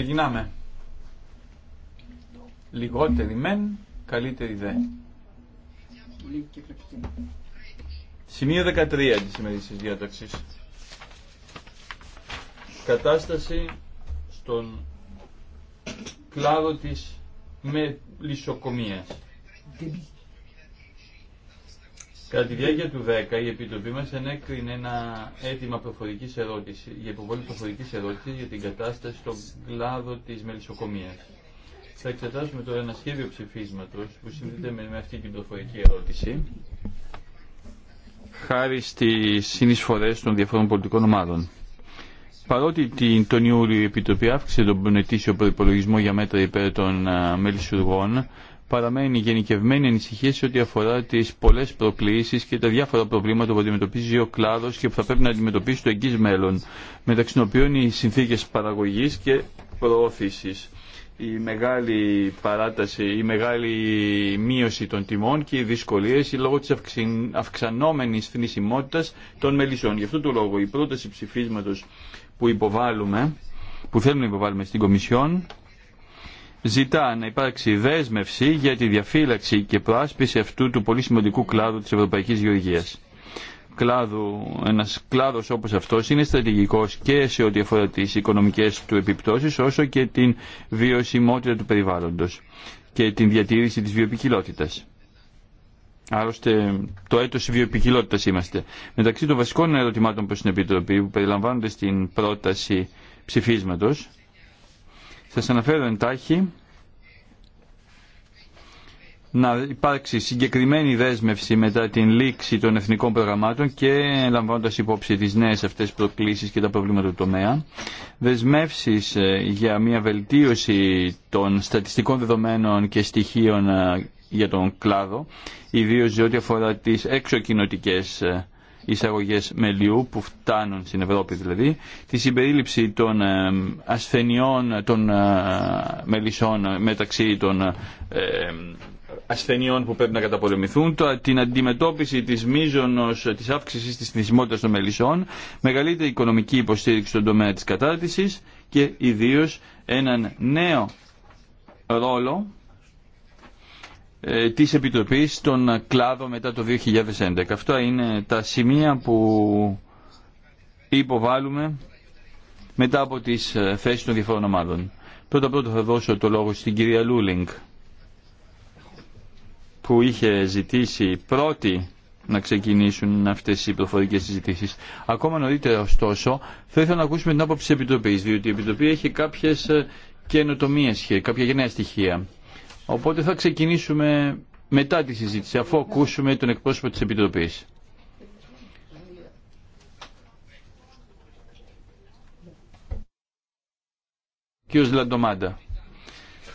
Ξεκινάμε. Λιγότεροι μεν, καλύτεροι δε. Σημείο 13 της ημερήσης διάταξης. Κατάσταση στον κλάδο της με μελισσοκομείας. Κατά τη διάρκεια του 10 η Επιτροπή μα ενέκρινε ένα αίτημα προφορική ερώτηση, για υποβολή προφορική ερώτηση για την κατάσταση στον κλάδο τη μελισσοκομεία. Θα εξετάσουμε τώρα ένα σχέδιο ψηφίσματο που συνδέεται με αυτή την προφορική ερώτηση χάρη στι συνεισφορέ των διαφόρων πολιτικών ομάδων. Παρότι την, τον Ιούλιο η Επιτροπή αύξησε τον ετήσιο προπολογισμό για μέτρα υπέρ των μελισσουργών, παραμένει γενικευμένη ανησυχία σε ό,τι αφορά τι πολλέ προκλήσει και τα διάφορα προβλήματα που αντιμετωπίζει ο κλάδο και που θα πρέπει να αντιμετωπίσει το εγγύ μέλλον, μεταξύ των οποίων οι συνθήκε παραγωγή και προώθηση. Η μεγάλη παράταση, η μεγάλη μείωση των τιμών και οι δυσκολίες λόγω της αυξανόμενης θνησιμότητας των μελισσών. Γι' αυτό το λόγο η πρόταση ψηφίσματος που υποβάλλουμε, που θέλουμε να υποβάλουμε στην Κομισιόν, ζητά να υπάρξει δέσμευση για τη διαφύλαξη και προάσπιση αυτού του πολύ σημαντικού κλάδου της Ευρωπαϊκής Γεωργίας. Κλάδου, ένας κλάδος όπως αυτός είναι στρατηγικός και σε ό,τι αφορά τις οικονομικές του επιπτώσεις όσο και την βιωσιμότητα του περιβάλλοντος και την διατήρηση της βιοπικιλότητας. Άλλωστε, το έτος βιοπικιλότητας είμαστε. Μεταξύ των βασικών ερωτημάτων προς την Επιτροπή που περιλαμβάνονται στην πρόταση ψηφίσματος σας αναφέρω εντάχει να υπάρξει συγκεκριμένη δέσμευση μετά την λήξη των εθνικών προγραμμάτων και λαμβάνοντας υπόψη τις νέες αυτές προκλήσεις και τα προβλήματα του τομέα, δεσμεύσεις ε, για μια βελτίωση των στατιστικών δεδομένων και στοιχείων ε, για τον κλάδο, ιδίως ό,τι αφορά τις εξοκοινωτικές ε, εισαγωγέ μελιού που φτάνουν στην Ευρώπη δηλαδή, τη συμπερίληψη των ε, ασθενειών των ε, μελισσών μεταξύ των ε, ασθενειών που πρέπει να καταπολεμηθούν, την αντιμετώπιση της μίζωνος, της αύξησης της θνησιμότητας των μελισσών, μεγαλύτερη οικονομική υποστήριξη στον τομέα της κατάρτισης και ιδίως έναν νέο ρόλο ε, της Επιτροπής των κλάδο μετά το 2011. Αυτά είναι τα σημεία που υποβάλλουμε μετά από τις ε, θέσεις των διαφορών ομάδων. Πρώτα πρώτα θα δώσω το λόγο στην κυρία Λούλινγκ που είχε ζητήσει πρώτη να ξεκινήσουν αυτές οι προφορικές συζητήσεις. Ακόμα νωρίτερα ωστόσο θα ήθελα να ακούσουμε την άποψη της Επιτροπής διότι η Επιτροπή έχει κάποιες ε, καινοτομίες, κάποια γενναία στοιχεία. Οπότε θα ξεκινήσουμε μετά τη συζήτηση, αφού ακούσουμε τον εκπρόσωπο της Επιτροπής. Κύριος Λαντομάντα.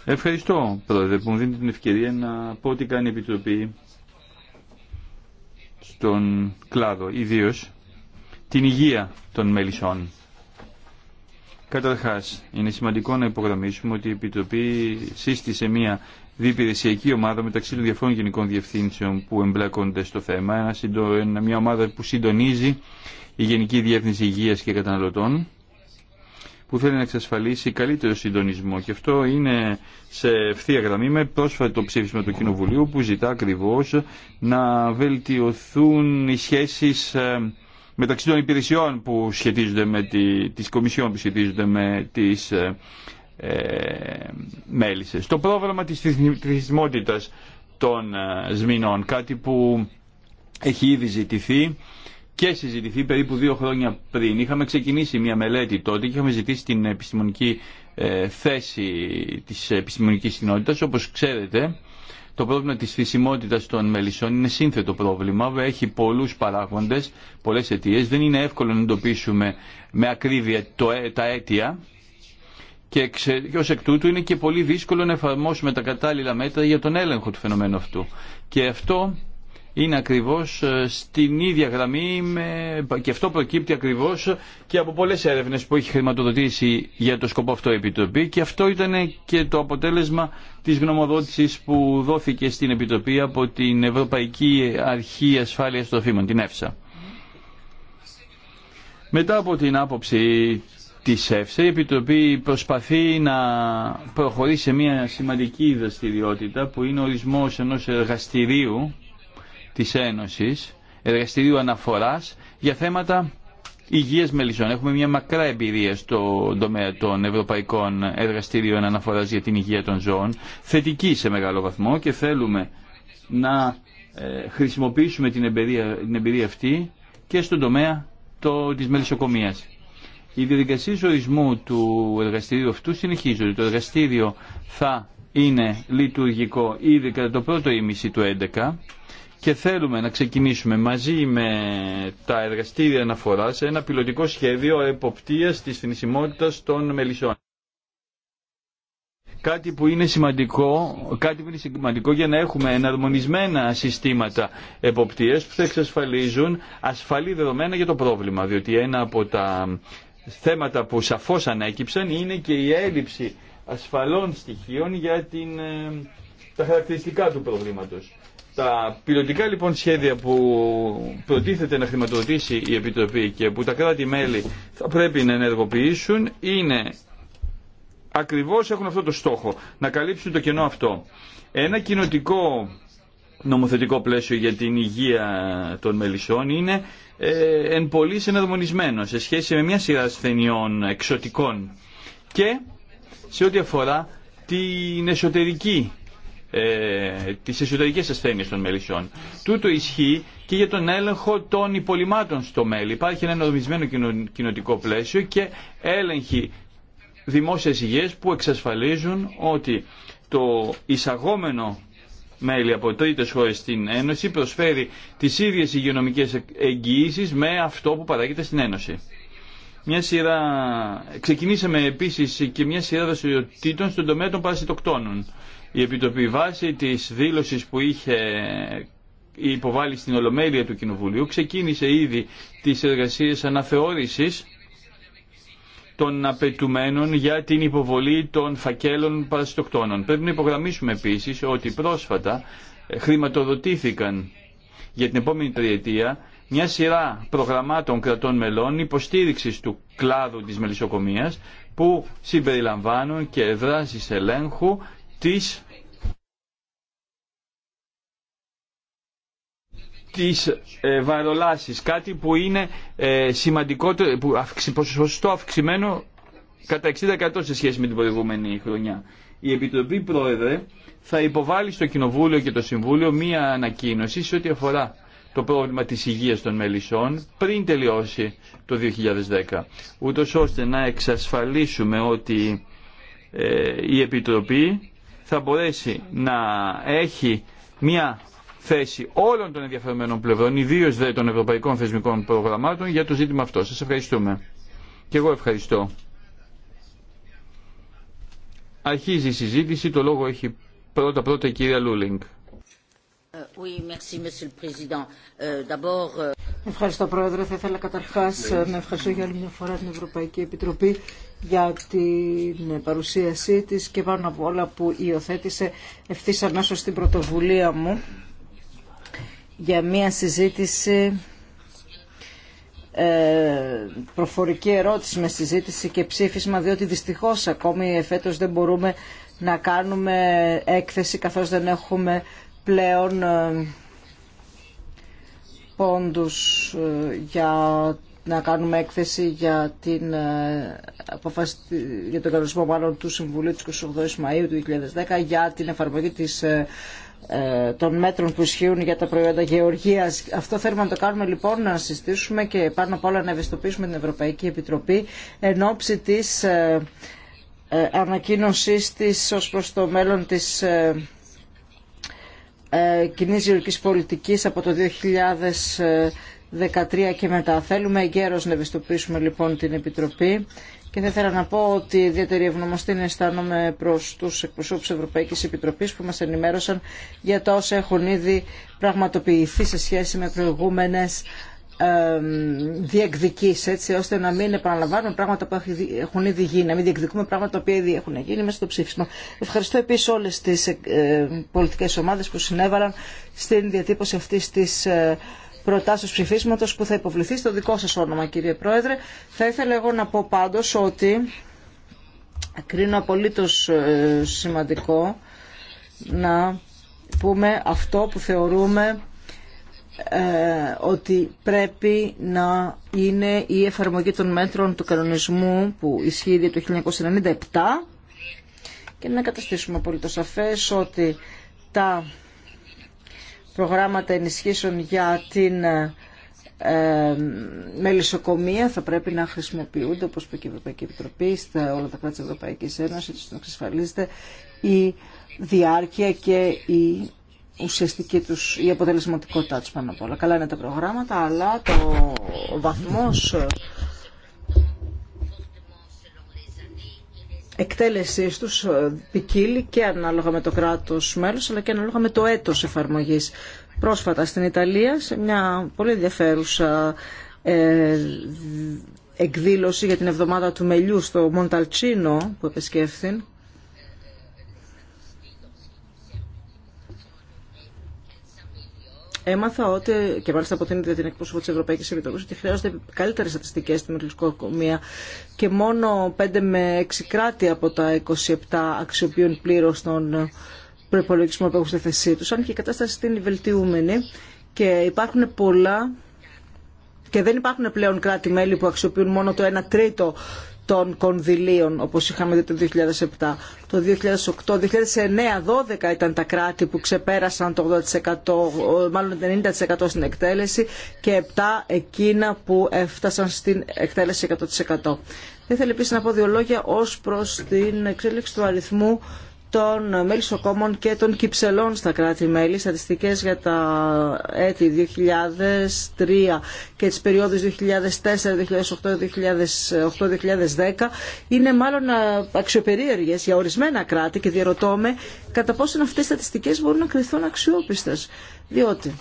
Ευχαριστώ, Πρόεδρε, που μου δίνετε την ευκαιρία να πω ότι κάνει η Επιτροπή στον κλάδο, ιδίω την υγεία των μελισσών. Καταρχάς, είναι σημαντικό να υπογραμμίσουμε ότι η Επιτροπή σύστησε μια διπηρεσιακή ομάδα μεταξύ των διαφόρων γενικών διευθύνσεων που εμπλέκονται στο θέμα. Ένα, μια ομάδα που συντονίζει η Γενική Διεύθυνση Υγείας και Καταναλωτών που θέλει να εξασφαλίσει καλύτερο συντονισμό. Και αυτό είναι σε ευθεία γραμμή με πρόσφατο ψήφισμα του Κοινοβουλίου που ζητά ακριβώ να βελτιωθούν οι σχέσει ε, μεταξύ των υπηρεσιών που σχετίζονται με τη, τις που σχετίζονται με τις ε, ε, Το πρόβλημα της θρησιμότητας των ε, σμηνών, κάτι που έχει ήδη ζητηθεί και συζητηθεί περίπου δύο χρόνια πριν. Είχαμε ξεκινήσει μια μελέτη τότε και είχαμε ζητήσει την επιστημονική ε, θέση της επιστημονικής κοινότητα. Όπως ξέρετε, το πρόβλημα της θρησιμότητας των μελισσών είναι σύνθετο πρόβλημα, έχει πολλούς παράγοντες, πολλές αιτίες. Δεν είναι εύκολο να εντοπίσουμε με ακρίβεια ε, τα αίτια και, ω εκ τούτου είναι και πολύ δύσκολο να εφαρμόσουμε τα κατάλληλα μέτρα για τον έλεγχο του φαινομένου αυτού. Και αυτό είναι ακριβώς ε, στην ίδια γραμμή με, και αυτό προκύπτει ακριβώς και από πολλές έρευνες που έχει χρηματοδοτήσει για το σκοπό αυτό η Επιτροπή και αυτό ήταν και το αποτέλεσμα της γνωμοδότησης που δόθηκε στην Επιτροπή από την Ευρωπαϊκή Αρχή Ασφάλειας Τροφίμων, την ΕΦΣΑ. Μετά από την άποψη της ΕΦΣΑ η Επιτροπή προσπαθεί να προχωρήσει σε μια σημαντική δραστηριότητα που είναι ο ορισμός ενός εργαστηρίου της Ένωσης, εργαστηρίου αναφοράς για θέματα υγείας μελισσών. Έχουμε μια μακρά εμπειρία στον τομέα των ευρωπαϊκών εργαστηρίων αναφοράς για την υγεία των ζώων, θετική σε μεγάλο βαθμό και θέλουμε να ε, χρησιμοποιήσουμε την εμπειρία, αυτή και στον τομέα το, της μελισσοκομείας η διαδικασία ορισμού του εργαστηρίου αυτού συνεχίζονται. Το εργαστήριο θα είναι λειτουργικό ήδη κατά το πρώτο ήμιση του 2011 και θέλουμε να ξεκινήσουμε μαζί με τα εργαστήρια αναφορά σε ένα πιλωτικό σχέδιο εποπτείας της θνησιμότητα των μελισσών. Κάτι που, είναι σημαντικό, κάτι που είναι σημαντικό για να έχουμε εναρμονισμένα συστήματα εποπτείας που θα εξασφαλίζουν ασφαλή δεδομένα για το πρόβλημα. Διότι ένα από τα θέματα που σαφώς ανέκυψαν είναι και η έλλειψη ασφαλών στοιχείων για την, ε, τα χαρακτηριστικά του προβλήματος. Τα πιλωτικά λοιπόν σχέδια που προτίθεται να χρηματοδοτήσει η Επιτροπή και που τα κράτη-μέλη θα πρέπει να ενεργοποιήσουν είναι ακριβώς έχουν αυτό το στόχο, να καλύψουν το κενό αυτό. Ένα κοινοτικό νομοθετικό πλαίσιο για την υγεία των μελισσών είναι ε, εν πολύ συναρμονισμένο σε σχέση με μια σειρά ασθενειών εξωτικών και σε ό,τι αφορά την εσωτερική ε, τις εσωτερικές ασθένειες των μελισσών. Τούτο ισχύει και για τον έλεγχο των υπολοιμάτων στο μέλι. Υπάρχει ένα νομισμένο κοινοτικό πλαίσιο και έλεγχοι δημόσιας υγείας που εξασφαλίζουν ότι το εισαγόμενο μέλη από τρίτε χώρε στην Ένωση προσφέρει τις ίδιες υγειονομικέ εγγύησει με αυτό που παράγεται στην Ένωση. Μια σειρά... Ξεκινήσαμε επίση και μια σειρά δραστηριοτήτων στον τομέα των παρασυτοκτόνων. Η Επιτροπή βάση της δήλωσης που είχε υποβάλει στην Ολομέλεια του Κοινοβουλίου ξεκίνησε ήδη τι εργασίε αναθεώρηση των απαιτουμένων για την υποβολή των φακέλων παραστοκτώνων. Πρέπει να υπογραμμίσουμε επίσης ότι πρόσφατα χρηματοδοτήθηκαν για την επόμενη τριετία μια σειρά προγραμμάτων κρατών μελών υποστήριξης του κλάδου της μελισσοκομείας που συμπεριλαμβάνουν και δράσεις ελέγχου της τις ε, κάτι που είναι ε, σημαντικότερο, που αυξη, ποσοστό αυξημένο κατά 60% σε σχέση με την προηγούμενη χρονιά. Η Επιτροπή Πρόεδρε θα υποβάλει στο Κοινοβούλιο και το Συμβούλιο μία ανακοίνωση σε ό,τι αφορά το πρόβλημα της υγείας των μελισσών πριν τελειώσει το 2010, ούτως ώστε να εξασφαλίσουμε ότι ε, η Επιτροπή θα μπορέσει να έχει μια θέση όλων των ενδιαφερμένων πλευρών, ιδίω των ευρωπαϊκών θεσμικών προγραμμάτων, για το ζήτημα αυτό. Σα ευχαριστούμε. Και εγώ ευχαριστώ. Αρχίζει η συζήτηση. Το λόγο έχει πρώτα πρώτα η κυρία Λούλινγκ. Ε, ε, ε, ευχαριστώ Πρόεδρε. Θα ήθελα καταρχά να ευχαριστώ για άλλη μια φορά την Ευρωπαϊκή Επιτροπή για την παρουσίασή της και πάνω από όλα που υιοθέτησε ευθύς αμέσως στην πρωτοβουλία μου για μια συζήτηση ε, προφορική ερώτηση με συζήτηση και ψήφισμα διότι δυστυχώς ακόμη εφέτος δεν μπορούμε να κάνουμε έκθεση καθώς δεν έχουμε πλέον ε, πόντους ε, για να κάνουμε έκθεση για, την, για τον κανονισμό μάλλον του Συμβουλίου της 28 Μαΐου του 2010 για την εφαρμογή της ε, των μέτρων που ισχύουν για τα προϊόντα γεωργίας. Αυτό θέλουμε να το κάνουμε λοιπόν, να συστήσουμε και πάνω απ' όλα να ευαισθητοποιήσουμε την Ευρωπαϊκή Επιτροπή εν ώψη της ε, ε, ανακοίνωσής της ως προς το μέλλον της ε, ε κοινή γεωργική πολιτικής από το 2013 ε, και μετά. Θέλουμε εγκαίρως να ευαισθητοποιήσουμε λοιπόν την Επιτροπή και θα ήθελα να πω ότι ιδιαίτερη ευγνωμοσύνη αισθάνομαι προ του εκπροσώπου Ευρωπαϊκή Επιτροπή που μα ενημέρωσαν για τα όσα έχουν ήδη πραγματοποιηθεί σε σχέση με προηγούμενε διεκδικήσει έτσι ώστε να μην επαναλαμβάνουν πράγματα που έχουν ήδη γίνει, να μην διεκδικούμε πράγματα που ήδη έχουν γίνει μέσα στο ψήφισμα. Ευχαριστώ επίση όλε τι ε, πολιτικέ ομάδε που συνέβαλαν στην διατύπωση αυτή τη ε, προτάσεως ψηφίσματος που θα υποβληθεί στο δικό σας όνομα κύριε Πρόεδρε. Θα ήθελα εγώ να πω πάντως ότι κρίνω απολύτως ε, σημαντικό να πούμε αυτό που θεωρούμε ε, ότι πρέπει να είναι η εφαρμογή των μέτρων του κανονισμού που ισχύει το 1997 και να καταστήσουμε απολύτως σαφές ότι τα προγράμματα ενισχύσεων για την ε, ε, μελισσοκομεία θα πρέπει να χρησιμοποιούνται, όπως είπε και η Ευρωπαϊκή Επιτροπή, στα όλα τα κράτη της Ευρωπαϊκής Ένωσης, ώστε να εξασφαλίζεται η διάρκεια και η ουσιαστική τους, η αποτελεσματικότητά τους πάνω απ' όλα. Καλά είναι τα προγράμματα, αλλά το, βαθμός Εκτέλεσή τους ε, ποικίλει και ανάλογα με το κράτος μέλος αλλά και ανάλογα με το έτος εφαρμογής. Πρόσφατα στην Ιταλία σε μια πολύ ενδιαφέρουσα ε, εκδήλωση για την εβδομάδα του μελιού στο Μονταλτσίνο που επισκέφθην Έμαθα ότι, και μάλιστα από την ίδια την εκπρόσωπο τη Ευρωπαϊκή Επιτροπή, ότι χρειάζονται καλύτερε στατιστικέ στη και μόνο 5 με 6 κράτη από τα 27 αξιοποιούν πλήρω τον προπολογισμό που έχουν στη θέσή του. Αν και η κατάσταση είναι βελτιούμενη και υπάρχουν πολλά και δεν υπάρχουν πλέον κράτη-μέλη που αξιοποιούν μόνο το 1 τρίτο των κονδυλίων όπως είχαμε δει το 2007. Το 2008, 2009, 12 ήταν τα κράτη που ξεπέρασαν το 80%, μάλλον 90% στην εκτέλεση και 7 εκείνα που έφτασαν στην εκτέλεση 100%. Θα ήθελα επίσης να πω δύο λόγια ως προς την εξέλιξη του αριθμού των μέλισσοκόμων και των κυψελών στα κράτη-μέλη. Στατιστικές για τα έτη 2003 και τις περιόδους 2004, 2008, 2010 είναι μάλλον αξιοπερίεργες για ορισμένα κράτη και διαρωτώ με κατά πόσο αυτές οι στατιστικές μπορούν να κρυθούν αξιόπιστες. Διότι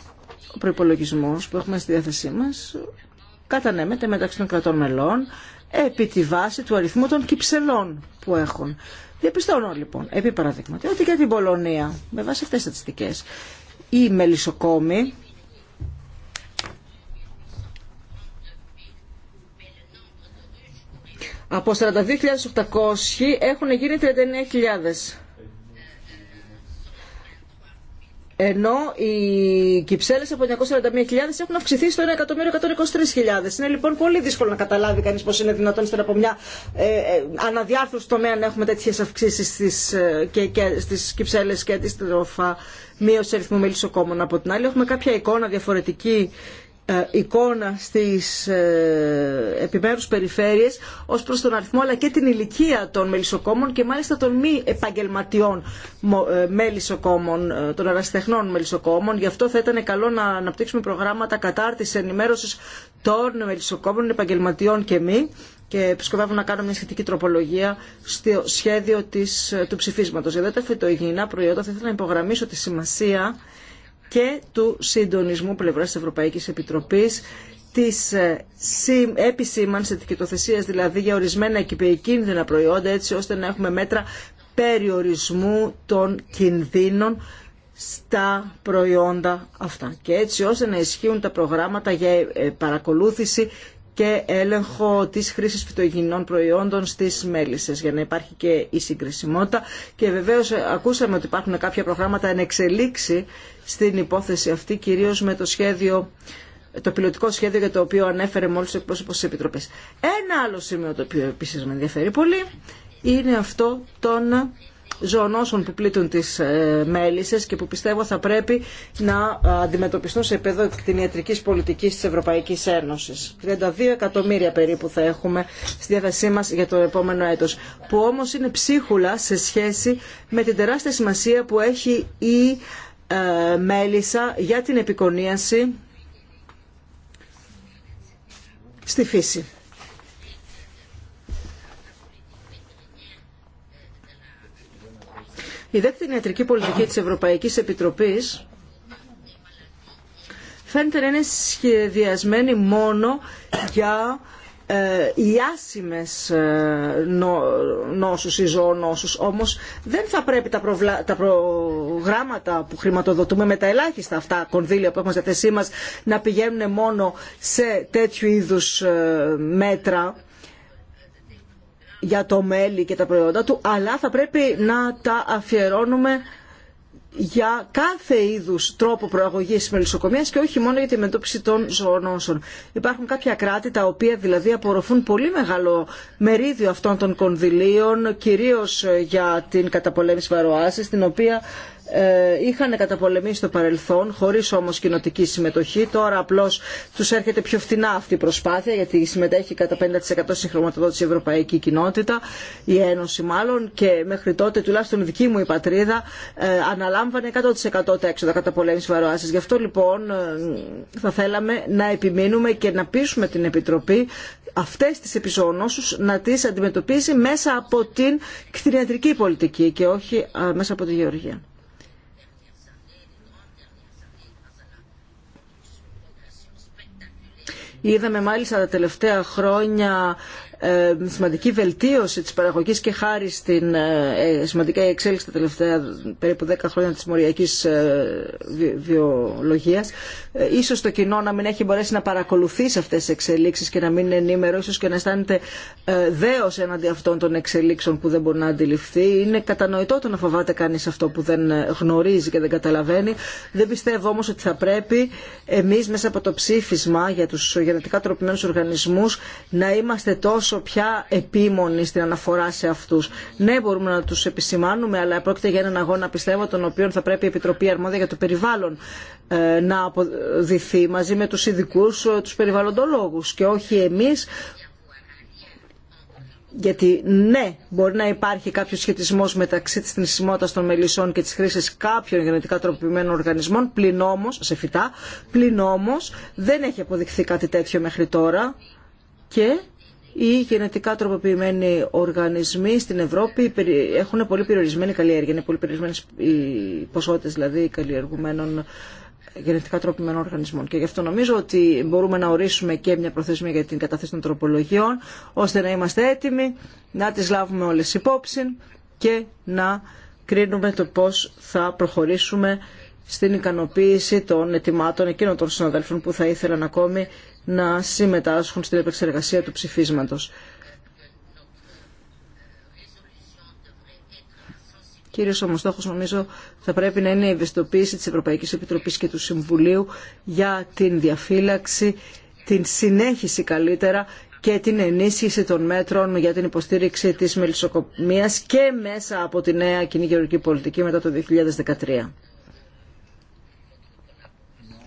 ο προπολογισμό που έχουμε στη διάθεσή μας κατανέμεται μεταξύ των κρατών μελών επί τη βάση του αριθμού των κυψελών που έχουν. Διαπιστώνω λοιπόν, επί παραδείγματι, ότι για την Πολωνία, με βάση αυτές τις στατιστικές, οι μελισσοκόμοι από 42.800 έχουν γίνει 39.000. ενώ οι κυψέλες από 941.000 έχουν αυξηθεί στο 1.123.000. Είναι λοιπόν πολύ δύσκολο να καταλάβει κανείς πώς είναι δυνατόν ύστερα από μια ε, ε, αναδιάρθρωση τομέα να έχουμε τέτοιε αυξήσεις στις, ε, και, και, κυψέλες και αντίστροφα μείωση αριθμού μελισσοκόμων. Από την άλλη έχουμε κάποια εικόνα διαφορετική ε, εικόνα στις ε, επιμέρους περιφέρειες ως προς τον αριθμό αλλά και την ηλικία των μελισσοκόμων και μάλιστα των μη επαγγελματιών ε, μελισσοκόμων, των αραστεχνών μελισσοκόμων. Γι' αυτό θα ήταν καλό να αναπτύξουμε προγράμματα κατάρτισης ενημέρωσης των μελισσοκόμων, επαγγελματιών και μη και επισκοπεύω να κάνω μια σχετική τροπολογία στο σχέδιο της, του ψηφίσματος. Για τα φυτογεινά προϊόντα θα ήθελα να υπογραμμίσω τη σημασία και του συντονισμού πλευράς της Ευρωπαϊκής Επιτροπής της ε, επισήμανσης ετικετοθεσίας δηλαδή για ορισμένα επικίνδυνα προϊόντα έτσι ώστε να έχουμε μέτρα περιορισμού των κινδύνων στα προϊόντα αυτά και έτσι ώστε να ισχύουν τα προγράμματα για ε, παρακολούθηση και έλεγχο της χρήσης φυτογεινών προϊόντων στις μέλισσες για να υπάρχει και η συγκρισιμότητα και βεβαίως ακούσαμε ότι υπάρχουν κάποια προγράμματα εν εξελίξη στην υπόθεση αυτή κυρίως με το σχέδιο το πιλωτικό σχέδιο για το οποίο ανέφερε μόλι ο εκπρόσωπο τη Επιτροπή. Ένα άλλο σημείο το οποίο επίση με ενδιαφέρει πολύ είναι αυτό των ζωονόσων που πλήττουν τις ε, μέλισσες και που πιστεύω θα πρέπει να ε, αντιμετωπιστούν σε επίπεδο την ιατρικής πολιτικής της Ευρωπαϊκής Ένωσης. 32 εκατομμύρια περίπου θα έχουμε στη διάθεσή μας για το επόμενο έτος, που όμως είναι ψίχουλα σε σχέση με την τεράστια σημασία που έχει η ε, μέλισσα για την επικονίαση στη φύση. Η δεύτερη ιατρική πολιτική της Ευρωπαϊκής Επιτροπής φαίνεται να είναι σχεδιασμένη μόνο για ε, οι άσημες ε, νόσους ή ζωονόσους όμως δεν θα πρέπει τα, προγράμματα που χρηματοδοτούμε με τα ελάχιστα αυτά κονδύλια που έχουμε στη θέσή μας να πηγαίνουν μόνο σε τέτοιου είδους ε, μέτρα για το μέλι και τα προϊόντα του, αλλά θα πρέπει να τα αφιερώνουμε για κάθε είδου τρόπο προαγωγή μελισσοκομεία και όχι μόνο για τη μετώπιση των ζωονόσων. Υπάρχουν κάποια κράτη τα οποία δηλαδή απορροφούν πολύ μεγάλο μερίδιο αυτών των κονδυλίων, κυρίω για την καταπολέμηση βαροάση, την οποία ε, είχαν καταπολεμήσει στο παρελθόν, χωρί όμω κοινοτική συμμετοχή. Τώρα απλώ του έρχεται πιο φθηνά αυτή η προσπάθεια, γιατί συμμετέχει κατά 50% στην χρηματοδότηση η Ευρωπαϊκή Κοινότητα, η Ένωση μάλλον, και μέχρι τότε, τουλάχιστον δική μου η πατρίδα, ε, αναλάμβανε 100% τα έξοδα καταπολέμηση βαροάσει. Γι' αυτό λοιπόν ε, θα θέλαμε να επιμείνουμε και να πείσουμε την Επιτροπή αυτέ τι επιζωονώσει να τι αντιμετωπίσει μέσα από την κτηνιατρική πολιτική και όχι μέσα από τη γεωργία. Είδαμε μάλιστα τα τελευταία χρόνια ε, σημαντική βελτίωση της παραγωγής και χάρη στην ε, ε, σημαντική εξέλιξη τα τελευταία περίπου 10 χρόνια της μοριακής βιολογίας ίσως το κοινό να μην έχει μπορέσει να παρακολουθήσει αυτές τις εξελίξεις και να μην είναι ενήμερο ίσως και να αισθάνεται δέος εναντί αυτών των εξελίξεων που δεν μπορεί να αντιληφθεί είναι κατανοητό το να φοβάται κανείς αυτό που δεν γνωρίζει και δεν καταλαβαίνει δεν πιστεύω όμως ότι θα πρέπει εμείς μέσα από το ψήφισμα για τους γενετικά τροπημένους οργανισμούς να είμαστε τόσο τόσο πια επίμονη στην αναφορά σε αυτού. Ναι, μπορούμε να του επισημάνουμε, αλλά πρόκειται για έναν αγώνα, πιστεύω, τον οποίο θα πρέπει η Επιτροπή Αρμόδια για το Περιβάλλον ε, να αποδειθεί μαζί με του ειδικού, ε, του περιβαλλοντολόγου και όχι εμεί. Γιατί ναι, μπορεί να υπάρχει κάποιο σχετισμό μεταξύ τη θνησιμότητα των μελισσών και τη χρήση κάποιων γενετικά τροποποιημένων οργανισμών, πλην όμω, σε φυτά, πλην όμω δεν έχει αποδειχθεί κάτι τέτοιο μέχρι τώρα και οι γενετικά τροποποιημένοι οργανισμοί στην Ευρώπη έχουν πολύ περιορισμένη καλλιέργεια. Είναι πολύ περιορισμένες οι ποσότητε δηλαδή καλλιεργουμένων γενετικά τροποποιημένων οργανισμών. Και γι' αυτό νομίζω ότι μπορούμε να ορίσουμε και μια προθεσμία για την κατάθεση των τροπολογιών, ώστε να είμαστε έτοιμοι, να τις λάβουμε όλες υπόψη και να κρίνουμε το πώς θα προχωρήσουμε στην ικανοποίηση των ετοιμάτων εκείνων των συναδέλφων που θα ήθελαν ακόμη να συμμετάσχουν στην επεξεργασία του ψηφίσματος. Κύριος όμως στόχος νομίζω θα πρέπει να είναι η ευαισθητοποίηση της Ευρωπαϊκής Επιτροπής και του Συμβουλίου για την διαφύλαξη, την συνέχιση καλύτερα και την ενίσχυση των μέτρων για την υποστήριξη της μελισσοκομίας και μέσα από τη νέα κοινή γεωργική πολιτική μετά το 2013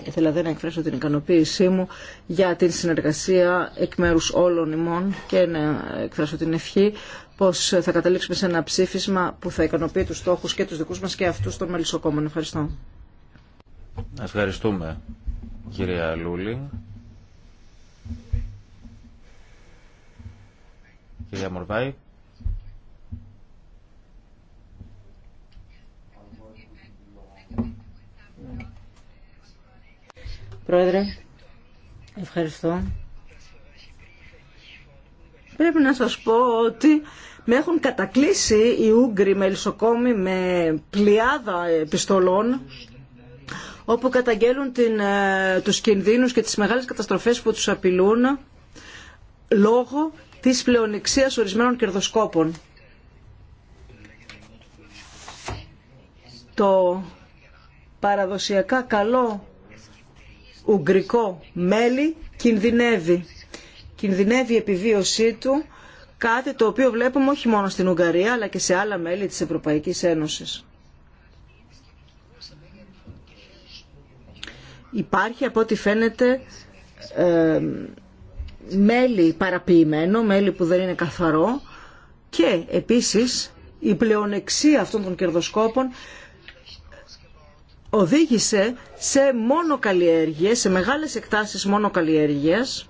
ήθελα δεν να εκφράσω την ικανοποίησή μου για την συνεργασία εκ μέρου όλων ημών και να εκφράσω την ευχή πως θα καταλήξουμε σε ένα ψήφισμα που θα ικανοποιεί τους στόχου και τους δικού μα και αυτού των μελισσοκόμων. Ευχαριστώ. Ευχαριστούμε κυρία Λούλη. Κυρία Μορβάη. Πρόεδρε, ευχαριστώ. Πρέπει να σας πω ότι με έχουν κατακλείσει οι Ούγγροι με με πλειάδα επιστολών όπου καταγγέλουν την, ε, τους κινδύνους και τις μεγάλες καταστροφές που τους απειλούν λόγω της πλεονεξίας ορισμένων κερδοσκόπων. Το παραδοσιακά καλό ουγγρικό μέλι κινδυνεύει. Κινδυνεύει η επιβίωσή του, κάτι το οποίο βλέπουμε όχι μόνο στην Ουγγαρία αλλά και σε άλλα μέλη της Ευρωπαϊκής Ένωσης. Υπάρχει από ό,τι φαίνεται ε, μέλι παραποιημένο, μέλι που δεν είναι καθαρό και επίσης η πλεονεξία αυτών των κερδοσκόπων οδήγησε σε μόνο καλλιέργειες, σε μεγάλες εκτάσεις μόνο καλλιέργειας,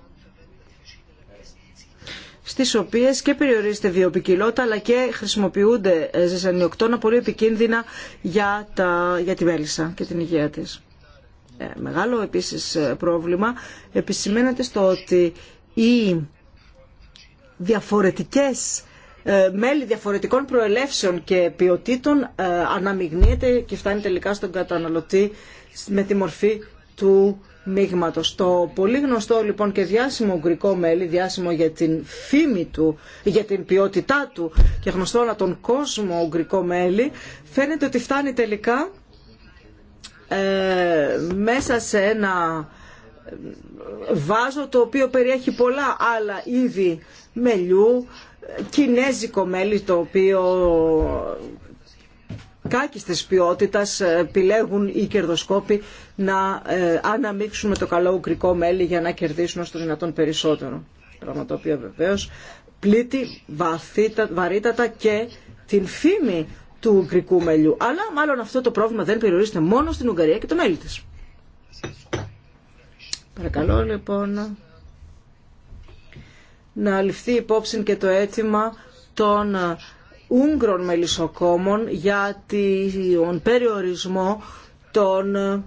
στις οποίες και περιορίζεται βιοπικιλότητα αλλά και χρησιμοποιούνται ε, ζεσανιοκτώνα πολύ επικίνδυνα για, τα, για τη μέλισσα και την υγεία της. Ε, μεγάλο επίσης ε, πρόβλημα επισημαίνεται στο ότι οι διαφορετικές ε, μέλη διαφορετικών προελεύσεων και ποιοτήτων ε, αναμειγνύεται και φτάνει τελικά στον καταναλωτή με τη μορφή του μείγματος. Το πολύ γνωστό λοιπόν και διάσημο ουγγρικό μέλι, διάσημο για την φήμη του, για την ποιότητά του και γνωστό ανά τον κόσμο ουγγρικό μέλι, φαίνεται ότι φτάνει τελικά ε, μέσα σε ένα βάζο το οποίο περιέχει πολλά άλλα είδη μελιού, κινέζικο μέλι το οποίο κάκιστης ποιότητας ε, επιλέγουν οι κερδοσκόποι να ε, αναμίξουν με το καλό ουκρικό μέλι για να κερδίσουν όσο δυνατόν περισσότερο. Πράγμα το οποίο βεβαίως πλήττει βαθύτα, βαρύτατα και την φήμη του ουκρικού μελιού. Αλλά μάλλον αυτό το πρόβλημα δεν περιορίζεται μόνο στην Ουγγαρία και το μέλι της. Παρακαλώ λοιπόν να ληφθεί υπόψη και το αίτημα των ε, Ούγγρων μελισσοκόμων για τον περιορισμό των ε,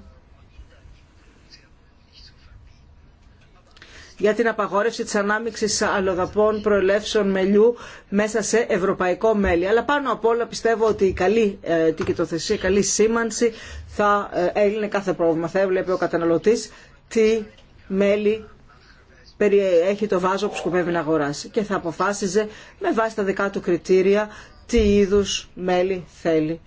για την απαγόρευση της ανάμειξης αλλοδαπών προελεύσεων μελιού μέσα σε ευρωπαϊκό μέλι. Αλλά πάνω απ' όλα πιστεύω ότι η καλή ε, τικητοθεσία, η καλή σήμανση θα έλυνε κάθε πρόβλημα. Θα έβλεπε ο καταναλωτής τι μέλι έχει το βάζο που σκοπεύει να αγοράσει και θα αποφάσιζε με βάση τα δικά του κριτήρια τι είδους μέλι θέλει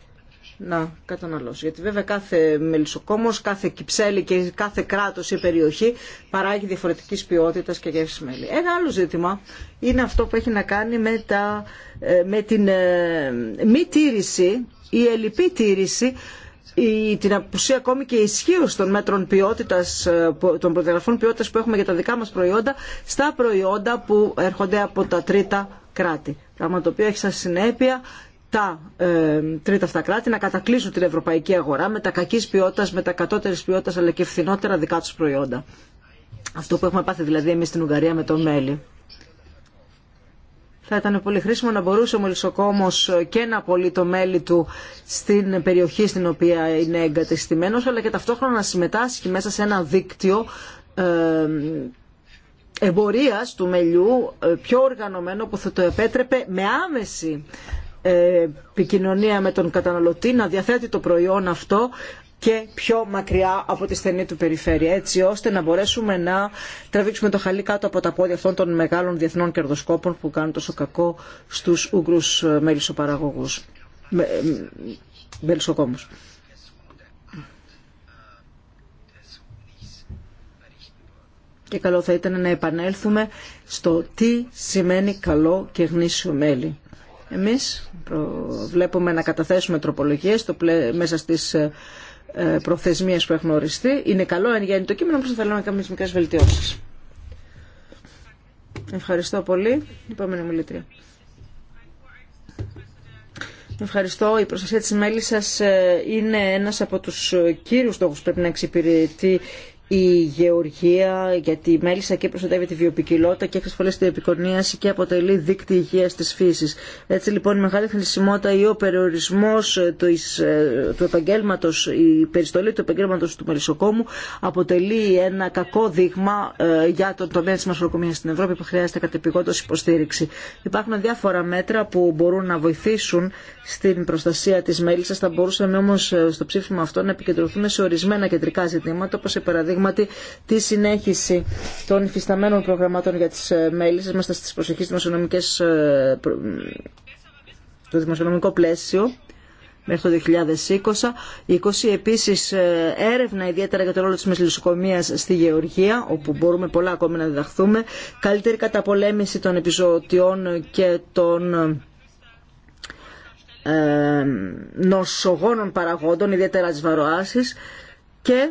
να καταναλώσει. Γιατί βέβαια κάθε μελισσοκόμος, κάθε κυψέλη και κάθε κράτος ή περιοχή παράγει διαφορετικής ποιότητας και γεύση μέλι. Ένα άλλο ζήτημα είναι αυτό που έχει να κάνει με, τα, ε, με την ε, μη τήρηση ή ελλειπή τήρηση η, την απουσία ακόμη και ισχύω των μέτρων ποιότητας, ε, των προδιαγραφών ποιότητας που έχουμε για τα δικά μας προϊόντα στα προϊόντα που έρχονται από τα τρίτα κράτη. Πράγμα το οποίο έχει σαν συνέπεια τα ε, τρίτα αυτά κράτη να κατακλείσουν την ευρωπαϊκή αγορά με τα κακής ποιότητας, με τα κατώτερη ποιότητας αλλά και φθηνότερα δικά του προϊόντα. Αυτό που έχουμε πάθει δηλαδή εμεί στην Ουγγαρία με το μέλι. Θα ήταν πολύ χρήσιμο να μπορούσε ο Μελισσοκόμο και να απολύει το μέλη του στην περιοχή στην οποία είναι εγκατεστημένος, αλλά και ταυτόχρονα να συμμετάσχει μέσα σε ένα δίκτυο ε, εμπορία του μελιού ε, πιο οργανωμένο που θα το επέτρεπε με άμεση επικοινωνία με τον καταναλωτή, να διαθέτει το προϊόν αυτό και πιο μακριά από τη στενή του περιφέρεια, έτσι ώστε να μπορέσουμε να τραβήξουμε το χαλί κάτω από τα πόδια αυτών των μεγάλων διεθνών κερδοσκόπων που κάνουν τόσο κακό στους Ούγκρους ε, μέλισσοπαραγωγούς, με, ε, μελισσοκόμους. Και καλό θα ήταν να επανέλθουμε στο τι σημαίνει καλό και γνήσιο μέλι. Εμείς βλέπουμε να καταθέσουμε τροπολογίες μέσα στις ε, ε, προθεσμίες που έχουν οριστεί. Είναι καλό εν γέννη το κείμενο, όπω θα να κάνουμε μικρές βελτιώσεις. Ευχαριστώ πολύ. Επόμενη Ευχαριστώ. Η προστασία της σας ε, είναι ένας από τους κύριους στόχους που πρέπει να εξυπηρετεί η γεωργία, γιατί η μέλισσα και προστατεύει τη βιοπικιλότητα και εξασφαλίζει την επικονίαση και αποτελεί δίκτυο υγεία τη φύση. Έτσι λοιπόν, η μεγάλη χρησιμότητα ή ο περιορισμό ε, ε, του επαγγέλματο, η περιστολή του επαγγέλματο του μελισσοκόμου αποτελεί ένα κακό δείγμα ε, για τον τομέα τη μασολοκομία στην Ευρώπη που χρειάζεται κατεπηγόντω υποστήριξη. Υπάρχουν διάφορα μέτρα που μπορούν να βοηθήσουν στην προστασία τη μέλισσα. Θα μπορούσαμε όμω στο ψήφισμα αυτό να επικεντρωθούμε σε ορισμένα κεντρικά ζητήματα, όπω παράδειγμα τη συνέχιση των υφισταμένων προγραμμάτων για τις ε, μέλησες μέσα στις προσεχείς δημοσιονομικές ε, το δημοσιονομικό πλαίσιο μέχρι το 2020. 20 επίσης ε, έρευνα ιδιαίτερα για το ρόλο της μεσλησοκομεία στη Γεωργία, όπου μπορούμε πολλά ακόμη να διδαχθούμε. Καλύτερη καταπολέμηση των επιζωτιών και των νοσογόνων παραγόντων, ιδιαίτερα της βαροάσης. Και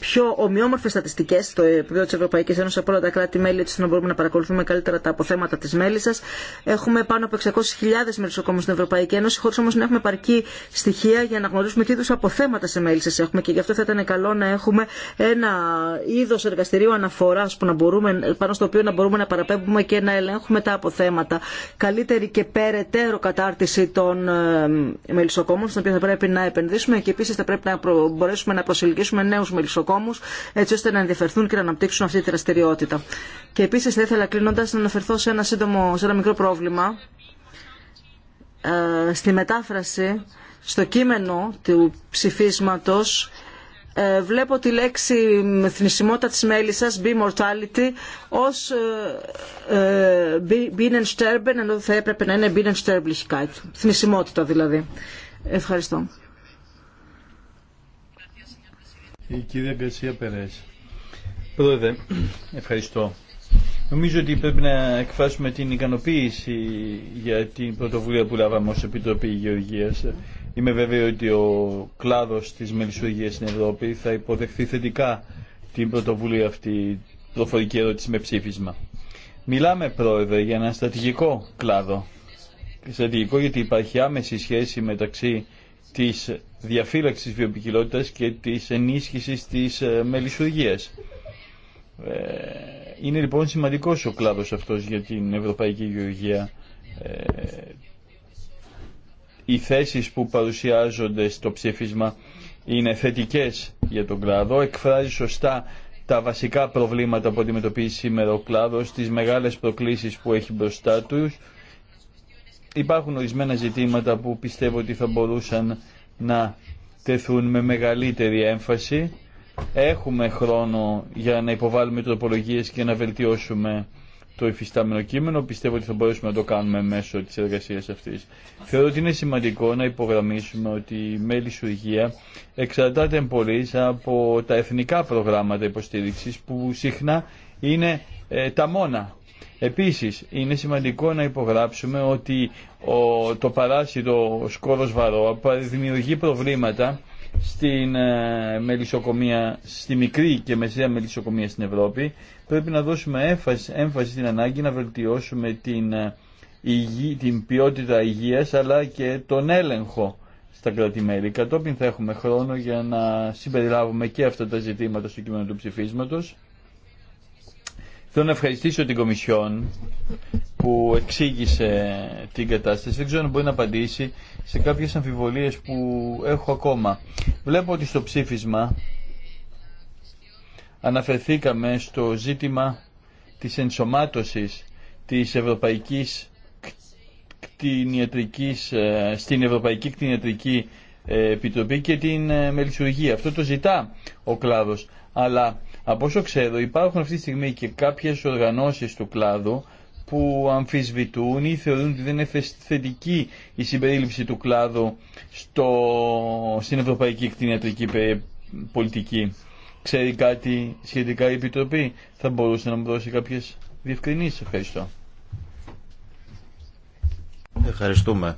πιο ομοιόμορφε στατιστικέ στο επίπεδο τη Ευρωπαϊκή Ένωση από όλα τα κράτη-μέλη, έτσι να μπορούμε να παρακολουθούμε καλύτερα τα αποθέματα τη σα, Έχουμε πάνω από 600.000 μελισσοκόμου στην Ευρωπαϊκή Ένωση, χωρί όμω να έχουμε παρκή στοιχεία για να γνωρίσουμε τι είδου αποθέματα σε μέλη σα έχουμε. Και γι' αυτό θα ήταν καλό να έχουμε ένα είδο εργαστηρίου αναφορά πάνω στο οποίο να μπορούμε να παραπέμπουμε και να ελέγχουμε τα αποθέματα. Καλύτερη και περαιτέρω κατάρτιση των ε, μελισσοκόμων, στην οποία θα πρέπει να επενδύσουμε και επίση θα πρέπει να μπορέσουμε να προσελκύσουμε νέου μελισσοκόμου έτσι ώστε να ενδιαφερθούν και να αναπτύξουν αυτή τη δραστηριότητα. Και επίσης θα ήθελα κλείνοντα να αναφερθώ σε ένα, σύντομο, σε ένα μικρό πρόβλημα ε, στη μετάφραση στο κείμενο του ψηφίσματος ε, βλέπω τη λέξη θνησιμότητα της σα, be mortality, ως ε, ε and sterben, ενώ θα έπρεπε να είναι and sterblichkeit, θνησιμότητα δηλαδή. Ευχαριστώ. Η κυρία Γκαρσία Περές. Πρόεδρε, ευχαριστώ. Νομίζω ότι πρέπει να εκφράσουμε την ικανοποίηση για την πρωτοβουλία που λάβαμε ως Επιτροπή Γεωργίας. Είμαι βέβαιο ότι ο κλάδος της μελισσουργίας στην Ευρώπη θα υποδεχθεί θετικά την πρωτοβουλία αυτή, προφορική ερώτηση με ψήφισμα. Μιλάμε, Πρόεδρε, για ένα στρατηγικό κλάδο. Στρατηγικό γιατί υπάρχει άμεση σχέση μεταξύ της διαφύλαξης βιοποικιλότητας και της ενίσχυσης της ε, μελισσουργίας. Ε, είναι λοιπόν σημαντικός ο κλάδος αυτός για την Ευρωπαϊκή Γεωργία. Ε, οι θέσεις που παρουσιάζονται στο ψήφισμα είναι θετικές για τον κλάδο, εκφράζει σωστά τα βασικά προβλήματα που αντιμετωπίζει σήμερα ο κλάδος, τις μεγάλες προκλήσεις που έχει μπροστά του. Υπάρχουν ορισμένα ζητήματα που πιστεύω ότι θα μπορούσαν να τεθούν με μεγαλύτερη έμφαση. Έχουμε χρόνο για να υποβάλουμε τροπολογίες και να βελτιώσουμε το υφιστάμενο κείμενο. Πιστεύω ότι θα μπορέσουμε να το κάνουμε μέσω της εργασίας αυτής. Θεωρώ ότι είναι σημαντικό να υπογραμμίσουμε ότι η μέλη σουργία εξαρτάται πολύ από τα εθνικά προγράμματα υποστήριξης που συχνά είναι ε, τα μόνα Επίσης, είναι σημαντικό να υπογράψουμε ότι το παράσιτο σκόρος βαρό δημιουργεί προβλήματα στην ε, μελισσοκομία, στη μικρή και μεσαία μελισσοκομία στην Ευρώπη. Πρέπει να δώσουμε έμφαση, έμφαση στην ανάγκη να βελτιώσουμε την, ε, υγι, την ποιότητα υγείας αλλά και τον έλεγχο στα κρατημέρια. Κατόπιν θα έχουμε χρόνο για να συμπεριλάβουμε και αυτά τα ζητήματα στο κείμενο του ψηφίσματος. Θέλω να ευχαριστήσω την Κομισιόν που εξήγησε την κατάσταση. Δεν ξέρω αν μπορεί να απαντήσει σε κάποιες αμφιβολίες που έχω ακόμα. Βλέπω ότι στο ψήφισμα αναφερθήκαμε στο ζήτημα της ενσωμάτωσης της ευρωπαϊκής κτηνιατρικής, ε, στην Ευρωπαϊκή Κτηνιατρική ε, Επιτροπή και την ε, μελισουργία. Αυτό το ζητά ο κλάδος. Αλλά από όσο ξέρω υπάρχουν αυτή τη στιγμή και κάποιες οργανώσεις του κλάδου που αμφισβητούν ή θεωρούν ότι δεν είναι θετική η συμπερίληψη του κλάδου στο, στην ευρωπαϊκή κτηνιατρική πολιτική. Ξέρει κάτι σχετικά η Επιτροπή. Θα μπορούσε να μου δώσει κάποιες διευκρινήσεις. Ευχαριστώ. Ευχαριστούμε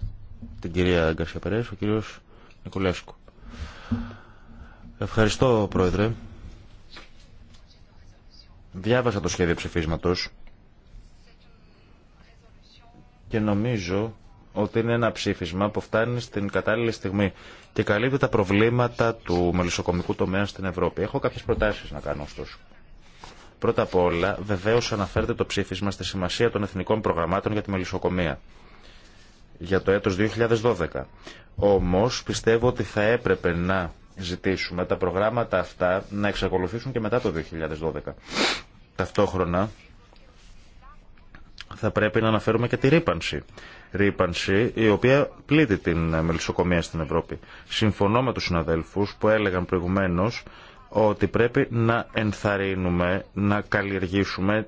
την κυρία Γκαρσιαπερές, ο κύριος Νικολέσκου. Ευχαριστώ, Πρόεδρε. Διάβασα το σχέδιο ψηφίσματος και νομίζω ότι είναι ένα ψήφισμα που φτάνει στην κατάλληλη στιγμή και καλύπτει τα προβλήματα του μελισσοκομικού τομέα στην Ευρώπη. Έχω κάποιες προτάσεις να κάνω ωστόσο. Πρώτα απ' όλα, βεβαίω αναφέρεται το ψήφισμα στη σημασία των εθνικών προγραμμάτων για τη μελισσοκομεία για το έτος 2012. Όμως πιστεύω ότι θα έπρεπε να ζητήσουμε τα προγράμματα αυτά να εξακολουθήσουν και μετά το 2012. Ταυτόχρονα θα πρέπει να αναφέρουμε και τη ρήπανση. Ρήπανση η οποία πλήττει την μελισσοκομεία στην Ευρώπη. Συμφωνώ με τους συναδέλφους που έλεγαν προηγουμένως ότι πρέπει να ενθαρρύνουμε, να καλλιεργήσουμε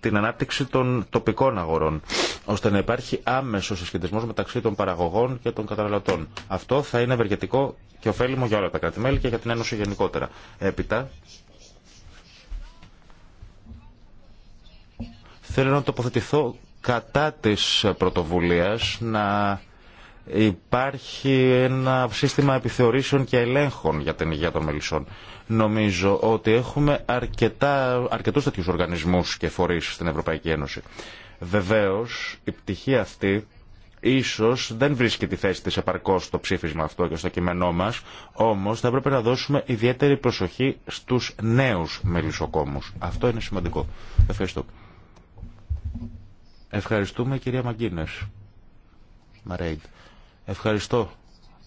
την ανάπτυξη των τοπικών αγορών, ώστε να υπάρχει άμεσο συσχετισμό μεταξύ των παραγωγών και των καταναλωτών. Αυτό θα είναι ευεργετικό και ωφέλιμο για όλα τα κράτη-μέλη και για την Ένωση γενικότερα. Έπειτα, θέλω να τοποθετηθώ κατά της πρωτοβουλίας να υπάρχει ένα σύστημα επιθεωρήσεων και ελέγχων για την υγεία των μελισσών. Νομίζω ότι έχουμε αρκετά, αρκετούς τέτοιους οργανισμούς και φορείς στην Ευρωπαϊκή Ένωση. Βεβαίως, η πτυχή αυτή Ίσως δεν βρίσκει τη θέση της επαρκώς στο ψήφισμα αυτό και στο κείμενό μας, όμως θα έπρεπε να δώσουμε ιδιαίτερη προσοχή στους νέους μελισσοκόμους. Αυτό είναι σημαντικό. Ευχαριστώ. Ευχαριστούμε κυρία Μαγκίνες. Ευχαριστώ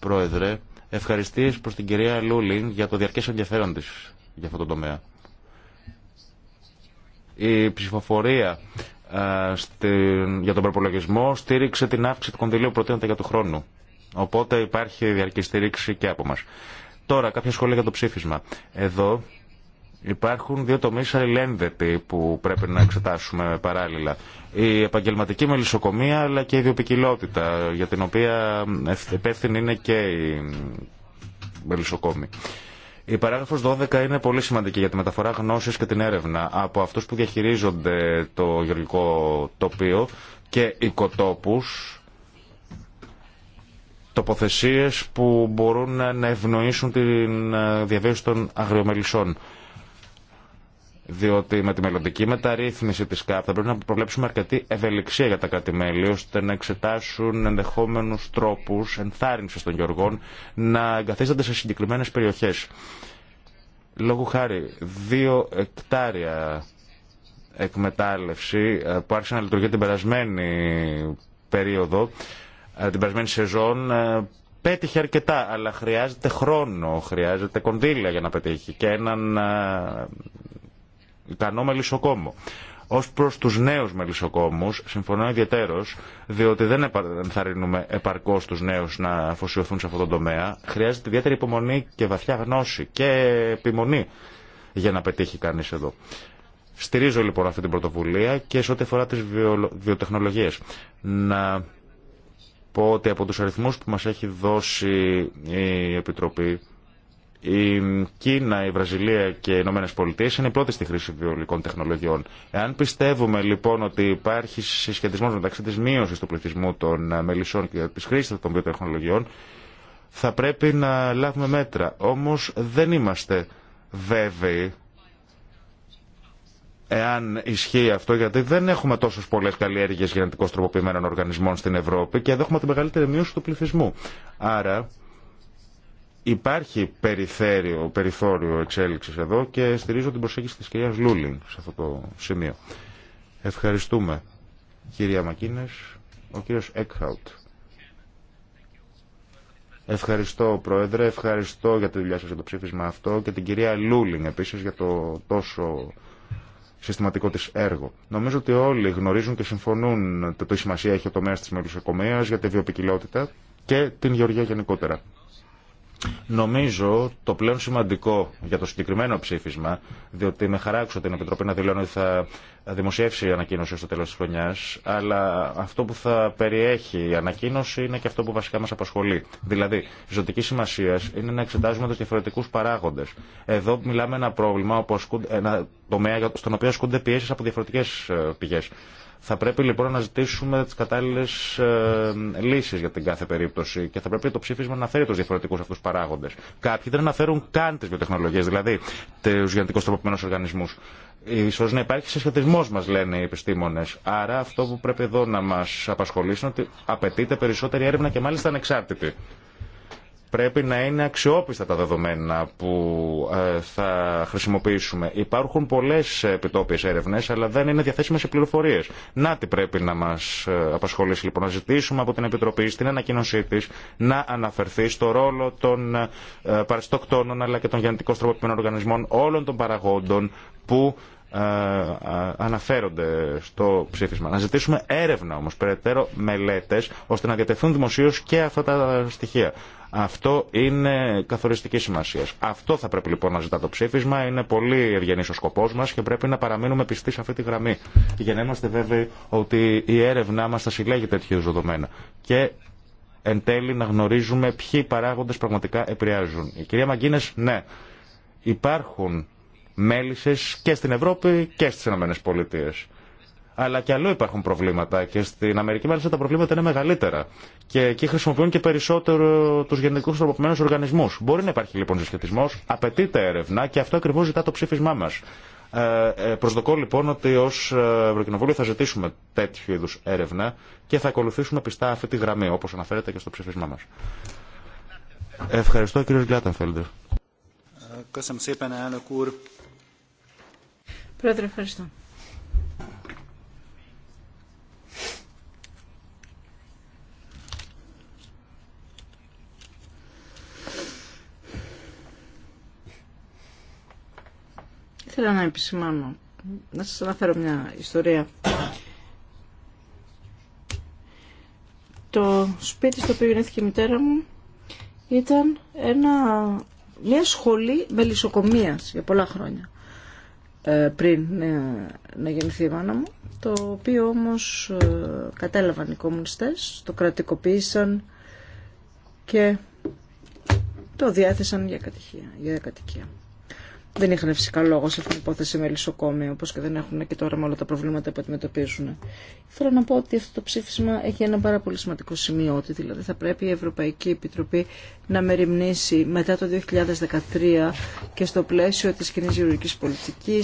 πρόεδρε. Ευχαριστίε προς την κυρία Λούλιν για το διαρκές ενδιαφέρον της για αυτό το τομέα. Η ψηφοφορία ε, για τον προπολογισμό στήριξε την αύξηση του κονδυλίου που προτείνεται για το χρόνου. Οπότε υπάρχει διαρκή στήριξη και από μας. Τώρα, κάποια σχόλια για το ψήφισμα. Εδώ υπάρχουν δύο τομείς αλληλένδετοι που πρέπει να εξετάσουμε παράλληλα. Η επαγγελματική μελισσοκομεία αλλά και η ιδιοπικιλότητα, για την οποία υπεύθυνη είναι και η μελισσοκόμη. Η παράγραφος 12 είναι πολύ σημαντική για τη μεταφορά γνώσης και την έρευνα από αυτούς που διαχειρίζονται το γεωργικό τοπίο και οικοτόπους, τοποθεσίες που μπορούν να ευνοήσουν την ε, διαβίωση των αγριομελισσών. Διότι με τη μελλοντική μεταρρύθμιση τη ΚΑΠ θα πρέπει να προβλέψουμε αρκετή ευελιξία για τα κράτη-μέλη ώστε να εξετάσουν ενδεχόμενους τρόπους ενθάρρυνσης των γεωργών να εγκαθίστανται σε συγκεκριμένες περιοχές. Λόγου χάρη, δύο εκτάρια εκμετάλλευση ε, που άρχισε να λειτουργεί την περασμένη περίοδο, ε, την περασμένη σεζόν, ε, πέτυχε αρκετά, αλλά χρειάζεται χρόνο, χρειάζεται κονδύλια για να πετύχει και έναν ικανό μελισσοκόμο. Ω προ του νέου μελισσοκόμου, συμφωνώ ιδιαίτερω, διότι δεν ενθαρρύνουμε επαρκώ του νέου να αφοσιωθούν σε αυτό το τομέα. Χρειάζεται ιδιαίτερη υπομονή και βαθιά γνώση και επιμονή για να πετύχει κανεί εδώ. Στηρίζω λοιπόν αυτή την πρωτοβουλία και σε ό,τι αφορά τι βιοτεχνολογίε. Να πω ότι από του αριθμού που μα έχει δώσει η Επιτροπή η Κίνα, η Βραζιλία και οι Ηνωμένε Πολιτείε είναι οι πρώτε στη χρήση βιολογικών τεχνολογιών. Εάν πιστεύουμε λοιπόν ότι υπάρχει συσχετισμό μεταξύ τη μείωση του πληθυσμού των μελισσών και τη χρήση των βιοτεχνολογιών, θα πρέπει να λάβουμε μέτρα. Όμω δεν είμαστε βέβαιοι εάν ισχύει αυτό, γιατί δεν έχουμε τόσε πολλέ καλλιέργειε γενετικώ τροποποιημένων οργανισμών στην Ευρώπη και εδώ έχουμε τη μεγαλύτερη μείωση του πληθυσμού. Άρα Υπάρχει περιθέριο, περιθώριο εξέλιξης εδώ και στηρίζω την προσέγγιση της κυρίας Λούλιν σε αυτό το σημείο. Ευχαριστούμε κυρία Μακίνες, ο κύριος Εκχάουτ. Ευχαριστώ Πρόεδρε, ευχαριστώ για τη δουλειά σας για το ψήφισμα αυτό και την κυρία Λούλιν επίσης για το τόσο συστηματικό της έργο. Νομίζω ότι όλοι γνωρίζουν και συμφωνούν το τι σημασία έχει ο τομέας της μελισσοκομεία για τη βιοπικιλότητα και την γεωργία γενικότερα. Νομίζω το πλέον σημαντικό για το συγκεκριμένο ψήφισμα, διότι με χαρά την Επιτροπή να δηλώνω ότι θα δημοσιεύσει η ανακοίνωση στο τέλος της χρονιάς, αλλά αυτό που θα περιέχει η ανακοίνωση είναι και αυτό που βασικά μας απασχολεί. Δηλαδή, ζωτική σημασία είναι να εξετάζουμε του διαφορετικούς παράγοντε. Εδώ μιλάμε ένα πρόβλημα, ένα τομέα στον οποίο ασκούνται πιέσει από διαφορετικέ ε, πηγέ. Θα πρέπει λοιπόν να ζητήσουμε τι κατάλληλε ε, λύσει για την κάθε περίπτωση και θα πρέπει το ψήφισμα να φέρει του διαφορετικού αυτού παράγοντε. Κάποιοι δεν αναφέρουν καν τι βιοτεχνολογίε, δηλαδή του γενετικώ τροποποιημένου οργανισμού. Ίσως να υπάρχει συσχετισμό, μα λένε οι επιστήμονε. Άρα αυτό που πρέπει εδώ να μα απασχολήσει είναι ότι απαιτείται περισσότερη έρευνα και μάλιστα ανεξάρτητη. Πρέπει να είναι αξιόπιστα τα δεδομένα που ε, θα χρησιμοποιήσουμε. Υπάρχουν πολλέ επιτόπιε έρευνε, αλλά δεν είναι διαθέσιμε οι πληροφορίε. Να τι πρέπει να μα ε, απασχολήσει λοιπόν. Να ζητήσουμε από την Επιτροπή στην ανακοίνωσή τη να αναφερθεί στο ρόλο των ε, παραστοκτώνων αλλά και των γενετικών τροποποιημένων οργανισμών όλων των παραγόντων που ε, ε, αναφέρονται στο ψήφισμα. Να ζητήσουμε έρευνα όμως, περαιτέρω μελέτες, ώστε να διατεθούν δημοσίως και αυτά τα στοιχεία. Αυτό είναι καθοριστική σημασία. Αυτό θα πρέπει λοιπόν να ζητά το ψήφισμα. Είναι πολύ ευγενή ο σκοπό μα και πρέπει να παραμείνουμε πιστοί σε αυτή τη γραμμή. Για να είμαστε βέβαιοι ότι η έρευνά μα θα συλλέγει τέτοιου δεδομένα. Και εν τέλει να γνωρίζουμε ποιοι παράγοντε πραγματικά επηρεάζουν. Η κυρία Μαγκίνε, ναι, υπάρχουν μέλησης και στην Ευρώπη και στις Ηνωμένες Πολιτείες. Αλλά και αλλού υπάρχουν προβλήματα και στην Αμερική μάλιστα τα προβλήματα είναι μεγαλύτερα και εκεί χρησιμοποιούν και περισσότερο του γενικού τροποποιημένους οργανισμούς. Μπορεί να υπάρχει λοιπόν συσχετισμό, απαιτείται έρευνα και αυτό ακριβώ ζητά το ψήφισμά μα. Ε, ε, προσδοκώ λοιπόν ότι ω Ευρωκοινοβούλιο θα ζητήσουμε τέτοιου είδου έρευνα και θα ακολουθήσουμε πιστά αυτή τη γραμμή, όπω αναφέρεται και στο ψήφισμά μα. Ευχαριστώ, Γκλάτενφελντερ. Πρόεδρε, ευχαριστώ. Ήθελα να επισημάνω, να σας αναφέρω μια ιστορία. Το σπίτι στο οποίο γεννήθηκε η μητέρα μου ήταν ένα, μια σχολή μελισσοκομείας για πολλά χρόνια. Ε, πριν ε, να γεννηθεί η μάνα μου, το οποίο όμως ε, κατέλαβαν οι κομμουνιστές, το κρατικοποίησαν και το διάθεσαν για κατοικία. Για κατοικία. Δεν είχαν φυσικά λόγο σε αυτή την υπόθεση με λησοκόμη, όπω και δεν έχουν και τώρα με όλα τα προβλήματα που αντιμετωπίζουν. Θέλω να πω ότι αυτό το ψήφισμα έχει ένα πάρα πολύ σημαντικό σημείο, ότι δηλαδή θα πρέπει η Ευρωπαϊκή Επιτροπή να μεριμνήσει μετά το 2013 και στο πλαίσιο τη κοινή γεωργική πολιτική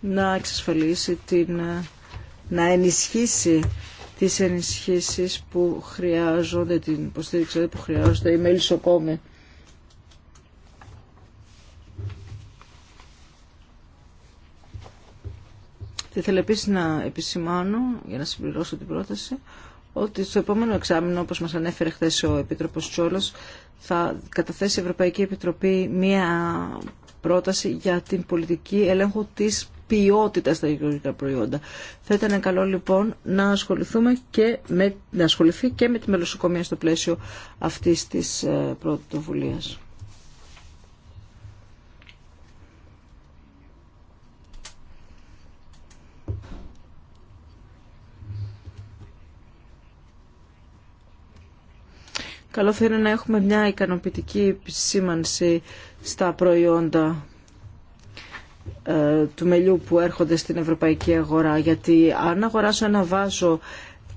να εξασφαλίσει την. να ενισχύσει τις ενισχύσεις που χρειάζονται, την υποστήριξη που χρειάζονται οι μελισσοκόμοι Θα ήθελα επίση να επισημάνω, για να συμπληρώσω την πρόταση, ότι στο επόμενο εξάμεινο, όπως μας ανέφερε χθε ο επίτροπο, Τσόλο, θα καταθέσει η Ευρωπαϊκή Επιτροπή μία πρόταση για την πολιτική ελέγχου της ποιότητας στα γεωργικά προϊόντα. Θα ήταν καλό λοιπόν να, ασχοληθούμε και να ασχοληθεί και με τη μελοσοκομεία στο πλαίσιο αυτή τη ε, πρωτοβουλία. Καλό θα είναι να έχουμε μια ικανοποιητική επισήμανση στα προϊόντα ε, του μελιού που έρχονται στην ευρωπαϊκή αγορά. Γιατί αν αγοράσω ένα βάζο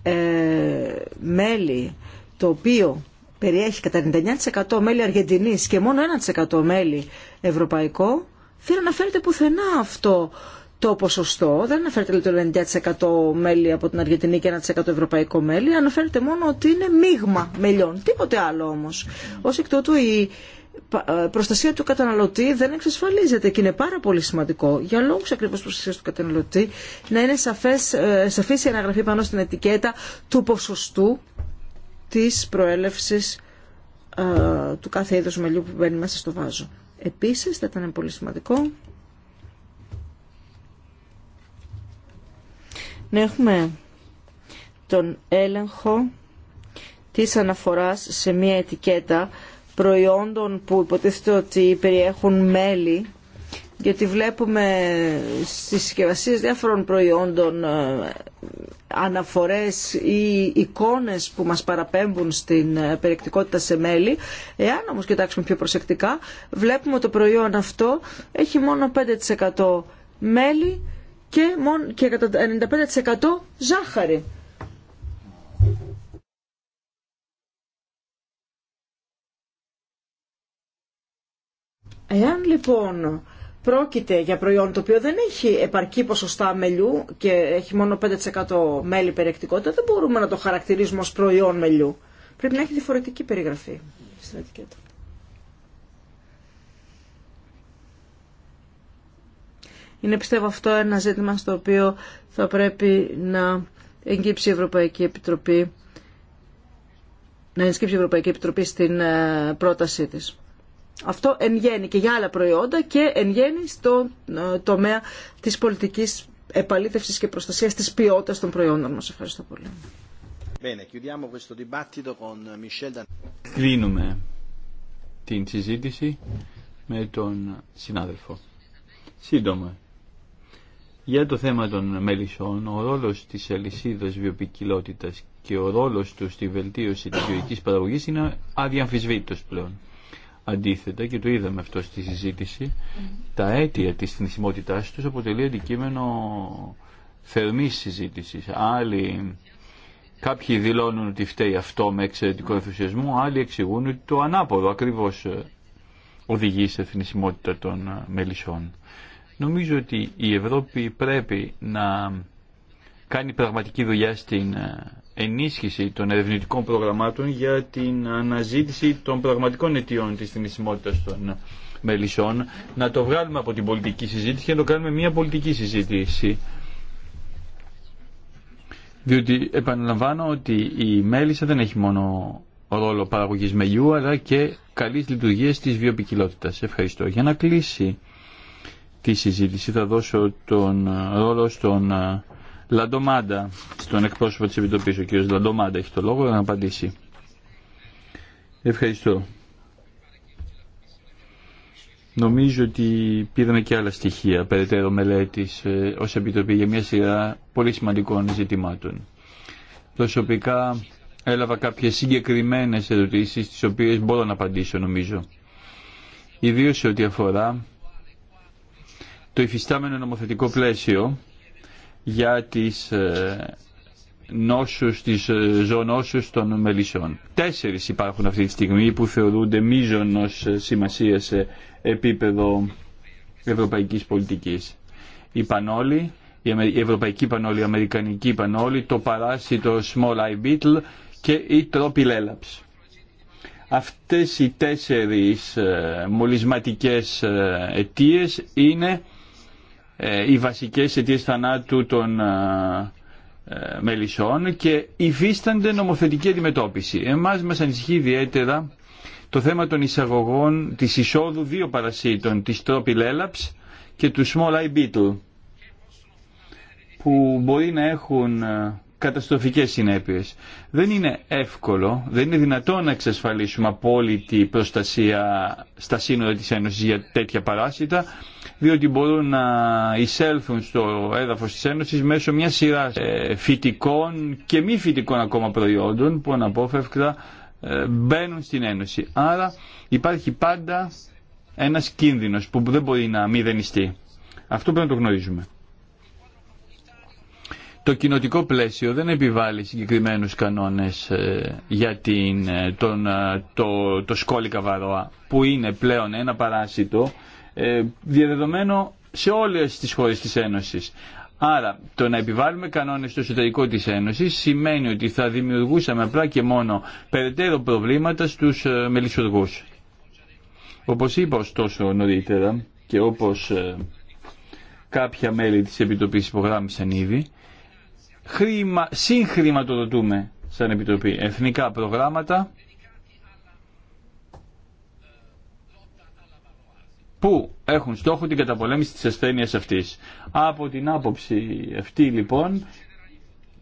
ε, μέλι το οποίο περιέχει κατά 99% μέλι Αργεντινής και μόνο 1% μέλι ευρωπαϊκό, θέλω να πουθενά αυτό το ποσοστό, δεν αναφέρεται το 90% μέλη από την Αργεντινή και 1% ευρωπαϊκό μέλη, αναφέρεται μόνο ότι είναι μείγμα μελιών, τίποτε άλλο όμως. Ως εκ τούτου η ε, προστασία του καταναλωτή δεν εξασφαλίζεται και είναι πάρα πολύ σημαντικό για λόγους ακριβώς προστασίας του καταναλωτή να είναι σαφές, ε, σαφής η αναγραφή πάνω στην ετικέτα του ποσοστού της προέλευσης ε, του κάθε είδους μελιού που μπαίνει μέσα στο βάζο. Επίσης θα ήταν πολύ σημαντικό να έχουμε τον έλεγχο της αναφοράς σε μία ετικέτα προϊόντων που υποτίθεται ότι περιέχουν μέλι γιατί βλέπουμε στις συσκευασίες διάφορων προϊόντων ε, αναφορές ή εικόνες που μας παραπέμπουν στην ε, περιεκτικότητα σε μέλη. Εάν όμως κοιτάξουμε πιο προσεκτικά, βλέπουμε ότι το προϊόν αυτό έχει μόνο 5% μέλι και, μόνο, και κατά 95% ζάχαρη. Εάν λοιπόν πρόκειται για προϊόν το οποίο δεν έχει επαρκή ποσοστά μελιού και έχει μόνο 5% μέλι περιεκτικότητα, δεν μπορούμε να το χαρακτηρίζουμε ως προϊόν μελιού. Πρέπει να έχει διαφορετική περιγραφή στην ετικέτα. Είναι πιστεύω αυτό ένα ζήτημα στο οποίο θα πρέπει να εγκύψει η Ευρωπαϊκή Επιτροπή να ενσκύψει η Ευρωπαϊκή Επιτροπή στην ε, πρότασή της. Αυτό εν γέννη και για άλλα προϊόντα και εν γέννη στο ε, τομέα της πολιτικής επαλήθευσης και προστασίας της ποιότητας των προϊόντων μας. Ευχαριστώ πολύ. Κλείνουμε την συζήτηση με τον συνάδελφο. Σύντομα, για το θέμα των μελισσών, ο ρόλος της αλυσίδα βιοπικιλότητας και ο ρόλος του στη βελτίωση της βιοικής παραγωγής είναι αδιαμφισβήτητος πλέον. Αντίθετα, και το είδαμε αυτό στη συζήτηση, τα αίτια της θνησιμότητάς τους αποτελεί αντικείμενο θερμής συζήτησης. Άλλοι, κάποιοι δηλώνουν ότι φταίει αυτό με εξαιρετικό ενθουσιασμό, άλλοι εξηγούν ότι το ανάπορο ακριβώς οδηγεί σε θνησιμότητα των μελισσών. Νομίζω ότι η Ευρώπη πρέπει να κάνει πραγματική δουλειά στην ε, ενίσχυση των ερευνητικών προγραμμάτων για την αναζήτηση των πραγματικών αιτιών της θνησιμότητας των μελισσών, να το βγάλουμε από την πολιτική συζήτηση και να το κάνουμε μια πολιτική συζήτηση. Διότι επαναλαμβάνω ότι η μέλισσα δεν έχει μόνο ρόλο παραγωγής μελιού, αλλά και καλής λειτουργίας της βιοπικιλότητας. Ευχαριστώ. Για να κλείσει τη συζήτηση θα δώσω τον ε, ρόλο στον ε, Λαντομάντα, στον εκπρόσωπο της Επιτροπής. Ο κ. Λαντομάντα έχει το λόγο να απαντήσει. Ευχαριστώ. Νομίζω ότι πήραμε και άλλα στοιχεία περαιτέρω μελέτης ε, ως Επιτροπή για μια σειρά πολύ σημαντικών ζητημάτων. Προσωπικά έλαβα κάποιες συγκεκριμένες ερωτήσεις τις οποίες μπορώ να απαντήσω νομίζω. Ιδίως σε ό,τι αφορά το υφιστάμενο νομοθετικό πλαίσιο για τις ε, νόσους, τις ε, των μελισσών. Τέσσερις υπάρχουν αυτή τη στιγμή που θεωρούνται μείζον σημασία σε επίπεδο ευρωπαϊκής πολιτικής. Η πανόλη, η ευρωπαϊκή πανόλη, η αμερικανική πανόλη, το παράσιτο small eye beetle και η τρόπιλελαψ. Αυτές οι τέσσερις ε, μολυσματικές αιτίες είναι ε, οι βασικές αιτίες θανάτου των ε, ε, μελισσών και υφίστανται νομοθετική αντιμετώπιση. Εμάς μας ανησυχεί ιδιαίτερα το θέμα των εισαγωγών της εισόδου δύο παρασίτων, της τροπιλέλαψ και του small eye beetle που μπορεί να έχουν καταστροφικές συνέπειες. Δεν είναι εύκολο, δεν είναι δυνατόν να εξασφαλίσουμε απόλυτη προστασία στα σύνορα της Ένωσης για τέτοια παράσιτα, διότι μπορούν να εισέλθουν στο έδαφος της Ένωσης μέσω μια σειρά ε, φυτικών και μη φυτικών ακόμα προϊόντων που αναπόφευκτα ε, μπαίνουν στην Ένωση. Άρα υπάρχει πάντα ένας κίνδυνος που δεν μπορεί να μηδενιστεί. Αυτό πρέπει να το γνωρίζουμε το κοινοτικό πλαίσιο δεν επιβάλλει συγκεκριμένους κανόνες ε, για την, ε, τον, ε, το, το σκόλικα βαρόα που είναι πλέον ένα παράσιτο διαδεδομένο σε όλες τις χώρες της Ένωσης. Άρα το να επιβάλλουμε κανόνες στο εσωτερικό της Ένωσης σημαίνει ότι θα δημιουργούσαμε απλά και μόνο περαιτέρω προβλήματα στους μελισσοργούς. Όπως είπα ωστόσο νωρίτερα και όπως κάποια μέλη της Επιτροπής υπογράμμισαν ήδη, χρήμα, συγχρηματοδοτούμε σαν Επιτροπή εθνικά προγράμματα που έχουν στόχο την καταπολέμηση της ασθένειας αυτής. Από την άποψη αυτή λοιπόν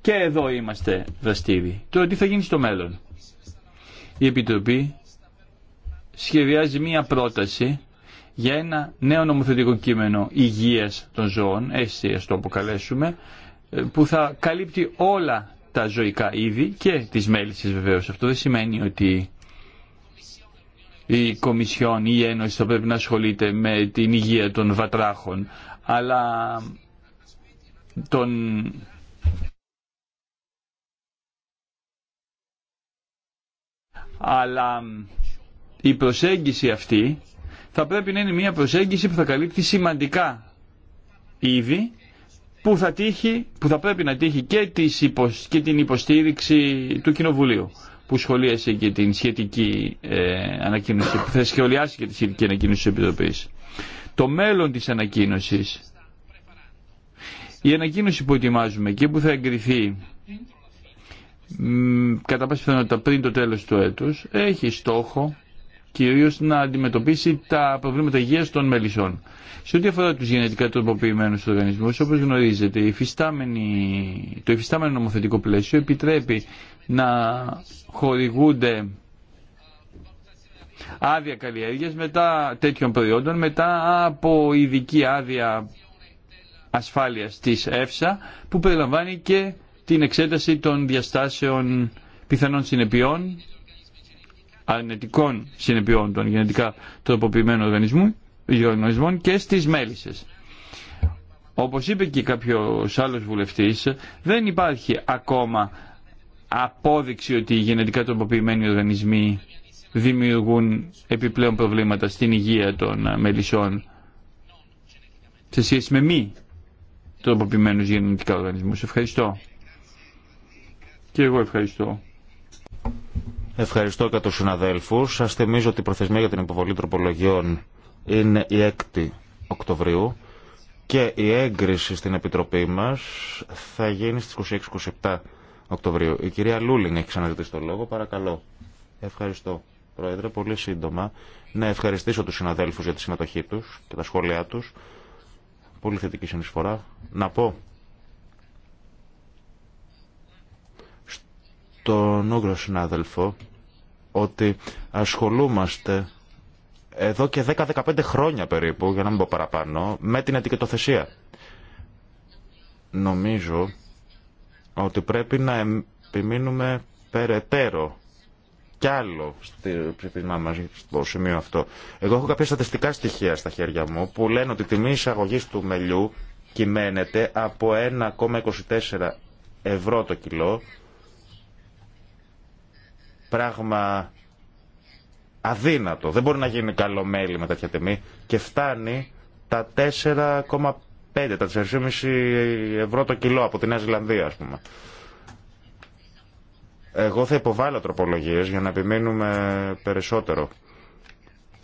και εδώ είμαστε δραστήριοι. Το τι θα γίνει στο μέλλον. Η Επιτροπή σχεδιάζει μία πρόταση για ένα νέο νομοθετικό κείμενο υγείας των ζώων, έτσι ας το αποκαλέσουμε, ε, που θα καλύπτει όλα τα ζωικά είδη και τις μέλισσες βεβαίως. Αυτό δεν σημαίνει ότι η Κομισιόν ή η Ένωση θα πρέπει να ασχολείται με την υγεία των βατράχων, αλλά των... Αλλά η προσέγγιση αυτή θα πρέπει να είναι μια προσέγγιση που θα καλύπτει σημαντικά είδη που θα, τύχει, που θα πρέπει να τύχει και, την υποστήριξη του Κοινοβουλίου που σχολίασε και την σχετική ε, ανακοίνωση, θα σχολιάσει και τη σχετική ανακοίνωση της Επιτροπής. Το μέλλον της ανακοίνωσης, η ανακοίνωση που ετοιμάζουμε και που θα εγκριθεί μ, κατά πάση πιθανότητα πριν το τέλος του έτους, έχει στόχο κυρίως να αντιμετωπίσει τα προβλήματα υγεία των μελισσών. Σε ό,τι αφορά του γενετικά τροποποιημένου οργανισμού, όπω γνωρίζετε, η το υφιστάμενο νομοθετικό πλαίσιο επιτρέπει να χορηγούνται άδεια καλλιέργεια μετά τέτοιων προϊόντων, μετά από ειδική άδεια ασφάλεια τη ΕΦΣΑ, που περιλαμβάνει και την εξέταση των διαστάσεων πιθανών συνεπειών αρνητικών συνεπειών των γενετικά τροποποιημένων οργανισμών, και στις μέλισσες. Όπως είπε και κάποιος άλλος βουλευτής, δεν υπάρχει ακόμα απόδειξη ότι οι γενετικά τροποποιημένοι οργανισμοί δημιουργούν επιπλέον προβλήματα στην υγεία των μελισσών σε σχέση με μη τροποποιημένους γενετικά οργανισμούς. Ευχαριστώ. Και εγώ ευχαριστώ. Ευχαριστώ και τους συναδέλφους. Σας θυμίζω ότι η προθεσμία για την υποβολή τροπολογιών είναι η 6η Οκτωβρίου και η έγκριση στην Επιτροπή μας θα γίνει στις 26-27 Οκτωβρίου. Η κυρία Λούλιν έχει ξαναζητήσει το λόγο. Παρακαλώ. Ευχαριστώ. Πρόεδρε, πολύ σύντομα να ευχαριστήσω τους συναδέλφους για τη συμμετοχή τους και τα σχόλιά τους. Πολύ θετική συνεισφορά. Να πω τον Ούγκρο συνάδελφο ότι ασχολούμαστε εδώ και 10-15 χρόνια περίπου, για να μην πω παραπάνω, με την ετικετοθεσία. Νομίζω ότι πρέπει να επιμείνουμε περαιτέρω κι άλλο στο ψηφισμά μας στο σημείο αυτό. Εγώ έχω κάποια στατιστικά στοιχεία στα χέρια μου που λένε ότι η τιμή εισαγωγή του μελιού κυμαίνεται από 1,24 ευρώ το κιλό Πράγμα αδύνατο. Δεν μπορεί να γίνει καλό μέλι με τέτοια τιμή. Και φτάνει τα 4,5, τα 4,5 ευρώ το κιλό από τη Νέα Ζηλανδία, ας πούμε. Εγώ θα υποβάλω τροπολογίες για να επιμείνουμε περισσότερο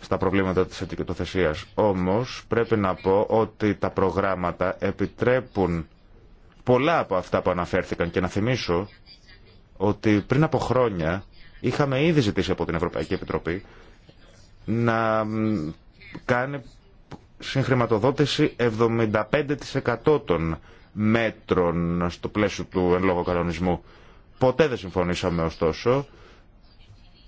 στα προβλήματα της ετικετοθεσίας. Όμως πρέπει να πω ότι τα προγράμματα επιτρέπουν πολλά από αυτά που αναφέρθηκαν και να θυμίσω ότι πριν από χρόνια Είχαμε ήδη ζητήσει από την Ευρωπαϊκή Επιτροπή να κάνει συγχρηματοδότηση 75% των μέτρων στο πλαίσιο του εν λόγω κανονισμού. Ποτέ δεν συμφωνήσαμε ωστόσο,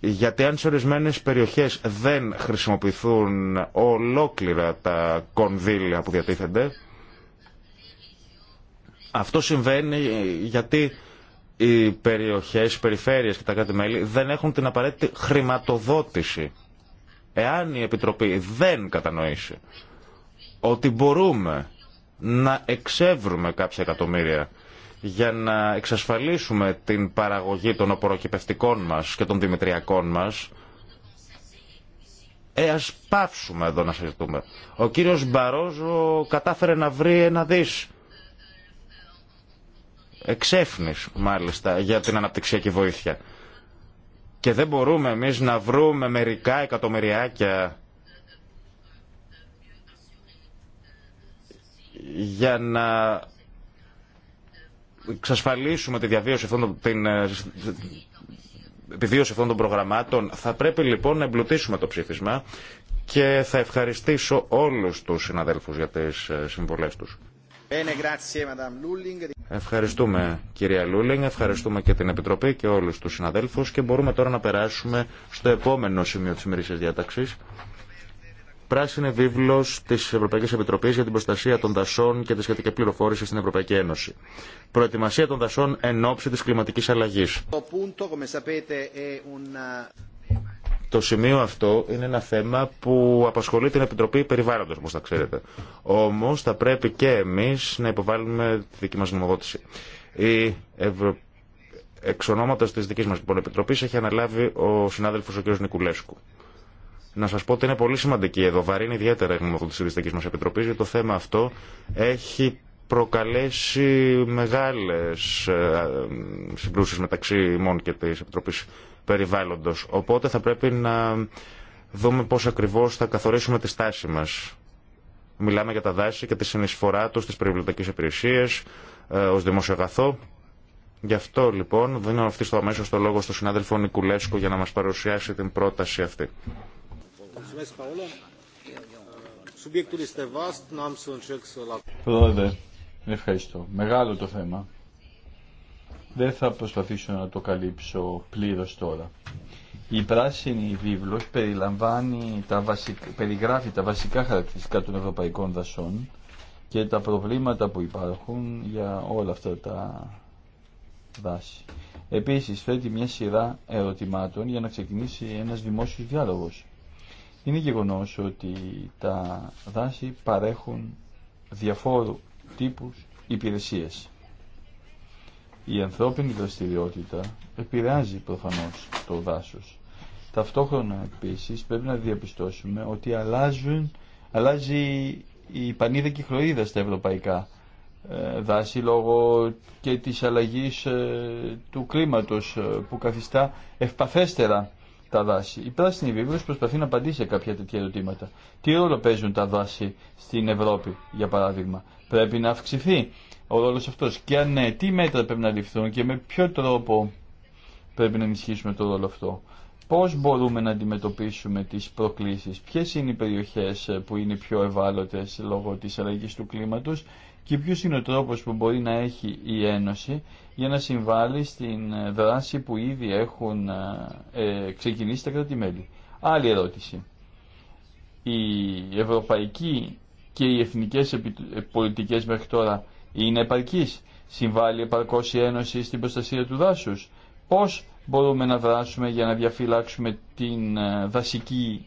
γιατί αν σε ορισμένε περιοχές δεν χρησιμοποιηθούν ολόκληρα τα κονδύλια που διατίθενται, αυτό συμβαίνει γιατί οι περιοχές, οι περιφέρειες και τα κρατη μέλη δεν έχουν την απαραίτητη χρηματοδότηση. Εάν η Επιτροπή δεν κατανοήσει ότι μπορούμε να εξεύρουμε κάποια εκατομμύρια για να εξασφαλίσουμε την παραγωγή των οποροκυπευτικών μας και των δημητριακών μας, ε, ας πάψουμε εδώ να συζητούμε. Ο κύριος Μπαρόζο κατάφερε να βρει ένα δις εξέφνης μάλιστα για την αναπτυξιακή βοήθεια. Και δεν μπορούμε εμείς να βρούμε μερικά εκατομμυριάκια για να εξασφαλίσουμε τη διαβίωση αυτών, την επιβίωση αυτών των προγραμμάτων. Θα πρέπει λοιπόν να εμπλουτίσουμε το ψήφισμα και θα ευχαριστήσω όλους τους συναδέλφους για τις ε, συμβολές τους. Ευχαριστούμε κυρία Λούλινγκ, ευχαριστούμε και την Επιτροπή και όλους τους συναδέλφους και μπορούμε τώρα να περάσουμε στο επόμενο σημείο της ημερήσιας διάταξης. Πράσινη βίβλο τη Ευρωπαϊκή Επιτροπή για την προστασία των δασών και τη σχετική πληροφόρηση στην Ευρωπαϊκή Ένωση. Προετοιμασία των δασών εν ώψη τη κλιματική αλλαγή. Το σημείο αυτό είναι ένα θέμα που απασχολεί την Επιτροπή Περιβάλλοντος, όπως θα ξέρετε. Όμως θα πρέπει και εμείς να υποβάλουμε τη δική μας νομοδότηση. Η Ευρω... Εξ ονόματος της δικής μας λοιπόν Επιτροπής έχει αναλάβει ο συνάδελφος ο κ. Νικουλέσκου. Να σας πω ότι είναι πολύ σημαντική εδώ. Βαρύνει ιδιαίτερα η νομοδότηση της δική μα επιτροπή, γιατί το θέμα αυτό έχει προκαλέσει μεγάλες ε, ε, συγκρούσεις μεταξύ ημών και της Επιτροπής περιβάλλοντος. Οπότε θα πρέπει να δούμε πώς ακριβώς θα καθορίσουμε τη στάση μας. Μιλάμε για τα δάση και τη συνεισφορά τους στις περιβαλλοντικές υπηρεσίες ε, ως δημοσιογαθό. Γι' αυτό λοιπόν δίνω αυτή στο αμέσως το λόγο στον συνάδελφο Νικουλέσκο για να μας παρουσιάσει την πρόταση αυτή. Πρόεδρε, ευχαριστώ. Μεγάλο το θέμα. Δεν θα προσπαθήσω να το καλύψω πλήρως τώρα. Η πράσινη βίβλος περιλαμβάνει τα βασικά, περιγράφει τα βασικά χαρακτηριστικά των ευρωπαϊκών δασών και τα προβλήματα που υπάρχουν για όλα αυτά τα δάση. Επίσης θέτει μια σειρά ερωτημάτων για να ξεκινήσει ένας δημόσιος διάλογος. Είναι γεγονός ότι τα δάση παρέχουν διαφόρου τύπους υπηρεσίες. Η ανθρώπινη δραστηριότητα επηρεάζει προφανώς το δάσος. Ταυτόχρονα επίσης πρέπει να διαπιστώσουμε ότι αλλάζουν, αλλάζει η πανίδα και η χλωρίδα στα ευρωπαϊκά ε, δάση λόγω και της αλλαγής ε, του κλίματος ε, που καθιστά ευπαθέστερα τα δάση. Η πράσινη βίβλος προσπαθεί να απαντήσει σε κάποια τέτοια ερωτήματα. Τι ρόλο παίζουν τα δάση στην Ευρώπη, για παράδειγμα. Πρέπει να αυξηθεί ο ρόλο αυτό Και αν ναι, τι μέτρα πρέπει να ληφθούν και με ποιο τρόπο πρέπει να ενισχύσουμε το ρόλο αυτό. Πώ μπορούμε να αντιμετωπίσουμε τι προκλήσει, ποιε είναι οι περιοχέ που είναι πιο ευάλωτε λόγω τη αλλαγή του κλίματο και ποιο είναι ο τρόπο που μπορεί να έχει η Ένωση για να συμβάλλει στην δράση που ήδη έχουν ε, ε ξεκινήσει τα κράτη-μέλη. Άλλη ερώτηση. Η ευρωπαϊκή και οι εθνικές ε, πολιτικές μέχρι τώρα είναι επαρκής, συμβάλλει επαρκώς η Ένωση στην προστασία του δάσους. Πώς μπορούμε να δράσουμε για να διαφυλάξουμε την ε, δασική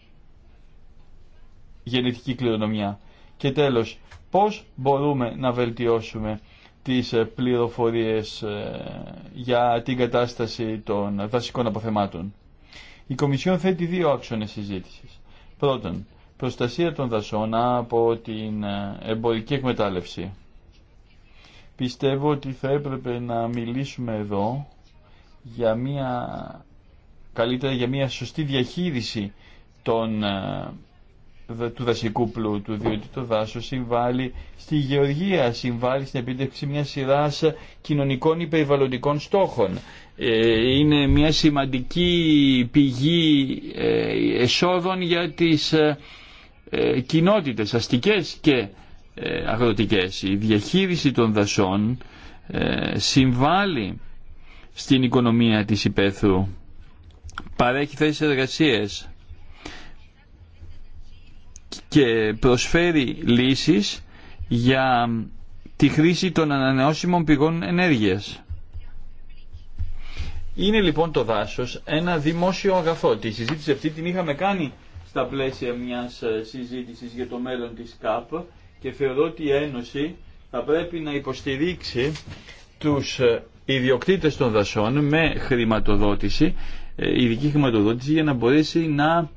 γεννητική κληρονομιά. Και τέλος, πώς μπορούμε να βελτιώσουμε τις ε, πληροφορίες ε, για την κατάσταση των δασικών αποθεμάτων. Η Κομισιόν θέτει δύο άξονες συζήτησης. Πρώτον, προστασία των δασών από την εμπορική εκμετάλλευση. Πιστεύω ότι θα έπρεπε να μιλήσουμε εδώ για μια καλύτερα για μια σωστή διαχείριση των, ε, του δασικού πλούτου, διότι το δάσος συμβάλλει στη γεωργία, συμβάλλει στην επίτευξη μια σειρά κοινωνικών ή περιβαλλοντικών στόχων. Ε, είναι μια σημαντική πηγή ε, εσόδων για τις κοινότητες αστικές και ε, αγροτικές. Η διαχείριση των δασών ε, συμβάλλει στην οικονομία της υπαίθρου. Παρέχει θέσεις εργασίες και προσφέρει λύσεις για τη χρήση των ανανεώσιμων πηγών ενέργειας. Είναι λοιπόν το δάσος ένα δημόσιο αγαθό. Τη συζήτηση αυτή την είχαμε κάνει στα πλαίσια μιας ε, συζήτησης για το μέλλον της ΚΑΠ και θεωρώ ότι η Ένωση θα πρέπει να υποστηρίξει τους ε, ιδιοκτήτες των δασών με χρηματοδότηση, ε, ειδική χρηματοδότηση για να, μπορέσει να,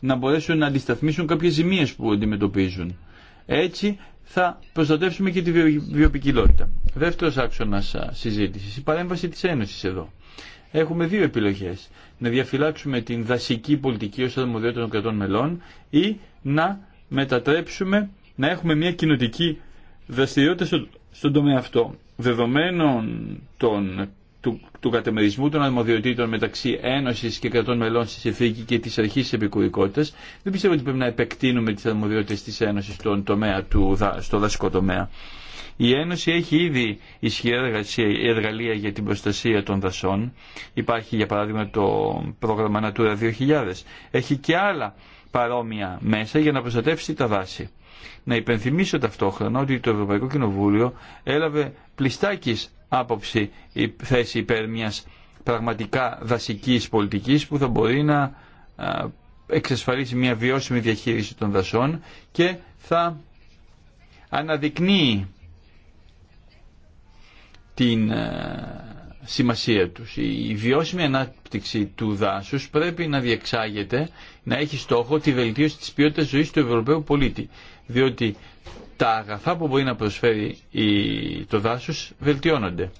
να μπορέσουν να αντισταθμίσουν κάποιες ζημίες που αντιμετωπίζουν. Έτσι θα προστατεύσουμε και τη βιοπικιλότητα. Δεύτερος άξονας συζήτησης, η παρέμβαση της Ένωσης εδώ. Έχουμε δύο επιλογές. Να διαφυλάξουμε την δασική πολιτική ως αρμοδιότητα των κρατών μελών ή να μετατρέψουμε να έχουμε μια κοινοτική δραστηριότητα στον τομέα αυτό. Δεδομένων των, του, του κατεμερισμού των αρμοδιοτήτων μεταξύ Ένωση και κρατών μελών στη συνθήκη και τη αρχή τη επικουρικότητα, δεν πιστεύω ότι πρέπει να επεκτείνουμε τι αρμοδιότητε τη Ένωση στον τομέα του, στο δασικό τομέα. Η Ένωση έχει ήδη ισχυρή εργαλεία για την προστασία των δασών. Υπάρχει για παράδειγμα το πρόγραμμα Natura 2000. Έχει και άλλα παρόμοια μέσα για να προστατεύσει τα δάση. Να υπενθυμίσω ταυτόχρονα ότι το Ευρωπαϊκό Κοινοβούλιο έλαβε πλιστάκης άποψη η θέση υπέρ πραγματικά δασικής πολιτικής που θα μπορεί να εξασφαλίσει μια βιώσιμη διαχείριση των δασών και θα αναδεικνύει την σημασία τους. Η βιώσιμη ανάπτυξη του δάσους πρέπει να διεξάγεται, να έχει στόχο τη βελτίωση της ποιότητας ζωής του Ευρωπαίου πολίτη. Διότι τα αγαθά που μπορεί να προσφέρει το δάσος βελτιώνονται.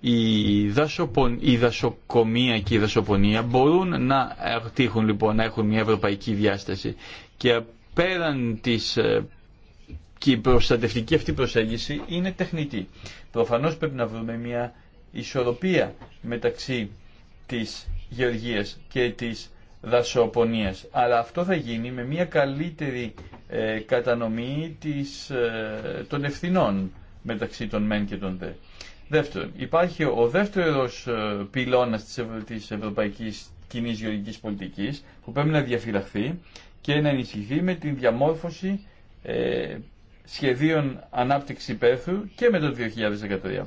Η, δασοπον, η δασοκομεία και η δασοπονία μπορούν να τύχουν λοιπόν να έχουν μια ευρωπαϊκή διάσταση και πέραν της ε, και η προστατευτική αυτή προσέγγιση είναι τεχνητή. Προφανώς πρέπει να βρούμε μια ισορροπία μεταξύ της γεωργίας και της δασοπονίας. Αλλά αυτό θα γίνει με μια καλύτερη ε, κατανομή της, ε, των ευθυνών μεταξύ των μεν και των δε. Δεύτερον, υπάρχει ο δεύτερος ε, πυλώνας της, Ευρω... της ευρωπαϊκής κοινή γεωργικής πολιτικής που πρέπει να διαφυλαχθεί και να ενισχυθεί με τη διαμόρφωση ε, σχεδίων ανάπτυξη υπαίθρου και με το 2013.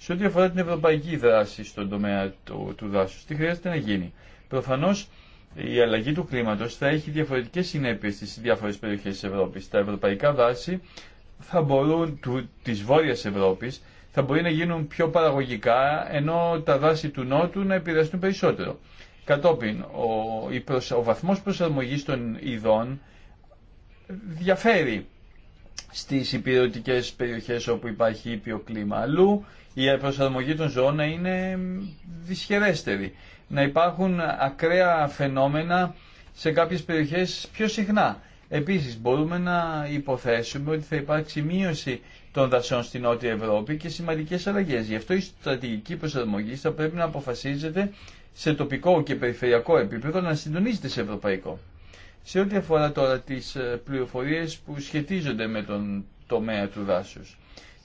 Σε ό,τι αφορά την ευρωπαϊκή δράση στον τομέα του, του δάσους, τι χρειάζεται να γίνει. Προφανώς η αλλαγή του κλίματος θα έχει διαφορετικές συνέπειες στις διάφορες περιοχές της Ευρώπης. Τα ευρωπαϊκά δάση θα μπορούν, του, της Βόρειας Ευρώπης θα μπορεί να γίνουν πιο παραγωγικά, ενώ τα δάση του Νότου να επηρεαστούν περισσότερο. Κατόπιν, ο, η προσαρμογη βαθμός προσαρμογής των ειδών διαφέρει στις υπηρετικές περιοχές όπου υπάρχει ήπιο κλίμα αλλού η προσαρμογή των ζώων να είναι δυσχερέστερη. Να υπάρχουν ακραία φαινόμενα σε κάποιες περιοχές πιο συχνά. Επίσης μπορούμε να υποθέσουμε ότι θα υπάρξει μείωση των δασών στην Νότια Ευρώπη και σημαντικές αλλαγές. Γι' αυτό η στρατηγική προσαρμογή θα πρέπει να αποφασίζεται σε τοπικό και περιφερειακό επίπεδο να συντονίζεται σε ευρωπαϊκό. Σε ό,τι αφορά τώρα τις ε, πληροφορίες που σχετίζονται με τον τομέα του δάσους.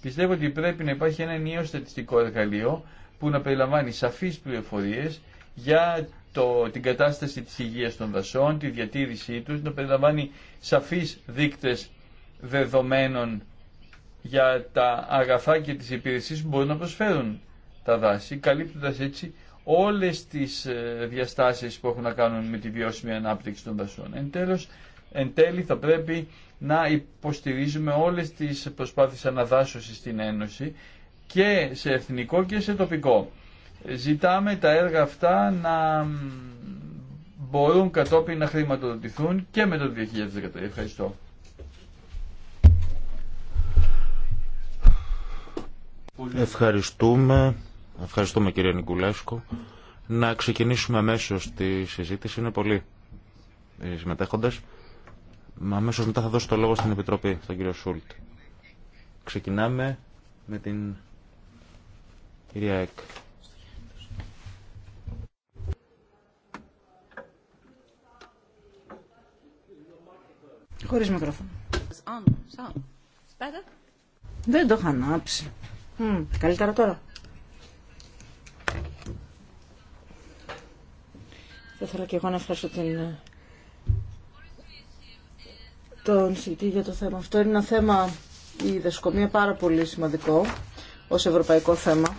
Πιστεύω ότι πρέπει να υπάρχει ένα νέο στατιστικό εργαλείο που να περιλαμβάνει σαφείς πληροφορίε για το, την κατάσταση της υγείας των δασών, τη διατήρησή τους, να περιλαμβάνει σαφείς δείκτες δεδομένων για τα αγαθά και τις υπηρεσίες που μπορούν να προσφέρουν τα δάση, καλύπτοντας έτσι όλες τις ε, διαστάσεις που έχουν να κάνουν με τη βιώσιμη ανάπτυξη των δασών. Εν, εν τέλει θα πρέπει να υποστηρίζουμε όλες τις προσπάθειες αναδάσωσης στην Ένωση και σε εθνικό και σε τοπικό. Ζητάμε τα έργα αυτά να μπορούν κατόπιν να χρηματοδοτηθούν και με το 2013. Ευχαριστώ. Ευχαριστούμε. Ευχαριστούμε κύριε Νικουλέσκο. Να ξεκινήσουμε αμέσως τη συζήτηση. Είναι πολύ. οι συμμετέχοντες. Μα αμέσως μετά θα δώσω το λόγο στην Επιτροπή, στον κύριο Σούλτ. Ξεκινάμε με την κυρία Εκ. Χωρίς μικρόφωνο. Δεν το είχα ανάψει. Mm, καλύτερα τώρα. Θα ήθελα και εγώ να ευχαριστώ την ε, τον Σιτή για το θέμα αυτό. Είναι ένα θέμα, η δεσκομία, πάρα πολύ σημαντικό ως ευρωπαϊκό θέμα.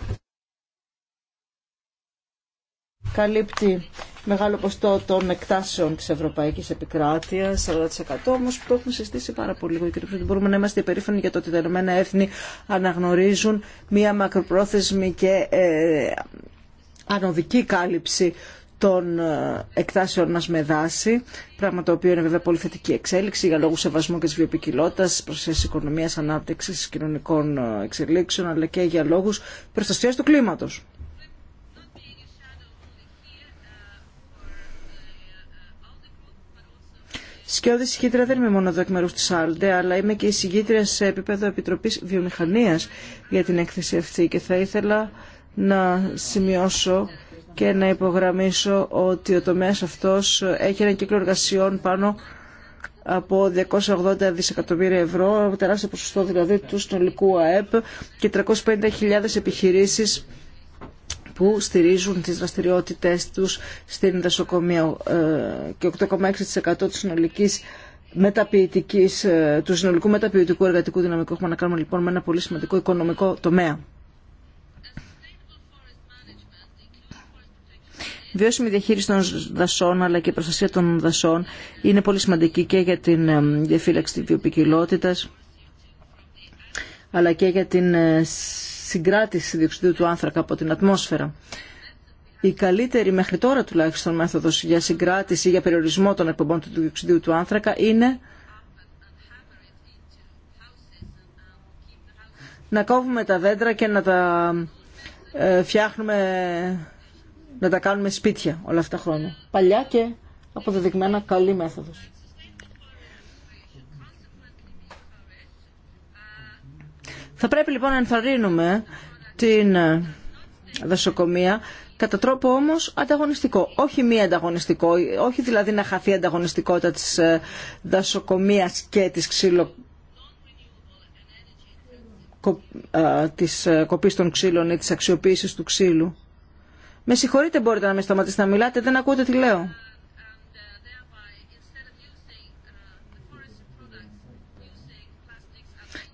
Καλύπτει μεγάλο ποστό των εκτάσεων της Ευρωπαϊκής Επικράτειας, 40% όμως που το έχουν συστήσει πάρα πολύ λίγο. μπορούμε να είμαστε υπερήφανοι για το ότι τα Ηνωμένα Έθνη αναγνωρίζουν μία μακροπρόθεσμη και ε, ανωδική κάλυψη των ε, εκτάσεων μας με δάση, πράγμα το οποίο είναι βέβαια πολύ θετική εξέλιξη για λόγους σεβασμού και της βιοποικιλότητας, προσθέσει οικονομίας, ανάπτυξης, κοινωνικών ε, εξελίξεων, αλλά και για λόγους προστασίας του κλίματος. Σκιώδη συγκήτρια δεν είμαι μόνο εδώ εκ μέρου τη Άλντε, αλλά είμαι και η σε επίπεδο Επιτροπή Βιομηχανία για την έκθεση αυτή και θα ήθελα να σημειώσω και να υπογραμμίσω ότι ο τομέας αυτός έχει ένα κύκλο εργασιών πάνω από 280 δισεκατομμύρια ευρώ, τεράστιο ποσοστό δηλαδή του συνολικού ΑΕΠ και 350.000 επιχειρήσεις που στηρίζουν τις δραστηριότητες τους στην δασοκομεία ε, και 8,6% της συνολικής μεταποιητικής, ε, του συνολικού μεταποιητικού εργατικού δυναμικού έχουμε να κάνουμε λοιπόν με ένα πολύ σημαντικό οικονομικό τομέα. Βιώσιμη διαχείριση των δασών αλλά και η προστασία των δασών είναι πολύ σημαντική και για την ε, διαφύλαξη της βιοποικιλότητας αλλά και για την ε, συγκράτηση διοξιδίου του άνθρακα από την ατμόσφαιρα. Η καλύτερη μέχρι τώρα τουλάχιστον μέθοδος για συγκράτηση, για περιορισμό των εκπομπών του διοξιδίου του άνθρακα είναι να κόβουμε τα δέντρα και να τα ε, φτιάχνουμε να τα κάνουμε σπίτια όλα αυτά τα χρόνια. Παλιά και αποδεδειγμένα καλή μέθοδος. Θα πρέπει λοιπόν να ενθαρρύνουμε την ε, δασοκομεία κατά τρόπο όμως ανταγωνιστικό. Όχι μη ανταγωνιστικό, όχι δηλαδή να χαθεί η ανταγωνιστικότητα της ε, δασοκομείας και της ξύλο ε, της κοπής των ξύλων ή της αξιοποίησης του ξύλου. Με συγχωρείτε μπορείτε να με σταματήσετε να μιλάτε, δεν ακούτε τι λέω.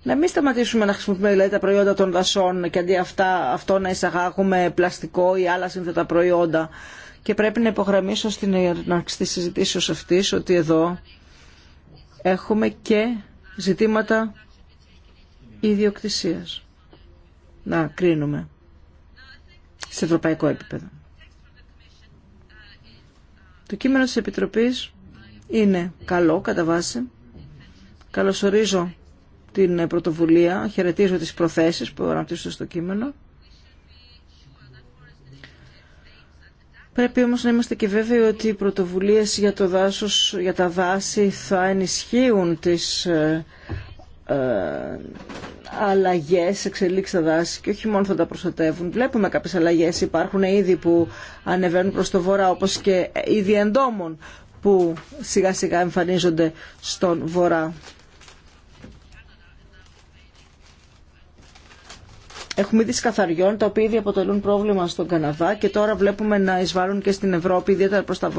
Να μην σταματήσουμε να χρησιμοποιούμε δηλαδή, τα προϊόντα των δασών και αντί αυτά, αυτό να εισαγάγουμε πλαστικό ή άλλα σύνθετα προϊόντα. Και πρέπει να υπογραμμίσω στην αρχή τη συζητήσεω αυτή ότι εδώ έχουμε και ζητήματα ιδιοκτησία. Να κρίνουμε σε ευρωπαϊκό επίπεδο. Το κείμενο της Επιτροπής είναι καλό κατά βάση. Καλωσορίζω την πρωτοβουλία, χαιρετίζω τις προθέσεις που αναπτύσσονται στο κείμενο. Πρέπει όμως να είμαστε και βέβαιοι ότι οι πρωτοβουλίες για, το δάσος, για τα δάση θα ενισχύουν τις ε, ε, αλλαγές, εξελίξει δάση και όχι μόνο θα τα προστατεύουν. Βλέπουμε κάποιες αλλαγές, υπάρχουν ήδη που ανεβαίνουν προς το βορρά όπως και ήδη εντόμων που σιγά σιγά εμφανίζονται στον βορρά. Έχουμε ήδη σκαθαριών τα οποία ήδη αποτελούν πρόβλημα στον Καναδά και τώρα βλέπουμε να εισβάλλουν και στην Ευρώπη, ιδιαίτερα προς τα,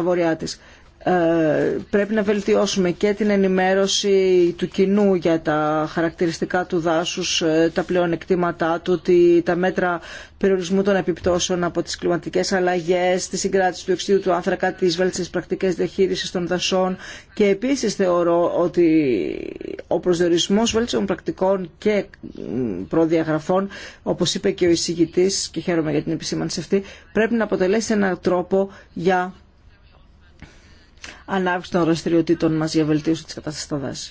βορειά της. Ε, πρέπει να βελτιώσουμε και την ενημέρωση του κοινού για τα χαρακτηριστικά του δάσους, ε, τα πλεονεκτήματά του, τα μέτρα περιορισμού των επιπτώσεων από τις κλιματικές αλλαγές, τη συγκράτηση του εξίδου του άνθρακα, τις βέλτιστες πρακτικές διαχείρισης των δασών και επίσης θεωρώ ότι ο προσδιορισμός βέλτιστων πρακτικών και προδιαγραφών, όπως είπε και ο εισηγητής και χαίρομαι για την επισήμανση αυτή, πρέπει να αποτελέσει έναν τρόπο για ανάπτυξη των δραστηριοτήτων μα για βελτίωση τη κατάσταση στα δάση.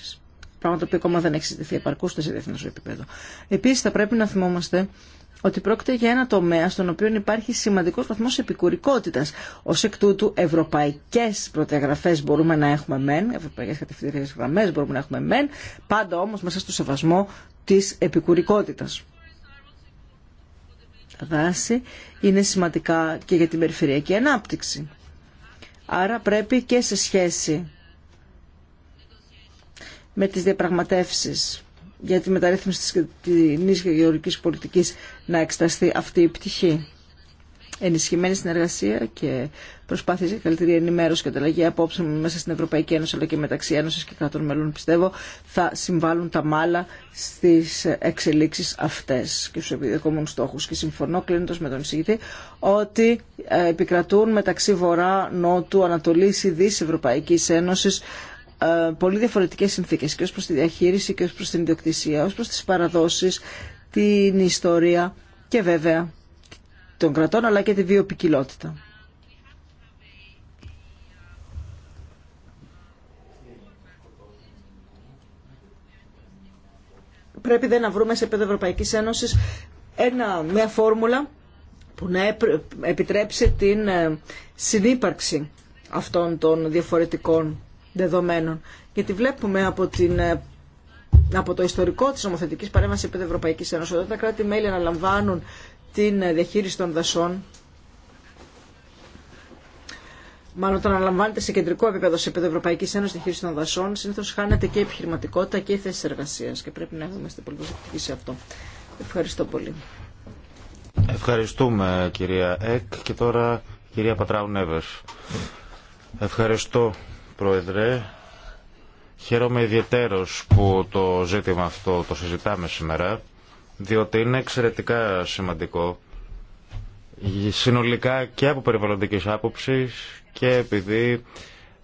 Πράγμα το οποίο ακόμα δεν έχει συζητηθεί επαρκώ σε διεθνέ επίπεδο. Επίση, θα πρέπει να θυμόμαστε ότι πρόκειται για ένα τομέα στον οποίο υπάρχει σημαντικό βαθμό επικουρικότητα, ω εκ τούτου ευρωπαϊκέ πρωτεγραφές μπορούμε να έχουμε μεν, ευρωπαϊκέ κατευθυντήριε γραμμέ μπορούμε να έχουμε μεν, πάντα όμω μέσα στο σεβασμό τη επικουρικότητα. Τα δάση είναι σημαντικά και για την περιφερειακή ανάπτυξη. Άρα πρέπει και σε σχέση με τις διαπραγματεύσεις για τη μεταρρύθμιση της κοινής γεωργικής πολιτικής να εξεταστεί αυτή η πτυχή. Ενισχυμένη συνεργασία και προσπάθειε για καλύτερη ενημέρωση και ανταλλαγή απόψεων μέσα στην Ευρωπαϊκή Ένωση αλλά και μεταξύ Ένωση και κρατών μελών, πιστεύω, θα συμβάλλουν τα μάλα στι εξελίξει αυτέ και στου επιδεκόμενου στόχου. Και συμφωνώ κλείνοντα με τον εισηγητή ότι ε, επικρατούν μεταξύ Βορρά, Νότου, Ανατολή, Δύση Ευρωπαϊκή Ένωση ε, πολύ διαφορετικέ συνθήκε και ω προ τη διαχείριση και ω προ την ιδιοκτησία, ω προ τι παραδόσει, την ιστορία και βέβαια των κρατών αλλά και τη βιοπικιλότητα. πρέπει δεν να βρούμε σε επίπεδο Ευρωπαϊκής Ένωσης ένα, μια φόρμουλα που να επιτρέψει την ε, συνύπαρξη αυτών των διαφορετικών δεδομένων. Γιατί βλέπουμε από την ε, από το ιστορικό της νομοθετικής παρέμβασης επί Ευρωπαϊκή Ευρωπαϊκής Ένωσης, όταν τα κράτη-μέλη αναλαμβάνουν την ε, διαχείριση των δασών, μάλλον όταν αναλαμβάνεται σε κεντρικό επίπεδο, σε επίπεδο Ευρωπαϊκή Ένωση, χείριση των δασών, συνήθω χάνεται και η επιχειρηματικότητα και η θέση εργασία. Και πρέπει να έχουμε πολύ προσεκτικοί σε αυτό. Ευχαριστώ πολύ. Ευχαριστούμε κυρία Εκ και τώρα κυρία Πατράου Νέβες. Ευχαριστώ Πρόεδρε. Χαίρομαι ιδιαίτερος που το ζήτημα αυτό το συζητάμε σήμερα, διότι είναι εξαιρετικά σημαντικό συνολικά και από περιβαλλοντικής άποψη και επειδή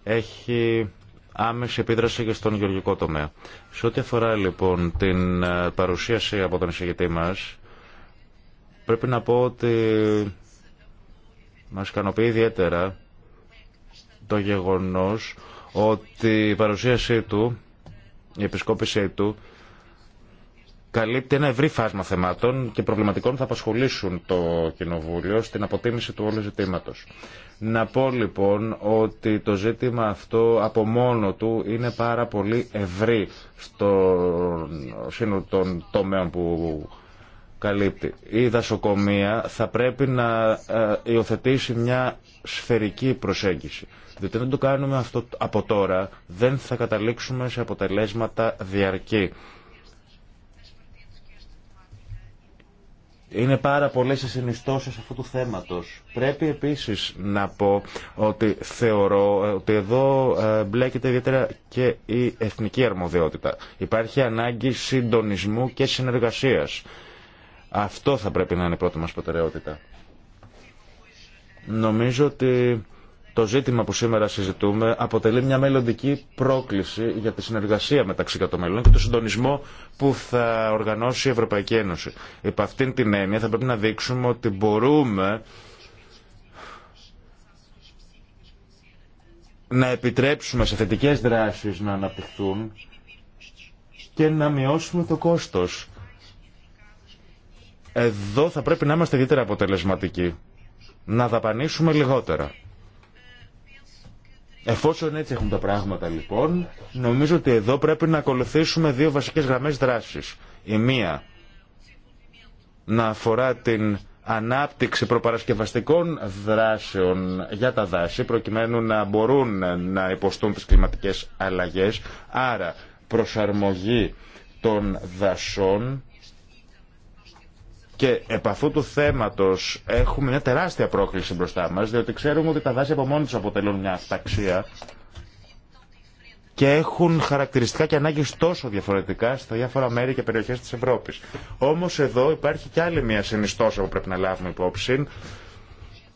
έχει άμεση επίδραση και στον γεωργικό τομέα. Σε ό,τι αφορά λοιπόν την ε, παρουσίαση από τον εισηγητή μας, πρέπει να πω ότι μας ικανοποιεί ιδιαίτερα το γεγονός ότι η παρουσίασή του, η επισκόπησή του, καλύπτει ένα ευρύ φάσμα θεμάτων και προβληματικών θα απασχολήσουν το Κοινοβούλιο στην αποτίμηση του όλου ζητήματος. Να πω λοιπόν ότι το ζήτημα αυτό από μόνο του είναι πάρα πολύ ευρύ στο σύνολο των τομέων που καλύπτει. Η δασοκομεία θα πρέπει να ε, υιοθετήσει μια σφαιρική προσέγγιση. Διότι αν το κάνουμε αυτό από τώρα δεν θα καταλήξουμε σε αποτελέσματα διαρκή. Είναι πάρα πολλέ οι συνιστώσει αυτού του θέματο. Πρέπει επίση να πω ότι θεωρώ ε, ότι εδώ ε, μπλέκεται ιδιαίτερα και η εθνική αρμοδιότητα. Υπάρχει ανάγκη συντονισμού και συνεργασία. Αυτό θα πρέπει να είναι η πρώτη μα προτεραιότητα. Νομίζω ότι το ζήτημα που σήμερα συζητούμε αποτελεί μια μελλοντική πρόκληση για τη συνεργασία μεταξύ κατομελών και το συντονισμό που θα οργανώσει η Ευρωπαϊκή Ένωση. Υπ' αυτήν την έννοια θα πρέπει να δείξουμε ότι μπορούμε να επιτρέψουμε σε θετικές δράσεις να αναπτυχθούν και να μειώσουμε το κόστος. Εδώ θα πρέπει να είμαστε ιδιαίτερα αποτελεσματικοί. Να δαπανίσουμε λιγότερα. Εφόσον έτσι έχουν τα πράγματα λοιπόν, νομίζω ότι εδώ πρέπει να ακολουθήσουμε δύο βασικές γραμμές δράσης. Η μία να αφορά την ανάπτυξη προπαρασκευαστικών δράσεων για τα δάση, προκειμένου να μπορούν να υποστούν τις κλιματικές αλλαγές, άρα προσαρμογή των δασών και επ' αυτού του θέματο έχουμε μια τεράστια πρόκληση μπροστά μα, διότι ξέρουμε ότι τα δάση από μόνοι του αποτελούν μια αυταξία και έχουν χαρακτηριστικά και ανάγκε τόσο διαφορετικά στα διάφορα μέρη και περιοχέ τη Ευρώπη. Όμω εδώ υπάρχει και άλλη μια συνιστόσα που πρέπει να λάβουμε υπόψη,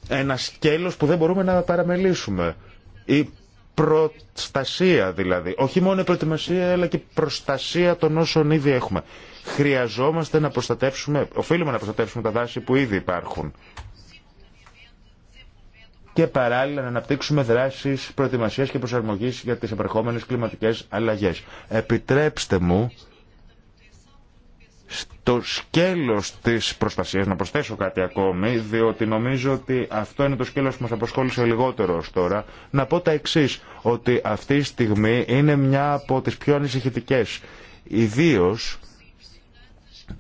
ένα σκέλο που δεν μπορούμε να παραμελήσουμε. Η προστασία δηλαδή. Όχι μόνο η προετοιμασία, αλλά και η προστασία των όσων ήδη έχουμε. Χρειαζόμαστε να προστατεύσουμε, οφείλουμε να προστατεύσουμε τα δάση που ήδη υπάρχουν και παράλληλα να αναπτύξουμε δράσει προετοιμασία και προσαρμογή για τι επερχόμενε κλιματικέ αλλαγέ. Επιτρέψτε μου στο σκέλος της προστασίας να προσθέσω κάτι ακόμη, διότι νομίζω ότι αυτό είναι το σκέλος που μας απασχόλησε λιγότερο ω τώρα, να πω τα εξή ότι αυτή η στιγμή είναι μια από τις πιο ανησυχητικές, ιδίως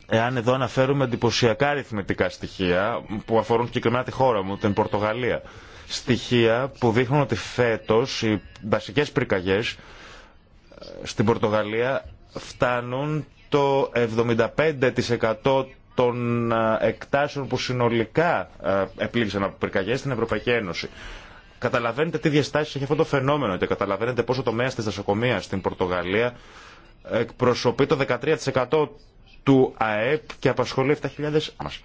Εάν εδώ αναφέρουμε εντυπωσιακά αριθμητικά στοιχεία που αφορούν συγκεκριμένα τη χώρα μου, την Πορτογαλία, στοιχεία που δείχνουν ότι φέτο οι βασικές πυρκαγιέ ε, στην Πορτογαλία φτάνουν το 75% των ε, εκτάσεων που συνολικά ε, επλήγησαν από πυρκαγιές στην Ευρωπαϊκή Ένωση. Καταλαβαίνετε τι διαστάσεις έχει αυτό το φαινόμενο και καταλαβαίνετε πόσο το τομέα της δασοκομείας στην Πορτογαλία εκπροσωπεί το 13% του ΑΕΠ και απασχολεί 7.000 μας.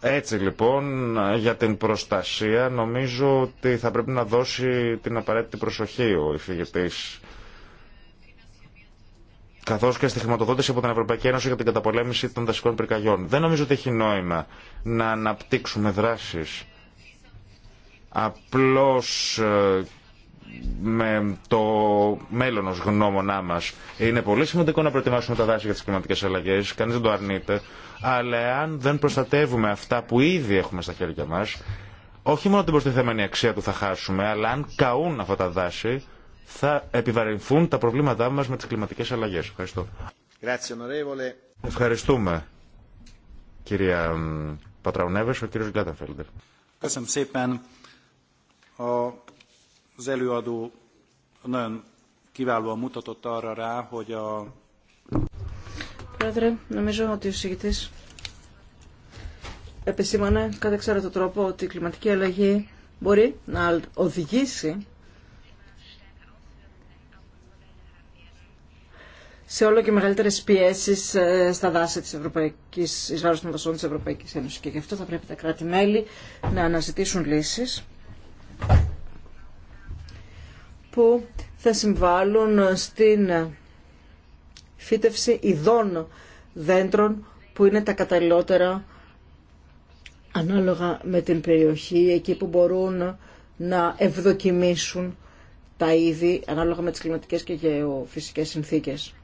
Έτσι λοιπόν για την προστασία νομίζω ότι θα πρέπει να δώσει την απαραίτητη προσοχή ο υφηγητής, καθώ και στη χρηματοδότηση από την Ευρωπαϊκή Ένωση για την καταπολέμηση των δασικών πυρκαγιών. Δεν νομίζω ότι έχει νόημα να αναπτύξουμε δράσει απλώ ε, με το μέλλον ως γνώμονά μας. Είναι πολύ σημαντικό να προετοιμάσουμε τα δάση για τις κλιματικές αλλαγές, κανεί δεν το αρνείται, αλλά αν δεν προστατεύουμε αυτά που ήδη έχουμε στα χέρια μας, όχι μόνο την προστιθέμενη αξία του θα χάσουμε, αλλά αν καούν αυτά τα δάση, θα επιβαρυνθούν τα προβλήματά μας με τις κλιματικέ αλλαγέ. Ευχαριστώ. Ευχαριστούμε, κυρία πατραουνέβε, ο κύριο Γκάταφελντερ az előadó nagyon Πρόεδρε, νομίζω ότι ο συγκητής επισήμανε κατά εξαίρετο τρόπο ότι η κλιματική αλλαγή μπορεί να οδηγήσει σε όλο και μεγαλύτερε πιέσει ε, στα δάση τη Ευρωπαϊκή, ει βάρο των δασών τη Ευρωπαϊκή Ένωση. Και γι' αυτό θα πρέπει τα κράτη-μέλη να αναζητήσουν λύσει που θα συμβάλλουν στην φύτευση ειδών δέντρων που είναι τα καταλληλότερα ανάλογα με την περιοχή, εκεί που μπορούν να ευδοκιμήσουν τα είδη ανάλογα με τις κλιματικές και γεωφυσικές συνθήκες.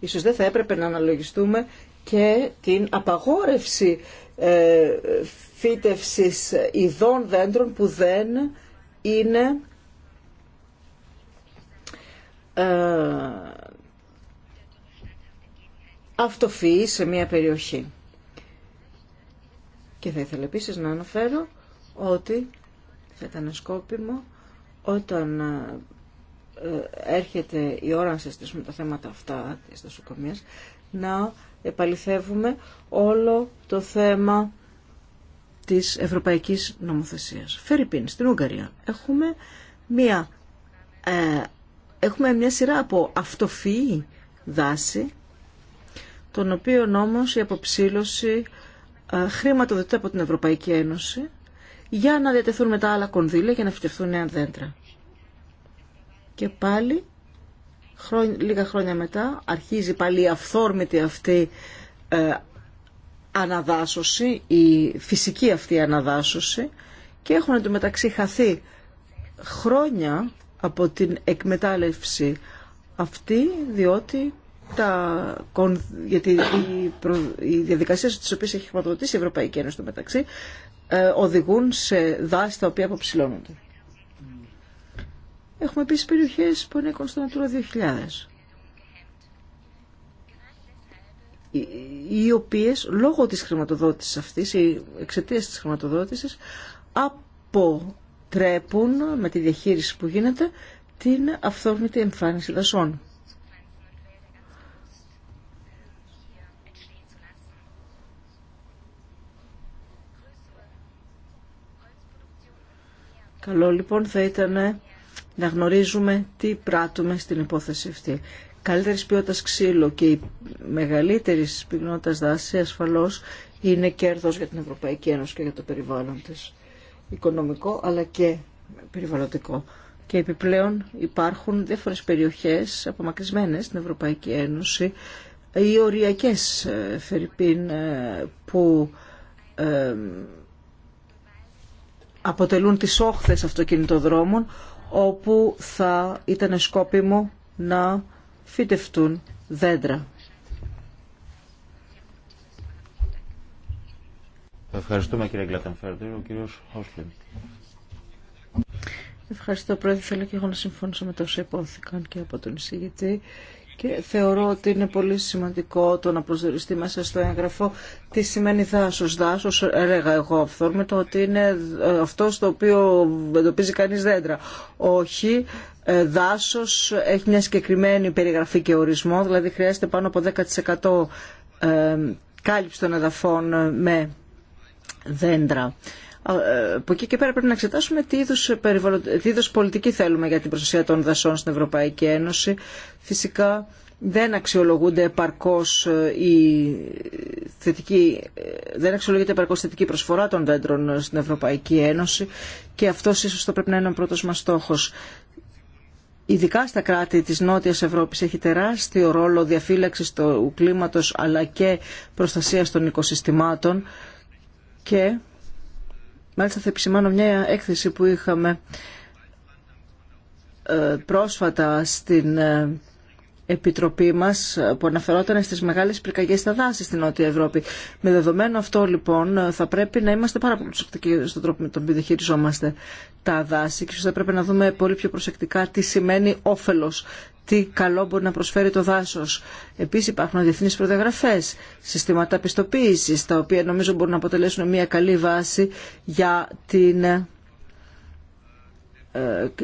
Ίσως δεν θα έπρεπε να αναλογιστούμε και την απαγόρευση ε, φύτευσης ειδών δέντρων που δεν είναι ε, αυτοφυή σε μια περιοχή. Και θα ήθελα επίσης να αναφέρω ότι θα ήταν σκόπιμο όταν ε, έρχεται η ώρα να συζητήσουμε τα θέματα αυτά της δοσοκομείας να επαληθεύουμε όλο το θέμα της ευρωπαϊκής νομοθεσίας. Φερρυπίν, στην Ουγγαρία έχουμε μια, ε, έχουμε μια σειρά από αυτοφυή δάση, τον οποίο όμως η αποψήλωση ε, χρηματοδοτείται από την Ευρωπαϊκή Ένωση για να διατεθούν μετά άλλα κονδύλια για να φυτευτούν νέα δέντρα. Και πάλι λίγα χρόνια μετά αρχίζει πάλι η αυθόρμητη αυτή ε, αναδάσωση, η φυσική αυτή αναδάσωση και έχουν εντωμεταξύ χαθεί χρόνια από την εκμετάλλευση αυτή διότι τα, γιατί οι, προ, οι διαδικασίες τις οποίες έχει χρηματοδοτήσει η Ευρωπαϊκή Ένωση το μεταξύ ε, οδηγούν σε δάση τα οποία αποψηλώνονται. Έχουμε επίσης περιοχές που είναι στο Natura 2000 οι οποίες λόγω της χρηματοδότησης αυτής ή εξαιτίας της χρηματοδότησης αποτρέπουν με τη διαχείριση που γίνεται την αυθόρμητη εμφάνιση δασών. Καλό λοιπόν θα ήταν να γνωρίζουμε τι πράττουμε στην υπόθεση αυτή. Καλύτερη ποιότητα ξύλο και η μεγαλύτερη πυκνότητα δάση ασφαλώ είναι κέρδο για την Ευρωπαϊκή Ένωση και για το περιβάλλον τη. Οικονομικό αλλά και περιβαλλοντικό. Και επιπλέον υπάρχουν διάφορε περιοχέ απομακρυσμένε στην Ευρωπαϊκή Ένωση ή οριακέ ε, φερρυπίν ε, που ε, αποτελούν τις όχθες αυτοκινητοδρόμων όπου θα ήταν σκόπιμο να φυτευτούν δέντρα. Ευχαριστούμε κύριε Γκλατανφέρντερ. Ο κύριος Χόσλιν. Ευχαριστώ πρόεδρε. Θέλω και εγώ να συμφωνήσω με τόσο υπόθηκαν και από τον εισηγητή και θεωρώ ότι είναι πολύ σημαντικό το να προσδιοριστεί μέσα στο έγγραφο τι σημαίνει δάσος. Δάσος έλεγα εγώ αυθόρμητο ότι είναι ε, αυτό το οποίο εντοπίζει κανεί δέντρα. Όχι, ε, δάσος έχει μια συγκεκριμένη περιγραφή και ορισμό, δηλαδή χρειάζεται πάνω από 10% ε, κάλυψη των εδαφών με δέντρα. Ε, από εκεί και πέρα πρέπει να εξετάσουμε τι είδους, περιβολο... πολιτική θέλουμε για την προστασία των δασών στην Ευρωπαϊκή Ένωση. Φυσικά δεν αξιολογούνται επαρκώς η ε, θετική, ε, δεν αξιολογείται επαρκώς θετική προσφορά των δέντρων στην Ευρωπαϊκή Ένωση και αυτό ίσως θα πρέπει να είναι ο πρώτος μας στόχος. Ειδικά στα κράτη της Νότιας Ευρώπης έχει τεράστιο ρόλο διαφύλαξης του κλίματος αλλά και προστασίας των οικοσυστημάτων και Μάλιστα θα επισημάνω μια έκθεση που είχαμε ε, πρόσφατα στην ε, Επιτροπή μας που αναφερόταν στις μεγάλες πυρκαγιές στα δάση στην Νότια Ευρώπη. Με δεδομένο αυτό λοιπόν θα πρέπει να είμαστε πάρα πολύ προσεκτικοί στον τρόπο με τον οποίο διαχειριζόμαστε τα δάση και θα πρέπει να δούμε πολύ πιο προσεκτικά τι σημαίνει όφελος τι καλό μπορεί να προσφέρει το δάσος. Επίσης υπάρχουν διεθνείς προδιαγραφές, συστήματα πιστοποίησης, τα οποία νομίζω μπορούν να αποτελέσουν μια καλή βάση για την ε,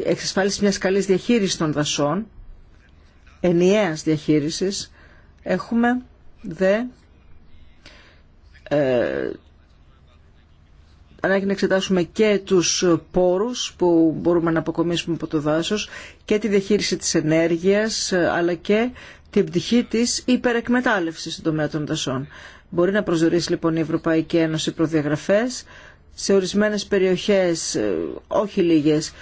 εξασφάλιση μιας καλής διαχείρισης των δασών, ενιαίας διαχείρισης. Έχουμε δε ε, ανάγκη να εξετάσουμε και τους πόρους που μπορούμε να αποκομίσουμε από το δάσος και τη διαχείριση της ενέργειας αλλά και την πτυχή της υπερεκμετάλλευσης στον τομέα των δασών. Μπορεί να προσδιορίσει λοιπόν η Ευρωπαϊκή Ένωση προδιαγραφές σε ορισμένες περιοχές, ε, όχι λίγες,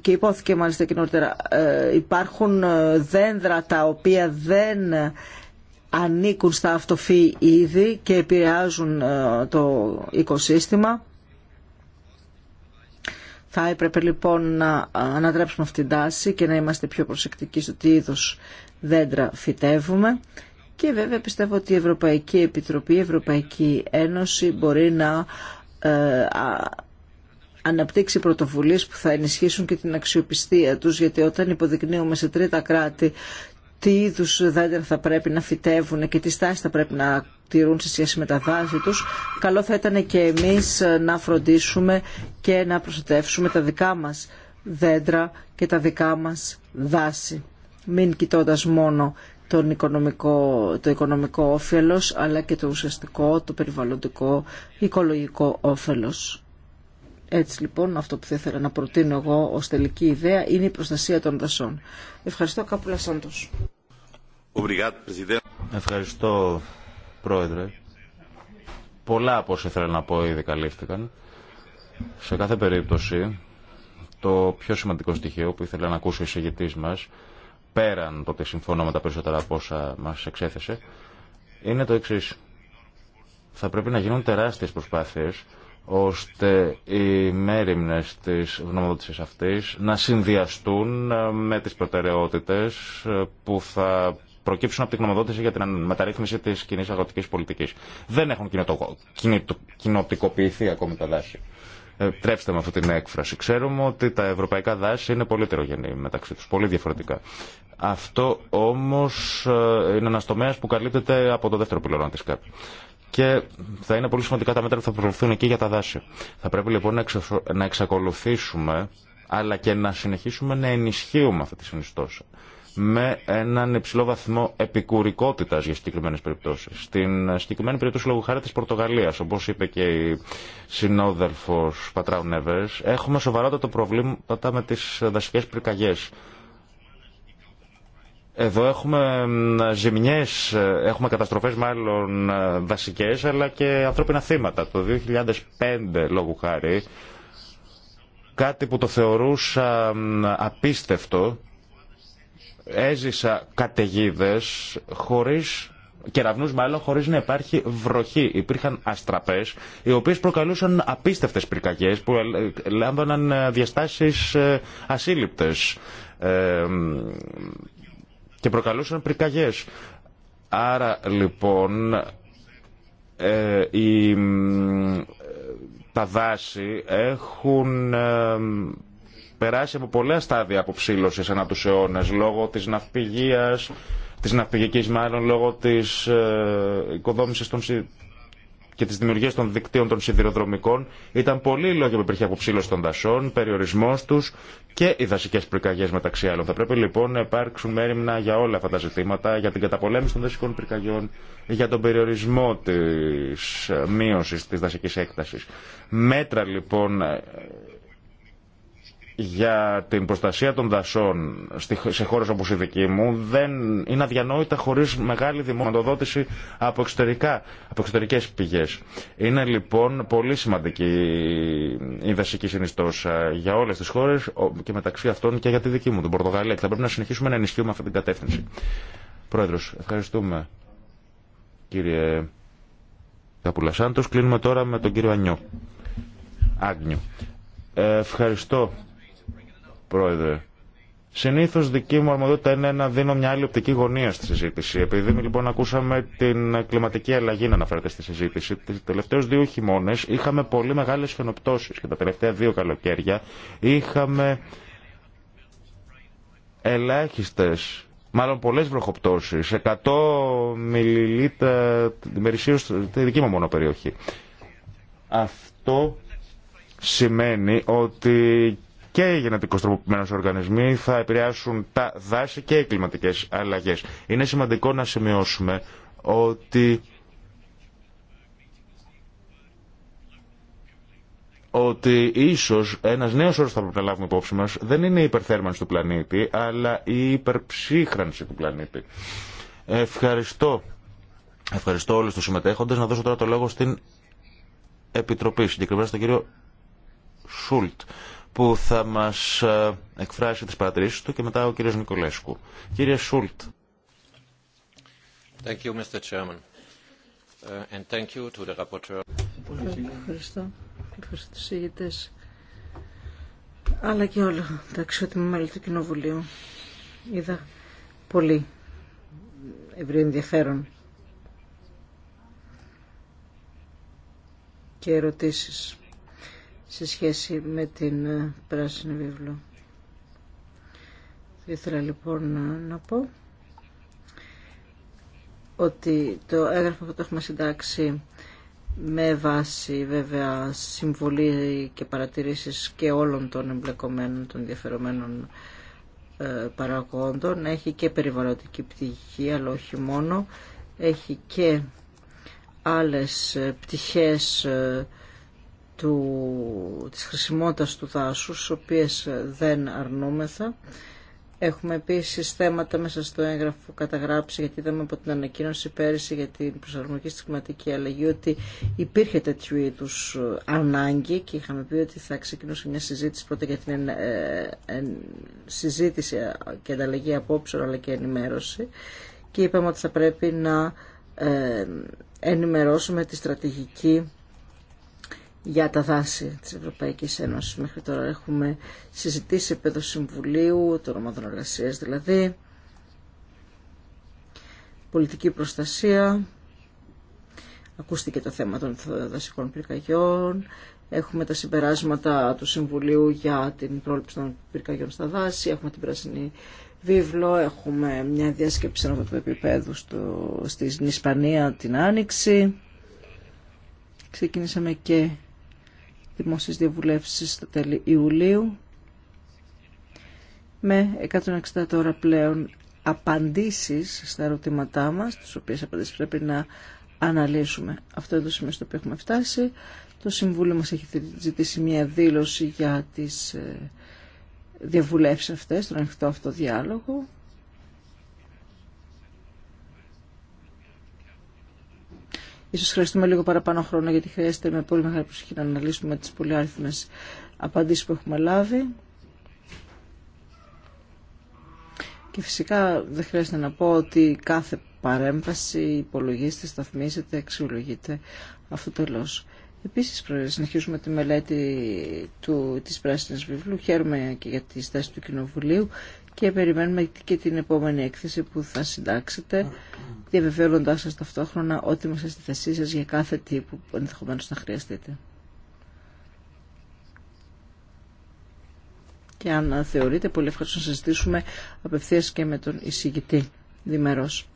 και υπόθηκε μάλιστα και νωρίτερα, ε, υπάρχουν ε, δέντρα τα οποία δεν ανήκουν στα αυτοφύη ήδη και επηρεάζουν το οικοσύστημα. Θα έπρεπε λοιπόν να ανατρέψουμε αυτήν την τάση και να είμαστε πιο προσεκτικοί στο τι είδο δέντρα φυτεύουμε. Και βέβαια πιστεύω ότι η Ευρωπαϊκή Επιτροπή, η Ευρωπαϊκή Ένωση μπορεί να ε, αναπτύξει πρωτοβουλίες που θα ενισχύσουν και την αξιοπιστία τους γιατί όταν υποδεικνύουμε σε τρίτα κράτη τι είδου δέντρα θα πρέπει να φυτεύουν και τι στάση θα πρέπει να τηρούν σε σχέση με τα δάση τους, καλό θα ήταν και εμείς να φροντίσουμε και να προστατεύσουμε τα δικά μας δέντρα και τα δικά μας δάση. Μην κοιτώντα μόνο τον οικονομικό, το οικονομικό όφελος, αλλά και το ουσιαστικό, το περιβαλλοντικό, οικολογικό όφελος. Έτσι λοιπόν αυτό που θα ήθελα να προτείνω εγώ ως τελική ιδέα είναι η προστασία των δασών. Ευχαριστώ Κάπουλα Σάντος. Ευχαριστώ Πρόεδρε. Πολλά από όσα ήθελα να πω ήδη καλύφθηκαν. Σε κάθε περίπτωση το πιο σημαντικό στοιχείο που ήθελα να ακούσω ο συγγετής μας πέραν το ότι συμφωνώ με τα περισσότερα από όσα μας εξέθεσε είναι το εξή. Θα πρέπει να γίνουν τεράστιες προσπάθειες ώστε οι μέρημνες της γνωμοδότησης αυτής να συνδυαστούν ε, με τις προτεραιότητες ε, που θα προκύψουν από τη γνωμοδότηση για την μεταρρύθμιση της κοινή αγροτικής πολιτικής. Δεν έχουν κοινοτικοποιηθεί ακόμη τα δάση. Ε, τρέψτε με αυτή την έκφραση. Ξέρουμε ότι τα ευρωπαϊκά δάση είναι πολύ τερογενή μεταξύ τους, πολύ διαφορετικά. Αυτό όμως είναι ένας τομέας που καλύπτεται από το δεύτερο πυλώνα της ΚΑΠ και θα είναι πολύ σημαντικά τα μέτρα που θα προβληθούν εκεί για τα δάση. Θα πρέπει λοιπόν να εξακολουθήσουμε αλλά και να συνεχίσουμε να ενισχύουμε αυτή τη συνιστόση με έναν υψηλό βαθμό επικουρικότητα για συγκεκριμένε περιπτώσει. Στην συγκεκριμένη περίπτωση, λόγω χάρη τη Πορτογαλία, όπω είπε και η συνόδελφο Πατράου Νέβε, έχουμε σοβαρότατα προβλήματα με τι δασικέ πυρκαγιέ. Εδώ έχουμε ζημιέ, έχουμε καταστροφές μάλλον ε, δασικέ, αλλά και ανθρώπινα θύματα. Το 2005, λόγου χάρη, κάτι που το θεωρούσα απίστευτο, έζησα καταιγίδε χωρίς κεραυνούς μάλλον χωρίς να υπάρχει βροχή. Υπήρχαν αστραπές οι οποίες προκαλούσαν απίστευτες πυρκαγιές που λάμβαναν ε, διαστάσεις ε, ασύλληπτες και προκαλούσαν πρικαγιές. Άρα λοιπόν ε, η, τα δάση έχουν ε, περάσει από πολλά στάδια αποψήλωσης ανά τους αιώνες λόγω της ναυπηγίας, της ναυπηγικής μάλλον λόγω της ε, οικοδόμησης των και τι δημιουργίε των δικτύων των σιδηροδρομικών ήταν πολλοί λόγοι που υπήρχε αποψήλωση των δασών, περιορισμό του και οι δασικέ πυρκαγιέ μεταξύ άλλων. Θα πρέπει λοιπόν να υπάρξουν μέρημνα για όλα αυτά τα ζητήματα, για την καταπολέμηση των δασικών πυρκαγιών, για τον περιορισμό τη μείωση τη δασική έκταση. Μέτρα λοιπόν για την προστασία των δασών σε χώρε όπω η δική μου δεν είναι αδιανόητα χωρί μεγάλη δημοσιοδότηση από, εξωτερικά, από εξωτερικές πηγές. Είναι λοιπόν πολύ σημαντική η δασική συνιστόσα για όλε τι χώρε και μεταξύ αυτών και για τη δική μου, την Πορτογαλία. Και θα πρέπει να συνεχίσουμε να ενισχύουμε αυτή την κατεύθυνση. Πρόεδρο, ευχαριστούμε κύριε Καπουλασάντος. Κλείνουμε τώρα με τον κύριο Ανιό. Άγνιο. Ε, ευχαριστώ Πρόεδρε. Συνήθω δική μου αρμοδιότητα είναι να δίνω μια άλλη οπτική γωνία στη συζήτηση. Επειδή λοιπόν ακούσαμε την κλιματική αλλαγή να αναφέρεται στη συζήτηση, τις τελευταίου δύο χειμώνε είχαμε πολύ μεγάλε φαινοπτώσει και τα τελευταία δύο καλοκαίρια είχαμε ελάχιστε, μάλλον πολλέ βροχοπτώσει, 100 μιλιλίτρα μερισίω στη δική μου μόνο περιοχή. Αυτό σημαίνει ότι και οι γενετικώ οργανισμοί θα επηρεάσουν τα δάση και οι κλιματικέ αλλαγές. Είναι σημαντικό να σημειώσουμε ότι ότι ίσω ένα νέο όρο θα πρέπει να λάβουμε υπόψη μα δεν είναι η υπερθέρμανση του πλανήτη, αλλά η υπερψύχρανση του πλανήτη. Ευχαριστώ. Ευχαριστώ όλου του συμμετέχοντε. Να δώσω τώρα το λόγο στην Επιτροπή, συγκεκριμένα στον κύριο Σούλτ που θα μας ε, εκφράσει τις παρατηρήσεις του και μετά ο κύριος Νικολέσκου. Κύριε Σούλτ. Uh, Ευχαριστώ. Ευχαριστώ τους ηγητές. Αλλά και όλο τα αξιότιμα μέλη του Κοινοβουλίου. Είδα πολύ ευρύ ενδιαφέρον και ερωτήσεις σε σχέση με την ε, πράσινη βίβλο. Ήθελα λοιπόν να πω ότι το έγγραφο που το έχουμε συντάξει με βάση βέβαια συμβολή και παρατηρήσεις και όλων των εμπλεκομένων, των ενδιαφερομένων ε, παραγόντων έχει και περιβαλλοντική πτυχή αλλά όχι μόνο έχει και άλλες ε, πτυχές του, της χρησιμότητας του δάσους, οποίες ε, δεν αρνούμεθα. Έχουμε επίσης θέματα μέσα στο έγγραφο καταγράψει, γιατί είδαμε από την ανακοίνωση πέρυσι για την προσαρμογή στη κλιματική αλλαγή ότι υπήρχε τέτοιου είδου ε, ανάγκη και είχαμε πει ότι θα ξεκινούσε μια συζήτηση πρώτα για την ε, συζήτηση και ανταλλαγή απόψε αλλά και ενημέρωση και είπαμε ότι θα πρέπει να ε, ενημερώσουμε τη στρατηγική για τα δάση της Ευρωπαϊκής Ένωσης. Μέχρι τώρα έχουμε συζητήσει σε συμβουλίου, των ομάδων εργασία δηλαδή, πολιτική προστασία, ακούστηκε το θέμα των δασικών πυρκαγιών, έχουμε τα συμπεράσματα του Συμβουλίου για την πρόληψη των πυρκαγιών στα δάση, έχουμε την πράσινη βίβλο, έχουμε μια διάσκεψη ενό του επίπεδου στο, στην Ισπανία την Άνοιξη. Ξεκίνησαμε και δημόσιες διαβουλεύσεις στο τέλη Ιουλίου με 160 τώρα πλέον απαντήσεις στα ερωτήματά μας, τις οποίες απαντήσεις πρέπει να αναλύσουμε. Αυτό είναι το σημείο στο οποίο έχουμε φτάσει. Το Συμβούλιο μας έχει ζητήσει μια δήλωση για τις ε, διαβουλεύσεις αυτές, τον ανοιχτό αυτό διάλογο. Ίσως χρειαστούμε λίγο παραπάνω χρόνο γιατί χρειάζεται με πολύ μεγάλη προσοχή να αναλύσουμε τις πολυάριθμε απαντήσεις που έχουμε λάβει. Και φυσικά δεν χρειάζεται να πω ότι κάθε παρέμβαση υπολογίζεται, σταθμίζεται, αξιολογείται τελό. Επίσης συνεχίζουμε τη μελέτη του, της πράσινης βιβλίου. Χαίρομαι και για τις στάση του Κοινοβουλίου και περιμένουμε και την επόμενη έκθεση που θα συντάξετε διαβεβαιώνοντάς σας ταυτόχρονα ότι είμαστε στη θέσή σας για κάθε τι που ενδεχομένως να χρειαστείτε. Και αν θεωρείτε, πολύ ευχαριστώ να συζητήσουμε απευθείας και με τον εισηγητή διμερός.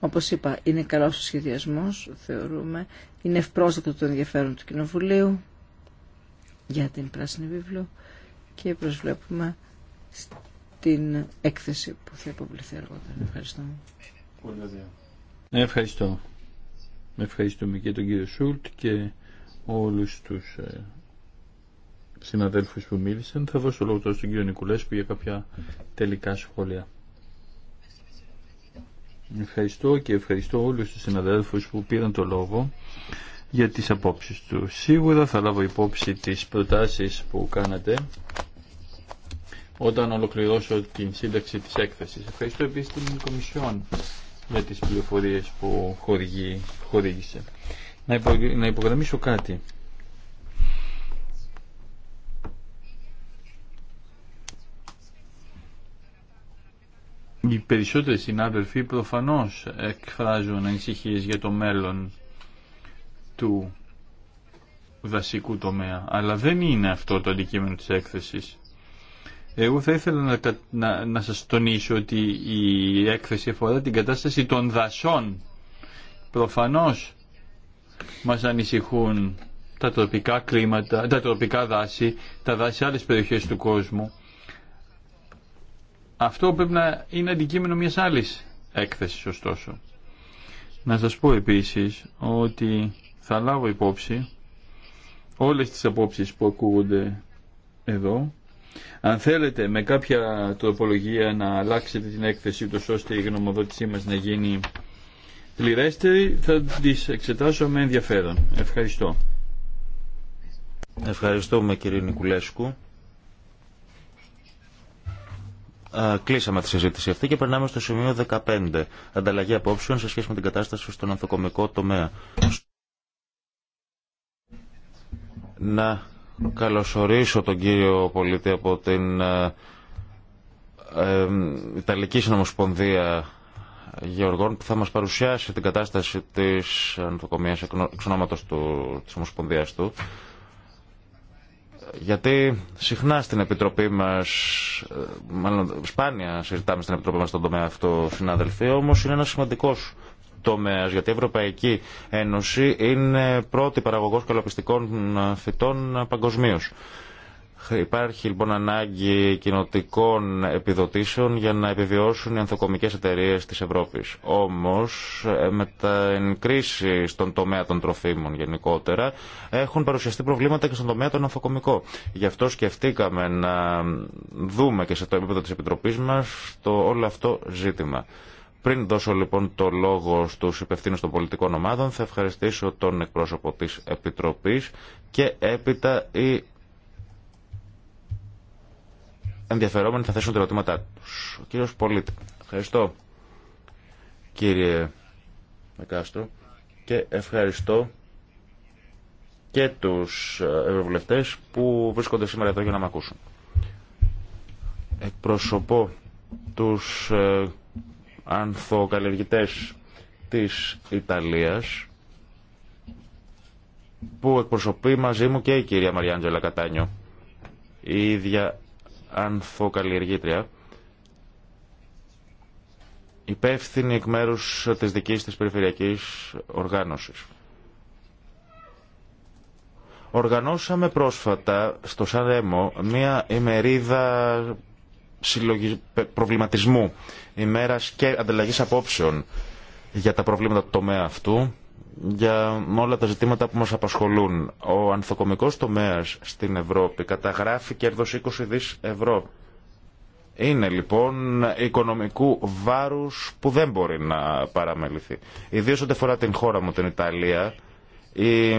Όπως είπα, είναι καλός ο σχεδιασμός, θεωρούμε, είναι ευπρόσδεκτο το ενδιαφέρον του Κοινοβουλίου για την Πράσινη Βίβλο και προσβλέπουμε στην έκθεση που θα υποβληθεί αργότερα. Ευχαριστώ. Ευχαριστώ. Ευχαριστούμε και τον κύριο Σούλτ και όλους τους ε, συναδέλφους που μίλησαν. Θα δώσω λόγο τώρα στον κύριο Νικουλέσκου για κάποια τελικά σχόλια. Ευχαριστώ και ευχαριστώ όλους τους συναδέλφους που πήραν το λόγο για τις απόψεις του. Σίγουρα θα λάβω υπόψη τις προτάσεις που κάνατε όταν ολοκληρώσω την σύνταξη της έκθεσης. Ευχαριστώ επίσης την Κομισιόν για τις πληροφορίες που χορηγεί, χορήγησε. Να, υπο, υπογραμμίσω κάτι. Οι περισσότεροι συνάδελφοι προφανώς εκφράζουν ανησυχίες για το μέλλον του δασικού τομέα. Αλλά δεν είναι αυτό το αντικείμενο της έκθεσης. Εγώ θα ήθελα να, να, σας τονίσω ότι η έκθεση αφορά την κατάσταση των δασών. Προφανώς μας ανησυχούν τα τοπικά κλίματα, τα τοπικά δάση, τα δάση σε άλλες περιοχές του κόσμου. Αυτό πρέπει να είναι αντικείμενο μιας άλλης έκθεσης ωστόσο. Να σας πω επίσης ότι θα λάβω υπόψη όλες τις απόψεις που ακούγονται εδώ. Αν θέλετε με κάποια τροπολογία να αλλάξετε την έκθεση του ώστε η γνωμοδότησή μας να γίνει πληρέστερη θα τις εξετάσω με ενδιαφέρον. Ευχαριστώ. Ευχαριστούμε κύριε Νικουλέσκου. Κλείσαμε τη συζήτηση αυτή και περνάμε στο σημείο 15. Ανταλλαγή απόψεων σε σχέση με την κατάσταση στον ανθοκομικό τομέα να καλωσορίσω τον κύριο πολίτη από την ε, ε, Ιταλική Συνομοσπονδία Γεωργών που θα μας παρουσιάσει την κατάσταση της ανθοκομίας εξ ονόματος του, της Ομοσπονδίας του γιατί συχνά στην Επιτροπή μας, ε, μάλλον σπάνια συζητάμε στην Επιτροπή μας τον τομέα αυτό συνάδελφοι, όμως είναι ένας σημαντικός τομέας, γιατί η Ευρωπαϊκή Ένωση είναι πρώτη παραγωγός καλοπιστικών φυτών παγκοσμίω. Υπάρχει λοιπόν ανάγκη κοινοτικών επιδοτήσεων για να επιβιώσουν οι ανθοκομικές εταιρείες της Ευρώπης. Όμως ε, με την κρίση στον τομέα των τροφίμων γενικότερα έχουν παρουσιαστεί προβλήματα και στον τομέα των ανθοκομικών. Γι' αυτό σκεφτήκαμε να δούμε και σε το επίπεδο της Επιτροπής μας το όλο αυτό ζήτημα. Πριν δώσω λοιπόν το λόγο στου υπευθύνου των πολιτικών ομάδων, θα ευχαριστήσω τον εκπρόσωπο της Επιτροπής και έπειτα οι ενδιαφερόμενοι θα θέσουν τα ερωτήματά του. κύριος Πολίτη, ευχαριστώ κύριε Μεκάστρο και ευχαριστώ και τους ευρωβουλευτές που βρίσκονται σήμερα εδώ για να με ακούσουν. Εκπροσωπώ τους ε, ανθοκαλλιεργητές της Ιταλίας που εκπροσωπεί μαζί μου και η κυρία Μαριάντζελα Κατάνιο η ίδια ανθοκαλλιεργήτρια υπεύθυνη εκ μέρους της δικής της περιφερειακής οργάνωσης. Οργανώσαμε πρόσφατα στο Σαρέμο μία ημερίδα προβληματισμού, ημέρα και ανταλλαγή απόψεων για τα προβλήματα του τομέα αυτού, για όλα τα ζητήματα που μας απασχολούν. Ο ανθοκομικός τομέας στην Ευρώπη καταγράφει κέρδο 20 δις ευρώ. Είναι λοιπόν οικονομικού βάρους που δεν μπορεί να παραμεληθεί. Ιδίως ό,τι αφορά την χώρα μου, την Ιταλία, η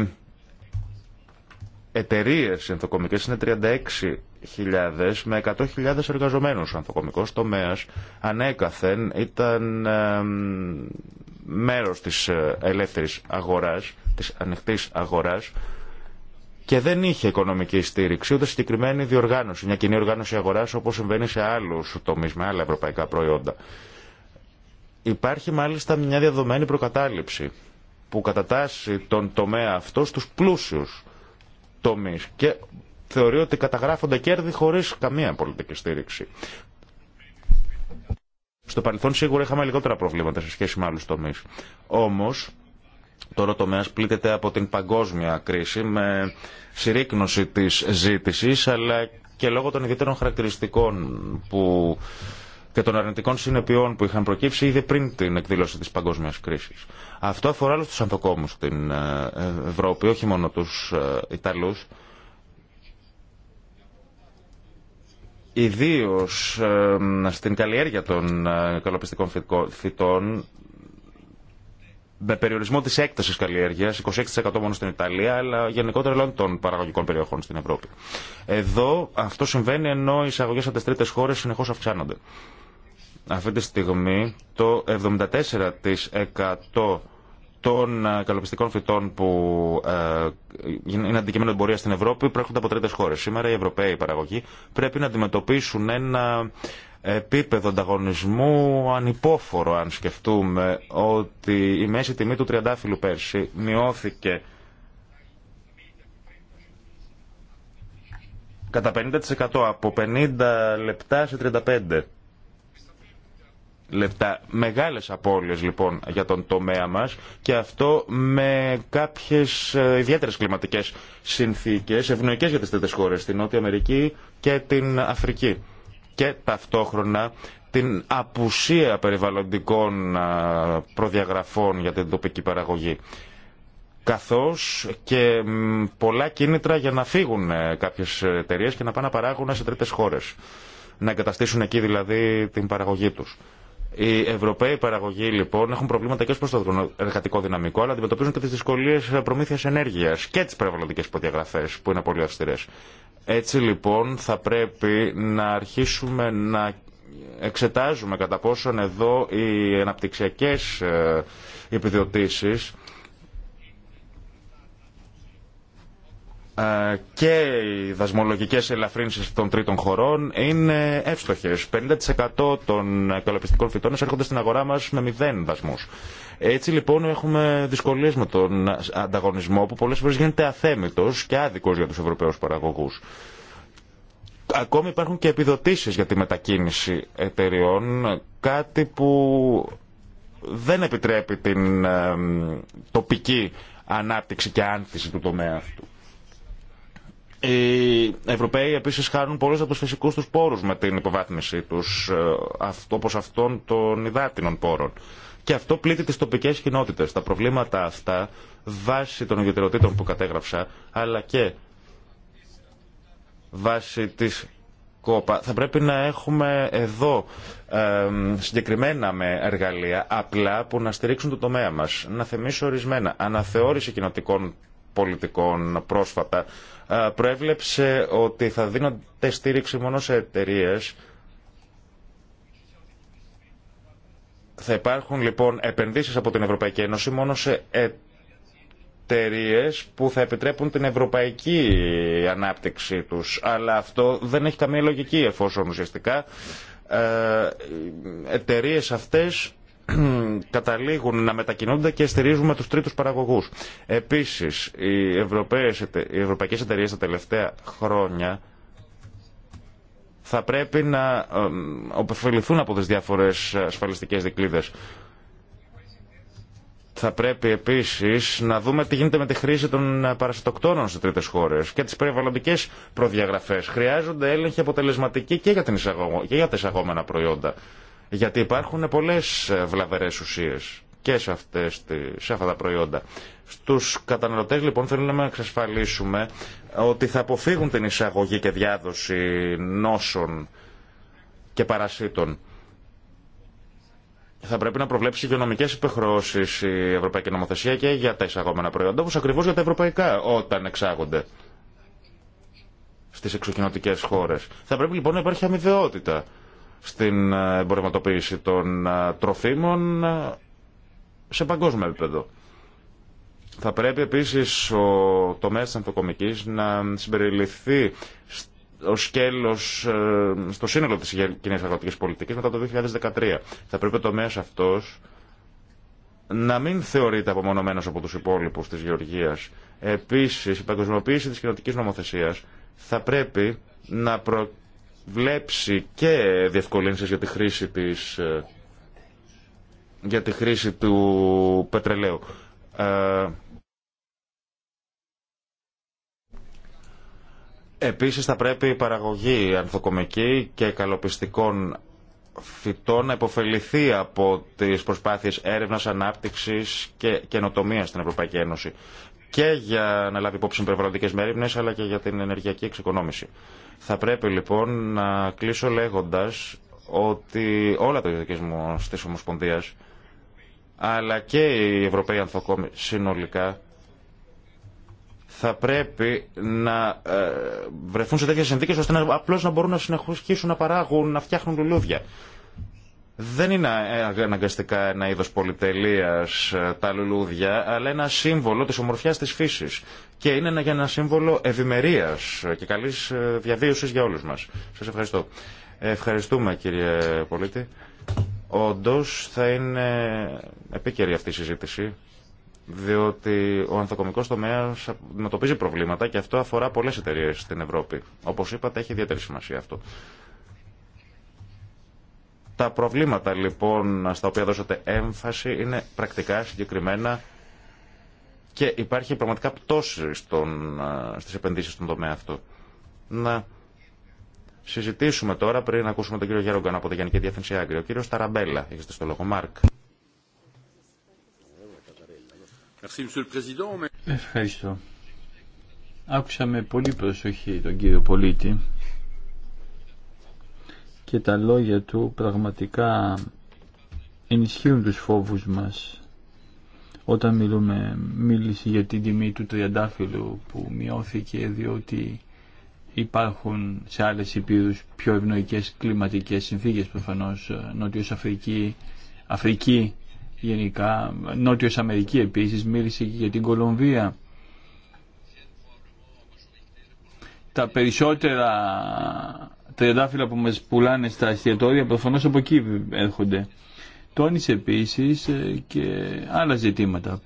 εταιρείε ενθοκομικέ είναι 36.000 με 100.000 εργαζομένους. Ο ενθοκομικό τομέα, ανέκαθεν ήταν μέρο τη ε, ελεύθερη αγορά, τη ανοιχτή αγορά και δεν είχε οικονομική στήριξη ούτε συγκεκριμένη διοργάνωση, μια κοινή οργάνωση αγορά, όπω συμβαίνει σε άλλου τομεί, με άλλα ευρωπαϊκά προϊόντα. Υπάρχει μάλιστα μια διαδομένη προκατάληψη που κατατάσσει τον τομέα αυτό στους πλούσιους και θεωρεί ότι καταγράφονται κέρδη χωρί καμία πολιτική στήριξη. Στο παρελθόν σίγουρα είχαμε λιγότερα προβλήματα σε σχέση με άλλου τομεί. Όμω, τώρα ο τομέας πλήττεται από την παγκόσμια κρίση με συρρήκνωση τη ζήτηση, αλλά και λόγω των ιδιαίτερων χαρακτηριστικών που και των αρνητικών συνεπειών που είχαν προκύψει ήδη πριν την εκδήλωση της παγκόσμιας κρίσης. Αυτό αφορά όλου τους ανθοκόμους στην ε, Ευρώπη, όχι μόνο τους ε, Ιταλούς. Ιδίω ε, στην καλλιέργεια των καλοπιστικών φυτών, με περιορισμό τη έκταση καλλιέργεια, 26% μόνο στην Ιταλία, αλλά γενικότερα όλων των παραγωγικών περιοχών στην Ευρώπη. Εδώ αυτό συμβαίνει ενώ οι εισαγωγέ από τι τρίτε χώρε συνεχώ αυξάνονται. Αυτή τη στιγμή το 74% των ε, καλοπιστικών φυτών που ε, είναι αντικείμενο πορεία στην Ευρώπη προέρχονται από τρίτες χώρες. Σήμερα οι Ευρωπαίοι παραγωγοί πρέπει να αντιμετωπίσουν ένα επίπεδο ανταγωνισμού ανυπόφορο αν σκεφτούμε ότι η μέση τιμή του τριαντάφυλλου πέρσι μειώθηκε κατά 50% από 50 λεπτά σε 35 λεπτά. Μεγάλες απώλειες λοιπόν για τον τομέα μας και αυτό με κάποιες ε, ιδιαίτερες κλιματικές συνθήκες ευνοϊκές για τις τέτοιες χώρες, την Νότια Αμερική και την Αφρική. Και ταυτόχρονα την απουσία περιβαλλοντικών ε, προδιαγραφών για την τοπική παραγωγή καθώς και πολλά κίνητρα για να φύγουν ε, κάποιες εταιρείε και να πάνε να παράγουν σε τρίτες χώρες. Να εγκαταστήσουν εκεί δηλαδή την παραγωγή τους. Οι Ευρωπαίοι παραγωγοί λοιπόν έχουν προβλήματα και ω προ το εργατικό δυναμικό, αλλά αντιμετωπίζουν και τι δυσκολίε προμήθεια ενέργεια και τι περιβαλλοντικέ προδιαγραφέ που είναι πολύ αυστηρέ. Έτσι λοιπόν θα πρέπει να αρχίσουμε να εξετάζουμε κατά πόσον εδώ οι αναπτυξιακέ ε, επιδοτήσει. Ε, και οι δασμολογικές ελαφρύνσεις των τρίτων χωρών είναι εύστοχες. 50% των καλοπιστικών φυτών έρχονται στην αγορά μας με μηδέν δασμούς. Έτσι λοιπόν έχουμε δυσκολίες με τον ανταγωνισμό που πολλές φορές γίνεται αθέμητος και άδικος για τους ευρωπαίους παραγωγούς. Ακόμη υπάρχουν και επιδοτήσεις για τη μετακίνηση εταιριών, κάτι που δεν επιτρέπει την τοπική ανάπτυξη και άνθηση του τομέα αυτού. Ε, οι Ευρωπαίοι επίση χάνουν πολλού από του φυσικού του πόρου με την υποβάθμιση του, όπω ε, αυτών των υδάτινων πόρων. Και αυτό πλήττει τι τοπικέ κοινότητε. Τα προβλήματα αυτά, βάσει των ιδιαιτεροτήτων που κατέγραψα, αλλά και βάσει τη κόπα, θα πρέπει να έχουμε εδώ ε, συγκεκριμένα με εργαλεία απλά που να στηρίξουν το τομέα μα. Να θυμίσω ορισμένα. Αναθεώρηση κοινοτικών πολιτικών πρόσφατα ε, προέβλεψε ότι θα δίνονται στήριξη μόνο σε εταιρείε. Θα υπάρχουν λοιπόν επενδύσεις από την Ευρωπαϊκή Ένωση μόνο σε εταιρείε που θα επιτρέπουν την ευρωπαϊκή ανάπτυξή τους. Αλλά αυτό δεν έχει καμία λογική εφόσον ουσιαστικά ε, εταιρείε αυτές καταλήγουν να μετακινούνται και στηρίζουμε τους τρίτους παραγωγούς. Επίσης, οι, ευρωπαϊκέ οι ευρωπαϊκές εταιρείες τα τελευταία χρόνια θα πρέπει να ωφεληθούν από τις διάφορες ασφαλιστικές δικλείδες. Θα πρέπει επίσης να δούμε τι γίνεται με τη χρήση των παρασιτοκτόνων σε τρίτες χώρες και τις περιβαλλοντικές προδιαγραφές. Χρειάζονται έλεγχοι αποτελεσματικοί και για τα εισαγόμενα προϊόντα. Γιατί υπάρχουν πολλές ε, βλαβερές ουσίες και σε, αυτές, σε αυτά τα προϊόντα. Στους καταναλωτές λοιπόν θέλουμε να εξασφαλίσουμε ότι θα αποφύγουν την εισαγωγή και διάδοση νόσων και παρασίτων. Θα πρέπει να προβλέψει υγειονομικέ υπεχρώσεις η Ευρωπαϊκή Νομοθεσία και για τα εισαγόμενα προϊόντα, όπω ακριβώ για τα ευρωπαϊκά όταν εξάγονται στι εξωκοινωτικέ χώρε. Θα πρέπει λοιπόν να υπάρχει αμοιβαιότητα στην ε, εμπορευματοποίηση των ε, τροφίμων ε, σε παγκόσμιο επίπεδο. Θα πρέπει επίσης ο τομέας της ανθοκομικής να συμπεριληφθεί ο σκέλος στο σύνολο της κοινή αγροτικής πολιτικής μετά το 2013. Θα πρέπει ο τομέας αυτός να μην θεωρείται απομονωμένος από τους υπόλοιπους της γεωργίας. Επίσης, η παγκοσμιοποίηση της κοινωτικής νομοθεσίας θα πρέπει να, προ βλέψει και διευκολύνσεις για τη χρήση της ε, για τη χρήση του πετρελαίου. Ε, επίσης θα πρέπει η παραγωγή ανθοκομική και καλοπιστικών φυτών να υποφεληθεί από τις προσπάθειες έρευνας, ανάπτυξης και καινοτομίας στην Ευρωπαϊκή Ένωση και για να λάβει υπόψη περιβαλλοντικέ μερίμνε, αλλά και για την ενεργειακή εξοικονόμηση. Θα πρέπει λοιπόν να κλείσω λέγοντα ότι όλα τα μου τη Ομοσπονδία, αλλά και οι Ευρωπαίοι Ανθοκόμοι συνολικά, θα πρέπει να ε, βρεθούν σε τέτοιε συνθήκε ώστε να, απλώ να μπορούν να συνεχίσουν να παράγουν, να φτιάχνουν λουλούδια δεν είναι αναγκαστικά ένα είδος πολυτελείας ε, τα λουλούδια, αλλά ένα σύμβολο της ομορφιάς της φύσης. Και είναι ένα, ένα σύμβολο ευημερία και καλής ε, διαβίωσης για όλους μας. Σας ευχαριστώ. Ευχαριστούμε κύριε Πολίτη. Όντω θα είναι επίκαιρη αυτή η συζήτηση, διότι ο ανθοκομικός τομέα αντιμετωπίζει προβλήματα και αυτό αφορά πολλέ εταιρείε στην Ευρώπη. Όπω είπατε έχει ιδιαίτερη σημασία αυτό. Τα προβλήματα λοιπόν στα οποία δώσατε έμφαση είναι πρακτικά συγκεκριμένα και υπάρχει πραγματικά πτώση στον, στις επενδύσεις στον τομέα αυτό. Να συζητήσουμε τώρα πριν ακούσουμε τον κύριο Γέρογκαν από τη Γενική Διεύθυνση Άγκρη. Ο κύριο Ταραμπέλα, έχετε στο λόγο. Μάρκ. Ευχαριστώ. Άκουσα με πολύ προσοχή τον κύριο πολίτη και τα λόγια του πραγματικά ενισχύουν τους φόβους μας όταν μιλούμε, μίλησε για την τιμή του τριαντάφυλλου που μειώθηκε διότι υπάρχουν σε άλλες υπήρους πιο ευνοϊκές κλιματικές συνθήκες προφανώς Νότιος Αφρική, Αφρική γενικά, Νότιος Αμερική επίσης μίλησε και για την Κολομβία τα περισσότερα τριαντάφυλλα που μας πουλάνε στα εστιατόρια προφανώς από εκεί έρχονται. Τόνισε επίσης ε, και άλλα ζητήματα.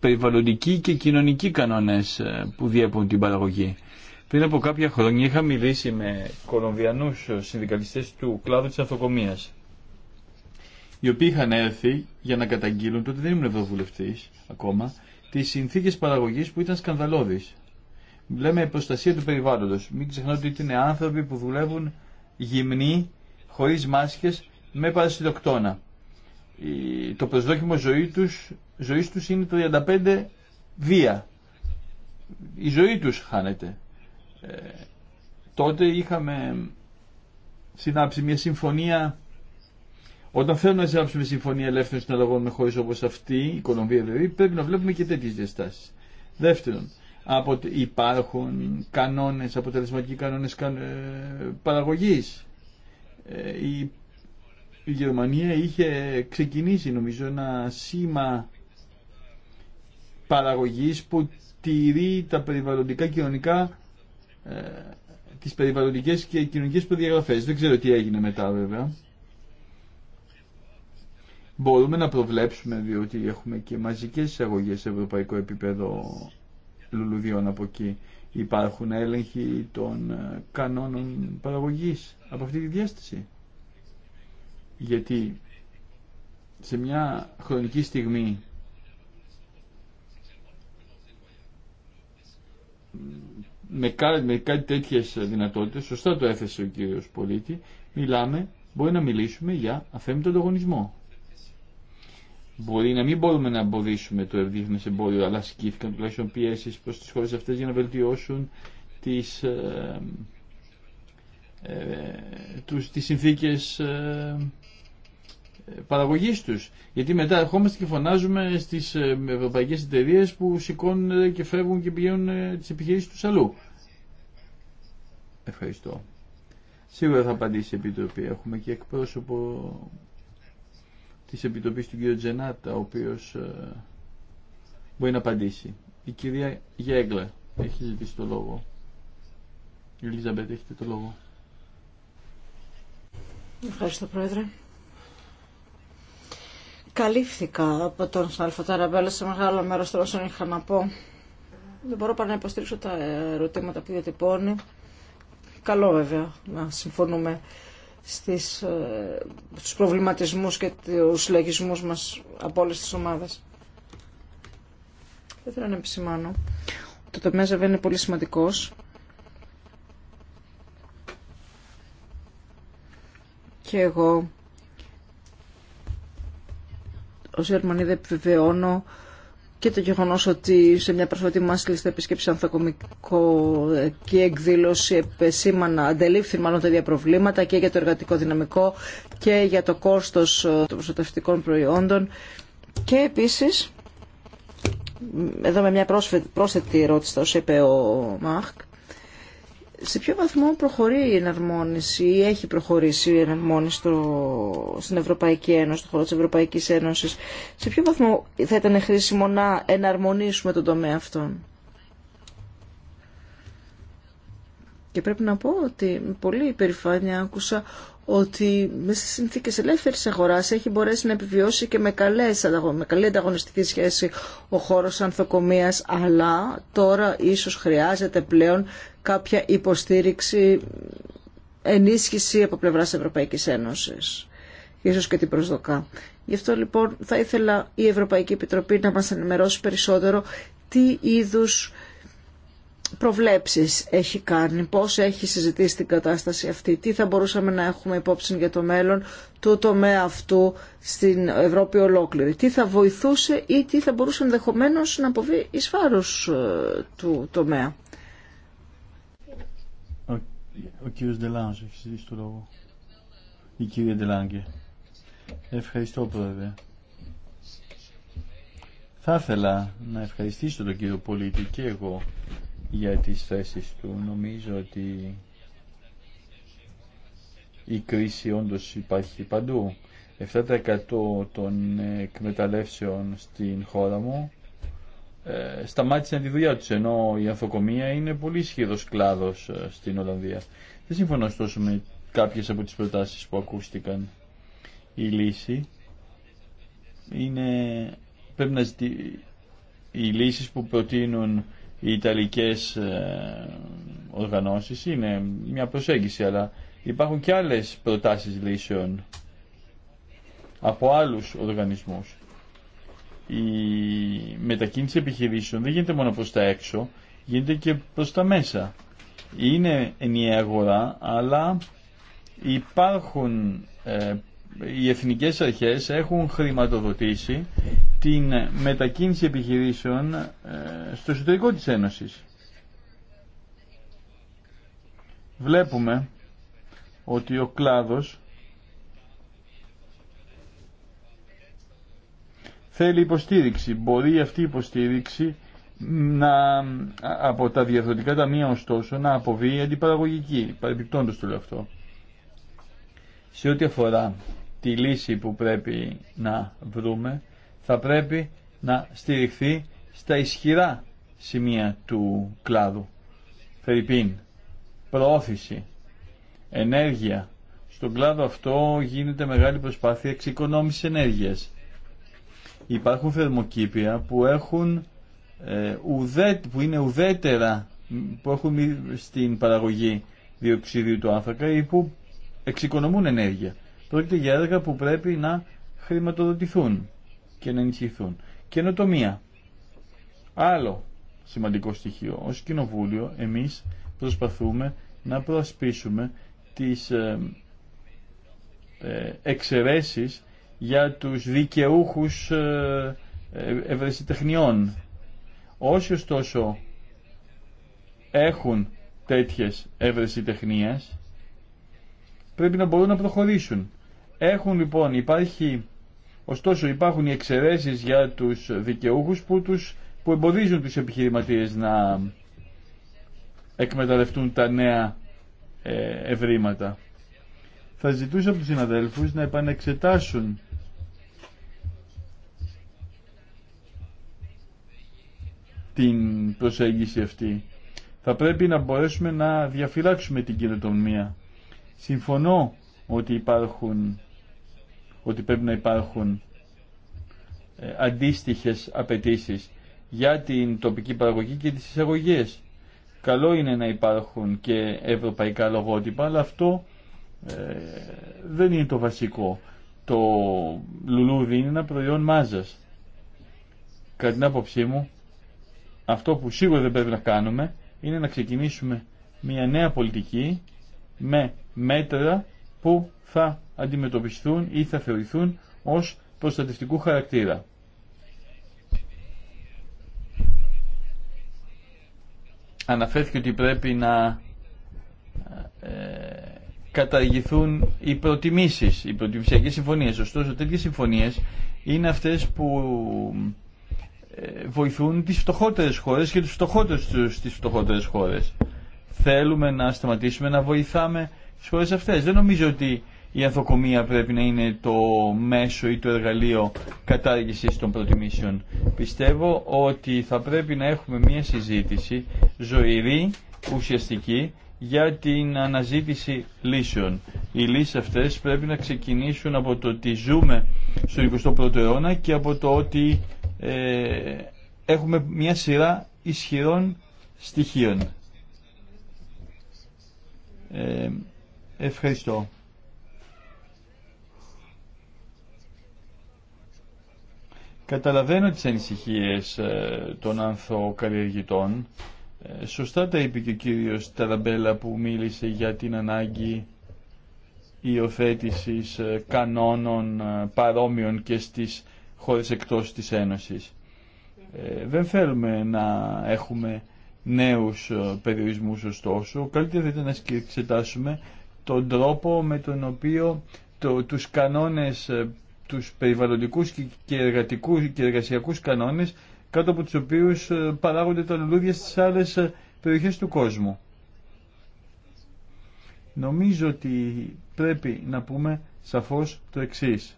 Περιβαλλοντικοί και κοινωνικοί κανόνες ε, που διέπουν την παραγωγή. Πριν από κάποια χρόνια είχα μιλήσει με Κολομβιανούς ε, συνδικαλιστές του κλάδου της ανθοκομείας οι οποίοι είχαν έρθει για να καταγγείλουν, τότε δεν ήμουν ευρωβουλευτής ακόμα, τις συνθήκες παραγωγής που ήταν σκανδαλώδεις. Λέμε προστασία του περιβάλλοντο. Μην ξεχνάτε ότι είναι άνθρωποι που δουλεύουν γυμνοί, χωρίς μάσκες, με παρασυντοκτόνα. Το προσδόκιμο ζωή του ζωής τους είναι 35 βία. Η ζωή τους χάνεται. Ε, τότε είχαμε συνάψει μια συμφωνία όταν θέλουμε να συνάψουμε συμφωνία ελεύθερων συναλλαγών με χώρε όπω αυτή, η Κολομβία δηλαδή, πρέπει να βλέπουμε και τέτοιε διαστάσει. Δεύτερον, από, υπάρχουν κανόνες, αποτελεσματικοί κανόνες κα, ε, παραγωγής. Ε, η, η Γερμανία είχε ξεκινήσει νομίζω ένα σήμα παραγωγής που τηρεί τα περιβαλλοντικά κοινωνικά ε, τις περιβαλλοντικές και κοινωνικές προδιαγραφές. Δεν ξέρω τι έγινε μετά βέβαια. Μπορούμε να προβλέψουμε διότι έχουμε και μαζικές εισαγωγές σε ευρωπαϊκό επίπεδο λουλουδιών από εκεί. Υπάρχουν έλεγχοι των ε, κανόνων παραγωγής από αυτή τη διάσταση. Γιατί σε μια χρονική στιγμή με κάτι, με κάτι τέτοιες δυνατότητες, σωστά το έθεσε ο κύριος Πολίτη, μιλάμε, μπορεί να μιλήσουμε για αφέμιτο ανταγωνισμό. Μπορεί να μην μπορούμε να εμποδίσουμε το ευδείχνε εμπόριο, αλλά ασκήθηκαν τουλάχιστον πιέσει προ τι χώρε αυτέ για να βελτιώσουν τι ε, ε, τους, τις συνθήκες ε, παραγωγής τους. Γιατί μετά ερχόμαστε και φωνάζουμε στις ε, ευρωπαϊκέ εταιρείε που σηκώνουν και φεύγουν και πηγαίνουν ε, τις επιχειρήσεις του αλλού. Ευχαριστώ. Σίγουρα θα απαντήσει η Επιτροπή. Έχουμε και εκπρόσωπο της Επιτροπής του κ. Τζενάτα, ο οποίος ε, μπορεί να απαντήσει. Η κυρία Γέγκλε έχει ζητήσει το λόγο. Η Ελίζαμπετ, έχετε το λόγο. Ευχαριστώ, Πρόεδρε. Καλύφθηκα από τον Σαλφα Ταραμπέλα σε μεγάλο μέρος των όσων είχα να πω. Δεν μπορώ παρά να υποστήριξω τα ερωτήματα που διατυπώνει. Καλό βέβαια να συμφωνούμε στις, ε, στους προβληματισμούς και τους λογισμούς μας από όλες τις ομάδες. Δεν θέλω να επισημάνω. Το τομέα είναι πολύ σημαντικός. Και εγώ ως Γερμανίδα επιβεβαιώνω και το γεγονό ότι σε μια προσφατή μας λίστα επίσκεψη ανθοκομικό και εκδήλωση επεσήμανα αντελήφθη μάλλον τα ίδια προβλήματα και για το εργατικό δυναμικό και για το κόστος ε, των προστατευτικών προϊόντων και επίσης εδώ με μια πρόσθετη ερώτηση όπως είπε ο Μαχ σε ποιο βαθμό προχωρεί η εναρμόνιση ή έχει προχωρήσει η εναρμόνιση στο, στην Ευρωπαϊκή Ένωση, στον χώρο της Ευρωπαϊκής Ένωσης, σε ποιο βαθμό θα ήταν χρήσιμο να εναρμονίσουμε τον τομέα αυτόν. Και πρέπει να πω ότι με πολύ υπερηφάνεια άκουσα ότι μέσα στις συνθήκες ελεύθερης αγοράς έχει μπορέσει να επιβιώσει και με, καλές, με καλή ανταγωνιστική σχέση ο χώρος ανθοκομείας, αλλά τώρα ίσως χρειάζεται πλέον κάποια υποστήριξη, ενίσχυση από πλευράς Ευρωπαϊκής Ένωσης. Ίσως και την προσδοκά. Γι' αυτό λοιπόν θα ήθελα η Ευρωπαϊκή Επιτροπή να μας ενημερώσει περισσότερο τι είδους προβλέψεις έχει κάνει, πώς έχει συζητήσει την κατάσταση αυτή, τι θα μπορούσαμε να έχουμε υπόψη για το μέλλον του τομέα αυτού στην Ευρώπη ολόκληρη, τι θα βοηθούσε ή τι θα μπορούσε ενδεχομένω να αποβεί εις φάρος ε, του τομέα. Ο, κύριος έχει συζητήσει το λόγο. Η κυρία Ντελάνγκε. Ευχαριστώ πρόεδρε. Θα ήθελα να ευχαριστήσω τον κύριο Πολίτη και εγώ για τις θέσεις του. Νομίζω ότι η κρίση όντως υπάρχει παντού. 7% των εκμεταλλεύσεων στην χώρα μου ε, σταμάτησαν τη δουλειά τους, ενώ η ανθοκομεία είναι πολύ ισχυρό κλάδος ε, στην Ολλανδία. Δεν συμφωνώ ωστόσο με κάποιες από τις προτάσεις που ακούστηκαν. Η λύση είναι, πρέπει να ζητήσει, οι λύσεις που προτείνουν οι Ιταλικές ε, οργανώσεις είναι μια προσέγγιση αλλά υπάρχουν και άλλες προτάσεις λύσεων από άλλους οργανισμούς. Η μετακίνηση επιχειρήσεων δεν γίνεται μόνο προς τα έξω, γίνεται και προς τα μέσα. Είναι ενιαία αγορά, αλλά υπάρχουν ε, οι εθνικές αρχές έχουν χρηματοδοτήσει την μετακίνηση επιχειρήσεων ε, στο εσωτερικό της Ένωσης. Βλέπουμε ότι ο κλάδος θέλει υποστήριξη. Μπορεί αυτή η υποστήριξη να, από τα διαφορετικά ταμεία ωστόσο να αποβεί αντιπαραγωγική, Παρεπιπτόντως το λέω αυτό. Σε ό,τι αφορά τη λύση που πρέπει να βρούμε θα πρέπει να στηριχθεί στα ισχυρά σημεία του κλάδου. Φερρυπίν, προώθηση, ενέργεια. Στον κλάδο αυτό γίνεται μεγάλη προσπάθεια εξοικονόμησης ενέργειας. Υπάρχουν θερμοκήπια που έχουν ε, ουδέ, που είναι ουδέτερα που έχουν στην παραγωγή διοξιδίου του άνθρακα ή που εξοικονομούν ενέργεια. Πρόκειται για έργα που πρέπει να χρηματοδοτηθούν και να ενισχυθούν. Καινοτομία. Άλλο σημαντικό στοιχείο. Ως Κοινοβούλιο εμείς προσπαθούμε να προασπίσουμε τις ε, ε, εξαιρεσει για τους δικαιούχους ε, ευρεσιτεχνιών. Όσοι ωστόσο έχουν τέτοιες ευρεσιτεχνίες πρέπει να μπορούν να προχωρήσουν. Έχουν λοιπόν, υπάρχει, ωστόσο υπάρχουν οι εξαιρέσεις για τους δικαιούχους που, τους, που εμποδίζουν τους επιχειρηματίες να εκμεταλλευτούν τα νέα ε, ευρήματα. Θα ζητούσα από τους συναδέλφους να επανεξετάσουν την προσέγγιση αυτή. Θα πρέπει να μπορέσουμε να διαφυλάξουμε την κοινοτομία. Συμφωνώ ότι υπάρχουν ότι πρέπει να υπάρχουν ε, αντίστοιχες απαιτήσει για την τοπική παραγωγή και τις εισαγωγές. Καλό είναι να υπάρχουν και ευρωπαϊκά λογότυπα, αλλά αυτό ε, δεν είναι το βασικό. Το λουλούδι είναι ένα προϊόν μάζας. Κατά την άποψή μου, αυτό που σίγουρα δεν πρέπει να κάνουμε είναι να ξεκινήσουμε μια νέα πολιτική με μέτρα που θα αντιμετωπιστούν ή θα θεωρηθούν ως προστατευτικού χαρακτήρα. Αναφέρθηκε ότι πρέπει να ε, καταργηθούν οι προτιμήσεις, οι προτιμησιακές συμφωνίες. Ωστόσο, τέτοιες συμφωνίες είναι αυτές που ε, βοηθούν τις φτωχότερες χώρες και τους φτωχότερους στις φτωχότερες χώρες. Θέλουμε να σταματήσουμε να βοηθάμε στις Δεν νομίζω ότι η ανθοκομεία πρέπει να είναι το μέσο ή το εργαλείο κατάργησης των προτιμήσεων. Πιστεύω ότι θα πρέπει να έχουμε μία συζήτηση ζωηρή, ουσιαστική, για την αναζήτηση λύσεων. Οι λύσεις αυτές πρέπει να ξεκινήσουν από το ότι ζούμε στον 21ο αιώνα και από το ότι ε, έχουμε μια σειρά ισχυρών στοιχείων. Ε, Ευχαριστώ. Καταλαβαίνω τις ανησυχίες ε, των ανθοκαλλιεργητών. Ε, σωστά τα είπε και ο κύριος Ταραμπέλα που μίλησε για την ανάγκη υιοθέτηση ε, κανόνων παρόμοιων και στις χώρες εκτός της Ένωσης. Δεν θέλουμε να έχουμε νέους περιορισμούς ωστόσο. Καλύτερα θα ήταν να εξετάσουμε τον τρόπο με τον οποίο το, τους κανόνες, ε, τους περιβαλλοντικούς και, εργατικούς, και εργασιακούς κανόνες κάτω από τους οποίους ε, παράγονται τα λουλούδια στις άλλες ε, περιοχές του κόσμου. Νομίζω ότι πρέπει να πούμε σαφώς το εξής.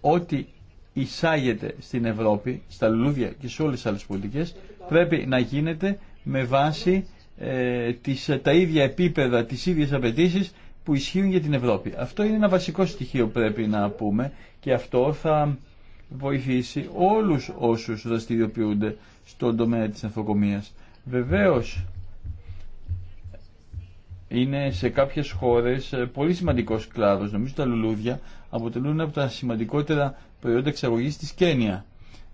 Ό,τι εισάγεται στην Ευρώπη, στα λουλούδια και σε όλες τις άλλες πολιτικές, πρέπει να γίνεται με βάση ε, τις, ε, τα ίδια επίπεδα, τις ίδιες απαιτήσει που ισχύουν για την Ευρώπη. Αυτό είναι ένα βασικό στοιχείο πρέπει να πούμε και αυτό θα βοηθήσει όλους όσους δραστηριοποιούνται στον τομέα της ανθοκομείας. Βεβαίως, είναι σε κάποιες χώρες ε, πολύ σημαντικός κλάδος. Νομίζω τα λουλούδια αποτελούν από τα σημαντικότερα προϊόντα εξαγωγής της Κένια.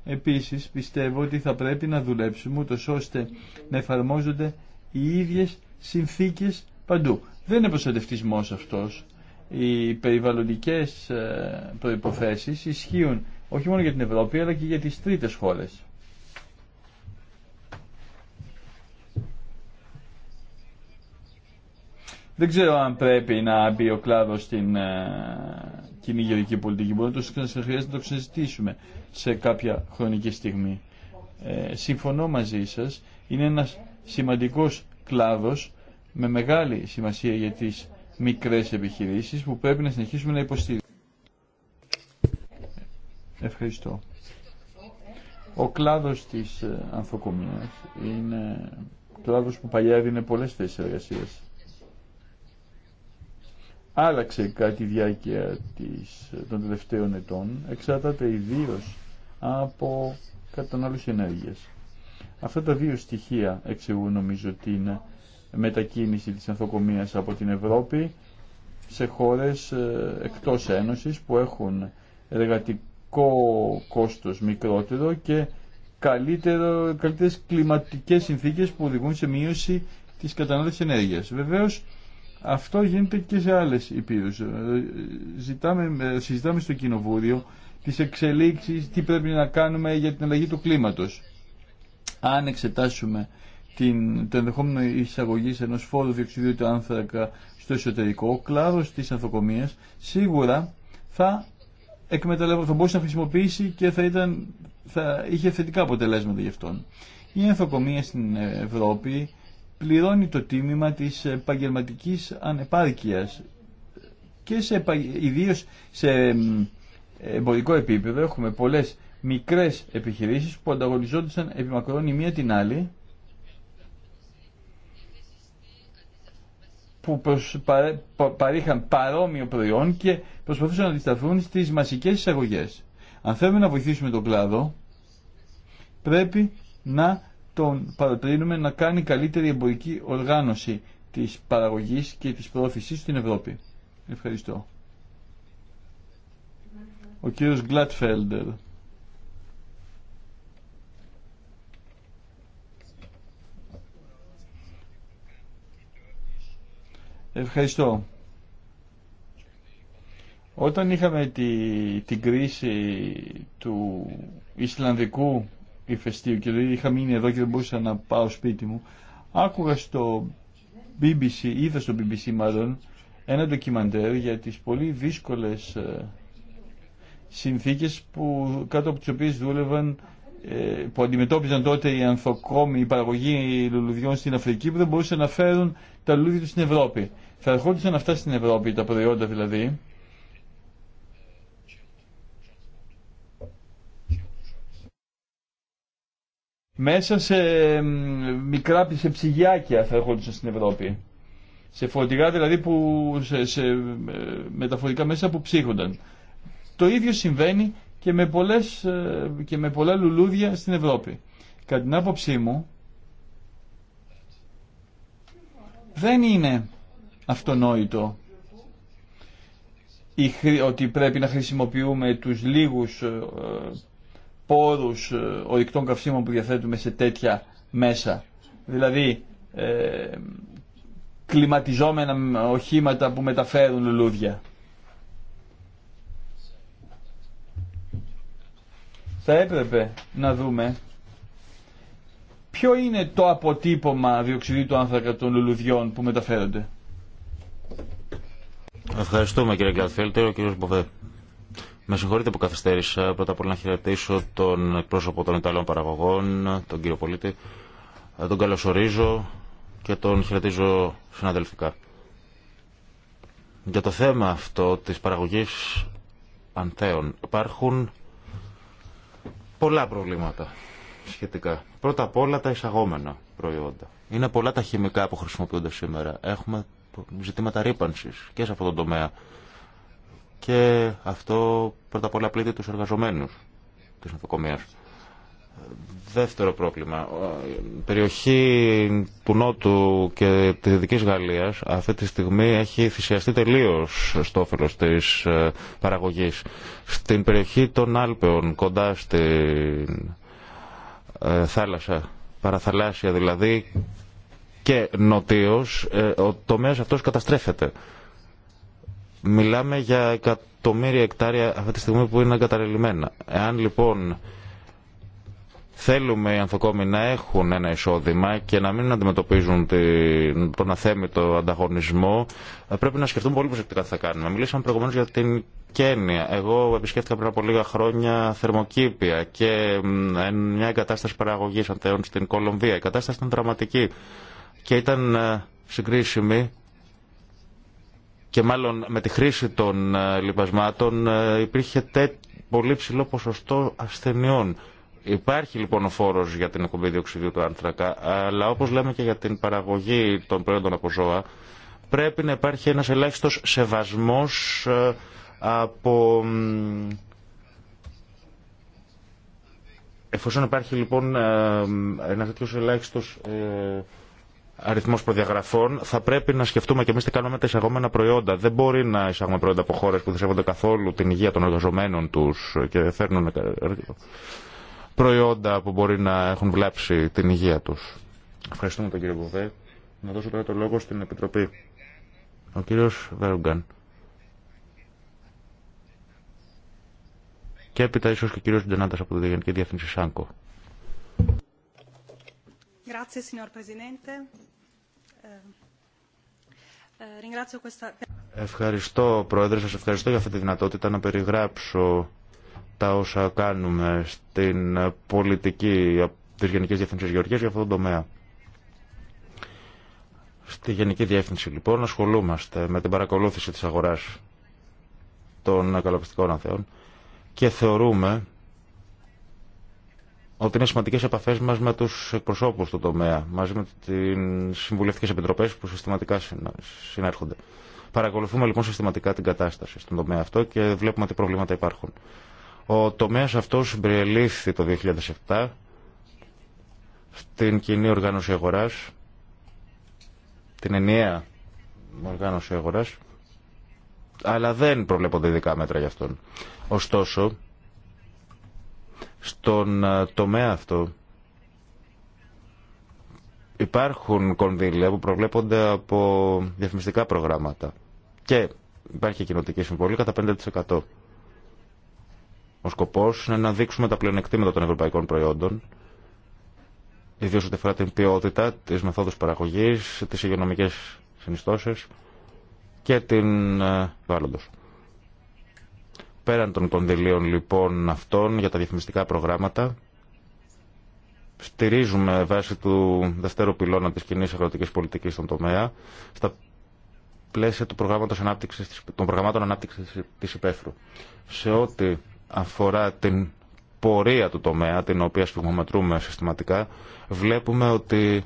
Επίσης πιστεύω ότι θα πρέπει να δουλέψουμε ούτως ώστε να εφαρμόζονται οι ίδιες συνθήκες παντού. Δεν είναι προστατευτισμός αυτός. Οι περιβαλλοντικές ε, προϋποθέσεις ισχύουν όχι μόνο για την Ευρώπη αλλά και για τις τρίτες χώρες. Δεν ξέρω αν πρέπει να μπει ο κλάδο στην ε, κοινή γεωργική πολιτική. Μπορεί να το χρειάζεται να το συζητήσουμε σε κάποια χρονική στιγμή. Ε, συμφωνώ μαζί σα. Είναι ένα σημαντικό κλάδος με μεγάλη σημασία για τις μικρές επιχειρήσεις που πρέπει να συνεχίσουμε να υποστηρίζουμε. Ευχαριστώ. Ο κλάδος της ε, ανθοκομίας είναι κλάδος που παλιά έδινε πολλές θέσεις εργασίας. Άλλαξε κάτι διάρκεια της, των τελευταίων ετών, εξαρτάται ιδίω από κατανάλωση ενέργειας. Αυτά τα δύο στοιχεία εξηγούν νομίζω την μετακίνηση της ανθοκομείας από την Ευρώπη σε χώρες ε, εκτός Ένωσης που έχουν εργατικό κόστος μικρότερο και καλύτερο, καλύτερες κλιματικές συνθήκες που οδηγούν σε μείωση της κατανάλωσης ενέργειας. Βεβαίως αυτό γίνεται και σε άλλες υπήρους. Ε, ζητάμε, ε, συζητάμε στο Κοινοβούριο τις εξελίξεις, τι πρέπει να κάνουμε για την αλλαγή του κλίματος αν εξετάσουμε την, το ενδεχόμενο εισαγωγή ενό φόρου διοξιδίου του άνθρακα στο εσωτερικό, ο κλάδο τη ανθοκομεία σίγουρα θα θα μπορούσε να χρησιμοποιήσει και θα, ήταν, θα είχε θετικά αποτελέσματα γι' αυτόν. Η ανθοκομία στην Ευρώπη πληρώνει το τίμημα της επαγγελματική ανεπάρκειας και σε, ιδίως σε εμπορικό επίπεδο έχουμε πολλές μικρές επιχειρήσεις που ανταγωνιζόντουσαν επί μακρόν η μία την άλλη που παρήχαν παρόμοιο προϊόν και προσπαθούσαν να αντισταθούν στις μασικές εισαγωγές. Αν θέλουμε να βοηθήσουμε τον κλάδο πρέπει να τον παρατρύνουμε να κάνει καλύτερη εμπορική οργάνωση της παραγωγής και της πρόθεσης στην Ευρώπη. Ευχαριστώ. Ο κύριος Γκλάτφελντερ. Ευχαριστώ. Όταν είχαμε τη, την κρίση του Ισλανδικού ηφαιστείου και δηλαδή είχα μείνει εδώ και δεν μπορούσα να πάω σπίτι μου, άκουγα στο BBC, είδα στο BBC μάλλον, ένα ντοκιμαντέρ για τις πολύ δύσκολες ε, συνθήκες που, κάτω από τις οποίες δούλευαν ε, που αντιμετώπιζαν τότε οι ανθοκόμοι, η παραγωγή λουλουδιών στην Αφρική που δεν μπορούσαν να φέρουν τα λουλούδια του στην Ευρώπη. Θα ερχόντουσαν αυτά στην Ευρώπη, τα προϊόντα δηλαδή, μέσα σε μικρά σε ψυγιάκια θα ερχόντουσαν στην Ευρώπη. Σε φορτηγά δηλαδή που σε, ε, μεταφορικά μέσα που ψύχονταν. Το ίδιο συμβαίνει και με, πολλές, ε, και με πολλά λουλούδια στην Ευρώπη. Κατά την άποψή μου δεν είναι αυτονόητο ότι πρέπει να χρησιμοποιούμε τους λίγους ε, πόρους ε, ορυκτών καυσίμων που διαθέτουμε σε τέτοια μέσα. Δηλαδή ε, κλιματιζόμενα οχήματα που μεταφέρουν λουλούδια. Θα έπρεπε να δούμε ποιο είναι το αποτύπωμα διοξιδίου του άνθρακα των λουλουδιών που μεταφέρονται. Ευχαριστούμε κύριε και ο κύριος Μποβέ. Με συγχωρείτε που καθυστέρησα. Πρώτα απ' όλα να χαιρετήσω τον εκπρόσωπο των Ιταλών παραγωγών, τον κύριο Πολίτη. Ε, τον καλωσορίζω και τον χαιρετίζω συναδελφικά. Για το θέμα αυτό της παραγωγής ανθέων υπάρχουν πολλά προβλήματα σχετικά. Πρώτα απ' όλα τα εισαγόμενα προϊόντα. Είναι πολλά τα χημικά που χρησιμοποιούνται σήμερα. Έχουμε ζητήματα ρήπανση και σε αυτό το τομέα. Και αυτό πρώτα απ' όλα πλήττει του εργαζομένου τη νοσοκομεία. Δεύτερο πρόβλημα. Η περιοχή του Νότου και τη Δυτική Γαλλίας αυτή τη στιγμή έχει θυσιαστεί τελείω στο όφελο της ε, παραγωγή Στην περιοχή των Άλπαιων, κοντά στην ε, θάλασσα, παραθαλάσσια δηλαδή, και νοτίως ε, ο τομέας αυτό καταστρέφεται. Μιλάμε για εκατομμύρια εκτάρια αυτή τη στιγμή που είναι εγκαταλελειμμένα. Εάν λοιπόν θέλουμε οι ανθοκόμοι να έχουν ένα εισόδημα και να μην αντιμετωπίζουν την, τον αθέμητο ανταγωνισμό, ε, πρέπει να σκεφτούμε πολύ προσεκτικά τι θα κάνουμε. Μιλήσαμε προηγουμένω για την Κένια. Εγώ επισκέφτηκα πριν από λίγα χρόνια θερμοκήπια και μια εγκατάσταση παραγωγή αντέων στην Κολομβία. Η κατάσταση ήταν δραματική και ήταν ε, συγκρίσιμη και μάλλον με τη χρήση των ε, λιπασμάτων ε, υπήρχε τέ, πολύ ψηλό ποσοστό ασθενειών. Υπάρχει λοιπόν ο φόρο για την εκπομπή διοξιδίου του άνθρακα, αλλά όπω λέμε και για την παραγωγή των προϊόντων από ζώα, πρέπει να υπάρχει ένα ελάχιστο σεβασμό από. Εφόσον υπάρχει λοιπόν ένα τέτοιο ελάχιστο αριθμό προδιαγραφών, θα πρέπει να σκεφτούμε και εμεί τι κάνουμε με τα εισαγόμενα προϊόντα. Δεν μπορεί να εισάγουμε προϊόντα από χώρε που δεν σέβονται καθόλου την υγεία των εργαζομένων του και φέρνουν προϊόντα που μπορεί να έχουν βλάψει την υγεία του. Ευχαριστούμε τον κύριο Μποβέ. Να δώσω τώρα το λόγο στην Επιτροπή. Ο κύριος Βέρουγκαν. Και έπειτα ίσως και ο κύριος Ντενάντας από τη Γενική ΣΑΝΚΟ. Eh, eh, ευχαριστώ Πρόεδρε, σας ευχαριστώ για αυτή τη δυνατότητα να περιγράψω τα όσα κάνουμε στην πολιτική της Γενικής Διεύθυνσης Γεωργίας για αυτόν τον τομέα. Στη Γενική Διεύθυνση λοιπόν ασχολούμαστε με την παρακολούθηση της αγοράς των καλοπιστικών αθέων και θεωρούμε ότι είναι σημαντικέ επαφέ μα με του εκπροσώπου του τομέα, μαζί με τι συμβουλευτικέ επιτροπέ που συστηματικά συνέρχονται. Παρακολουθούμε λοιπόν συστηματικά την κατάσταση στον τομέα αυτό και βλέπουμε τι προβλήματα υπάρχουν. Ο τομέα αυτό συμπεριελήφθη το 2007 στην κοινή οργάνωση αγορά, την ενιαία οργάνωση αγορά, αλλά δεν προβλέπονται ειδικά μέτρα για αυτόν. Ωστόσο, στον ε, τομέα αυτό υπάρχουν κονδύλια που προβλέπονται από διαφημιστικά προγράμματα και υπάρχει κοινοτική συμβολή κατά 5%. Ο σκοπός είναι να δείξουμε τα πλεονεκτήματα των ευρωπαϊκών προϊόντων ιδίως ό,τι αφορά την ποιότητα της μεθόδους παραγωγής, τις υγειονομικές συνιστώσεις και την ε, βάλλοντος πέραν των κονδυλίων λοιπόν αυτών για τα διαφημιστικά προγράμματα. Στηρίζουμε βάσει του δευτέρου πυλώνα της κοινή αγροτικής πολιτικής στον τομέα στα πλαίσια του προγράμματος ανάπτυξης, των προγραμμάτων ανάπτυξης της υπαίθρου. Σε ό,τι αφορά την πορεία του τομέα, την οποία σφιγμομετρούμε συστηματικά, βλέπουμε ότι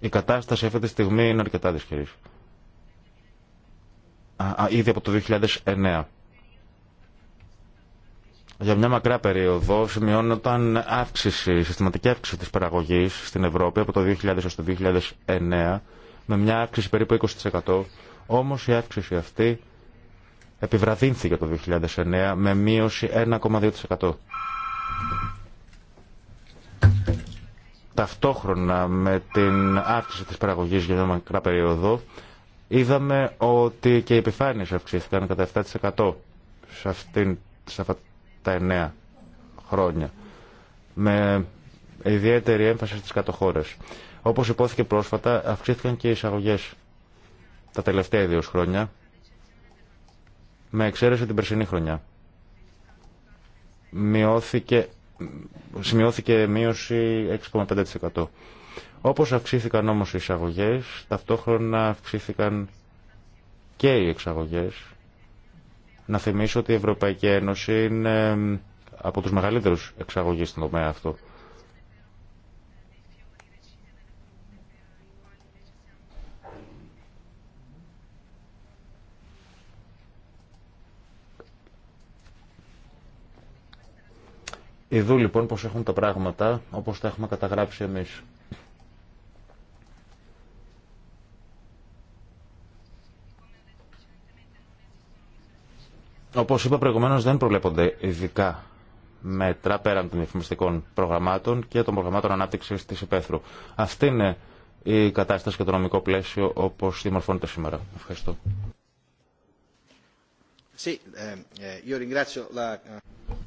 η κατάσταση αυτή τη στιγμή είναι αρκετά δυσχερή α, ήδη από το 2009. Για μια μακρά περίοδο σημειώνονταν αύξηση, συστηματική αύξηση της παραγωγής στην Ευρώπη από το 2000 έως το 2009 με μια αύξηση περίπου 20%. Όμως η αύξηση αυτή επιβραδύνθηκε το 2009 με μείωση 1,2%. Ταυτόχρονα με την αύξηση της παραγωγής για μια μακρά περίοδο Είδαμε ότι και οι επιφάνειες αυξήθηκαν κατά 7% σε, αυτήν, σε αυτά τα 9 χρόνια με ιδιαίτερη έμφαση στις κατοχώρες. Όπως υπόθηκε πρόσφατα, αυξήθηκαν και οι εισαγωγές τα τελευταία δύο χρόνια, με εξαίρεση την περσινή χρονιά. Μειώθηκε, σημειώθηκε μείωση 6,5%. Όπως αυξήθηκαν όμως οι εισαγωγές, ταυτόχρονα αυξήθηκαν και οι εξαγωγές. Να θυμίσω ότι η Ευρωπαϊκή Ένωση είναι από τους μεγαλύτερους εξαγωγείς στον τομέα αυτό. Ειδού λοιπόν πως έχουν τα πράγματα όπως τα έχουμε καταγράψει εμείς. Όπω είπα προηγουμένω, δεν προβλέπονται ειδικά μέτρα πέραν των διαφημιστικών προγραμμάτων και των προγραμμάτων ανάπτυξη τη υπαίθρου. Αυτή είναι η κατάσταση και το νομικό πλαίσιο όπως δημορφώνεται σήμερα. Ευχαριστώ. Eh,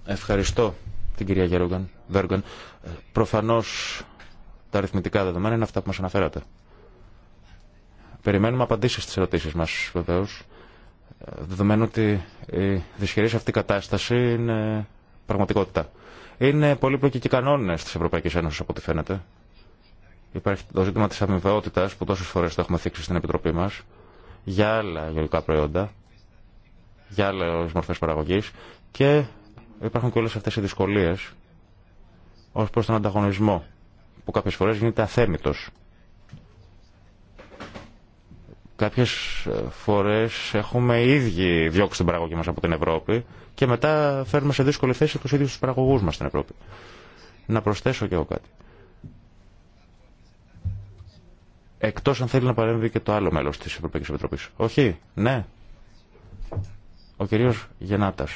Ευχαριστώ την κυρία Γερόγκαν. Βέργαν. Ε, προφανώς τα αριθμητικά δεδομένα είναι αυτά που μα αναφέρατε. Περιμένουμε απαντήσει στι ερωτήσει μα βεβαίω δεδομένου ότι η σε αυτή κατάσταση είναι πραγματικότητα. Είναι πολύπλοκοι και κανόνε τη Ευρωπαϊκή Ένωση, από ό,τι φαίνεται. Υπάρχει το ζήτημα τη αμοιβαιότητα που τόσε φορέ το έχουμε θίξει στην Επιτροπή μα για άλλα γεωργικά προϊόντα, για άλλε μορφέ παραγωγή και υπάρχουν και όλε αυτέ οι δυσκολίε ω προ τον ανταγωνισμό που κάποιε φορέ γίνεται αθέμητος Κάποιε ε, φορέ έχουμε ίδιοι διώξει την παραγωγή μας από την Ευρώπη και μετά φέρνουμε σε δύσκολη θέση τους ίδιους του παραγωγούς μας στην Ευρώπη. Να προσθέσω κι εγώ κάτι. Εκτός αν θέλει να παρέμβει και το άλλο μέλος της Ευρωπαϊκής Επιτροπής. Όχι, ναι. Ο κυρίος Γενάτα.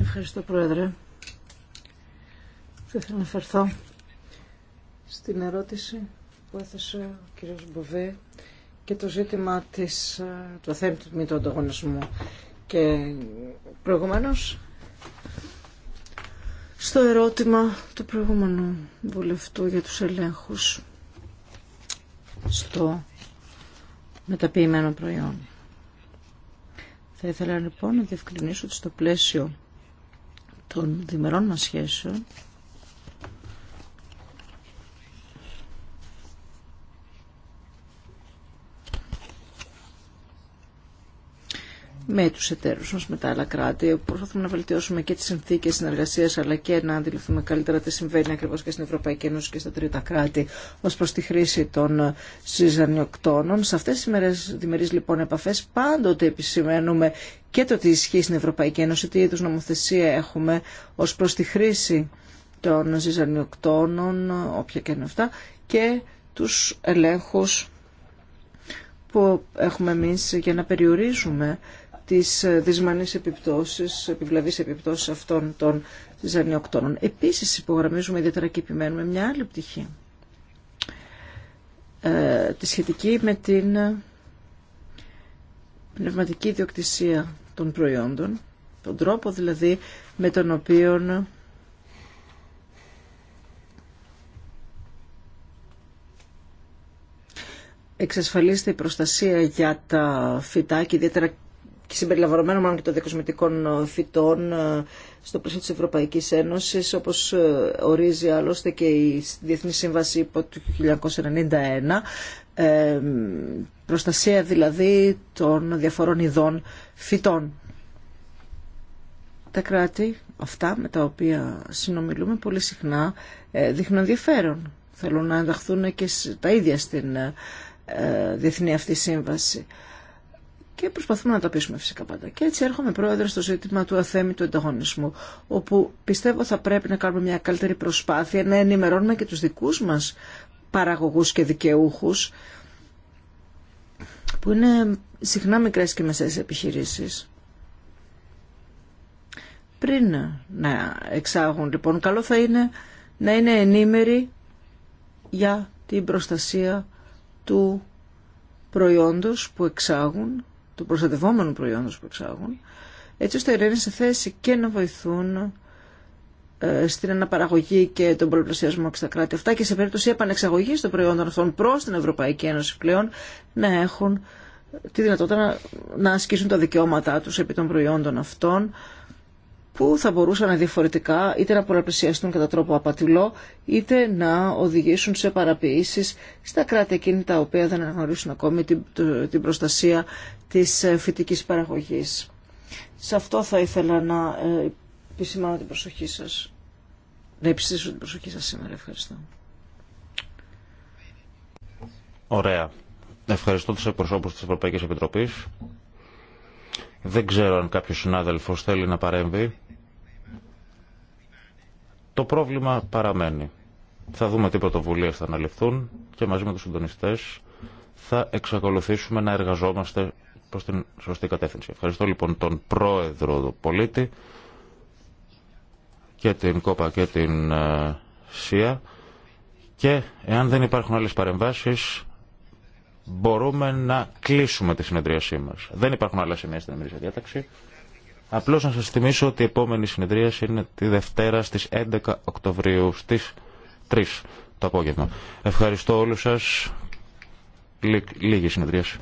Ευχαριστώ, Πρόεδρε. Θα ήθελα να στην ερώτηση που έθεσε ο κύριος Μποβέ και το ζήτημα της, το θέμα του του ανταγωνισμού. Και προηγουμένως στο ερώτημα του προηγούμενου βουλευτού για τους ελέγχους στο μεταποιημένο προϊόν. Θα ήθελα λοιπόν να διευκρινίσω ότι στο πλαίσιο των διμερών μας σχέσεων με τους εταίρους μας, με τα άλλα κράτη. Προσπαθούμε να βελτιώσουμε και τις συνθήκες συνεργασίας, αλλά και να αντιληφθούμε καλύτερα τι συμβαίνει ακριβώς και στην Ευρωπαϊκή Ένωση και στα τρίτα κράτη ως προς τη χρήση των συζανιοκτώνων. Σε αυτές τις μέρες λοιπόν επαφές πάντοτε επισημαίνουμε και το τι ισχύει στην Ευρωπαϊκή Ένωση, τι είδους νομοθεσία έχουμε ως προς τη χρήση των ζυζανιοκτώνων, όποια και είναι αυτά, και τους ελέγχους που έχουμε εμείς για να περιορίζουμε τις δυσμανείς επιπτώσεις, επιβλαβείς επιπτώσεις αυτών των ζανιοκτώνων. Επίσης υπογραμμίζουμε ιδιαίτερα και επιμένουμε μια άλλη πτυχή, ε, τη σχετική με την πνευματική ιδιοκτησία των προϊόντων, τον τρόπο δηλαδή με τον οποίο εξασφαλίζεται η προστασία για τα φυτά και ιδιαίτερα και συμπεριλαμβανομένων μάλλον και των διακοσμητικών ε, φυτών ε, στο πλαίσιο της Ευρωπαϊκής Ένωσης, όπως ε, ορίζει άλλωστε και η Διεθνή Σύμβαση υπό του 1991, προστασία δηλαδή των διαφορών ειδών φυτών. Τα κράτη αυτά με τα οποία συνομιλούμε πολύ συχνά δείχνουν ενδιαφέρον. Θέλουν να ενταχθούν και τα ίδια στην διεθνή αυτή σύμβαση και προσπαθούμε να τα πείσουμε φυσικά πάντα. Και έτσι έρχομαι πρόεδρε στο ζήτημα του αθέμη του ανταγωνισμού, όπου πιστεύω θα πρέπει να κάνουμε μια καλύτερη προσπάθεια να ενημερώνουμε και τους δικού μας παραγωγούς και δικαιούχου. που είναι συχνά μικρέ και μεσαίες επιχειρήσεις. Πριν να εξάγουν λοιπόν, καλό θα είναι να είναι ενήμεροι για την προστασία του προϊόντος που εξάγουν του προστατευόμενου προϊόντος που εξάγουν, έτσι ώστε οι είναι σε θέση και να βοηθούν ε, στην αναπαραγωγή και τον και στα κράτη αυτά και σε περίπτωση επανεξαγωγής των προϊόντων αυτών προ την Ευρωπαϊκή Ένωση πλέον να έχουν τη δυνατότητα να, ασκήσουν τα δικαιώματά τους επί των προϊόντων αυτών που θα μπορούσαν διαφορετικά είτε να πολλαπλησιαστούν κατά τρόπο απατηλό, είτε να οδηγήσουν σε παραποιήσεις στα κράτη εκείνη τα οποία δεν αναγνωρίσουν ακόμη την προστασία της ε, φυτικής παραγωγής. Σε αυτό θα ήθελα να ε, επισημάνω την προσοχή σας. Να επιστήσω την προσοχή σας σήμερα. Ευχαριστώ. Ωραία. Ευχαριστώ τους εκπροσώπους της Ευρωπαϊκή Επιτροπής. Δεν ξέρω αν κάποιος συνάδελφος θέλει να παρέμβει. Το πρόβλημα παραμένει. Θα δούμε τι πρωτοβουλίες θα αναλυφθούν και μαζί με τους συντονιστές θα εξακολουθήσουμε να εργαζόμαστε προς την σωστή κατεύθυνση. Ευχαριστώ λοιπόν τον πρόεδρο του πολίτη και την ΚΟΠΑ και την ε, ΣΥΑ και εάν δεν υπάρχουν άλλες παρεμβάσεις μπορούμε να κλείσουμε τη συνεδρίασή μας. Δεν υπάρχουν άλλα σημεία στην εμμυρίσια διάταξη. Απλώς να σας θυμίσω ότι η επόμενη συνεδρίαση είναι τη Δευτέρα στις 11 Οκτωβρίου στις 3 το απόγευμα. Ευχαριστώ όλους σας. Λίγη συνεδρίαση.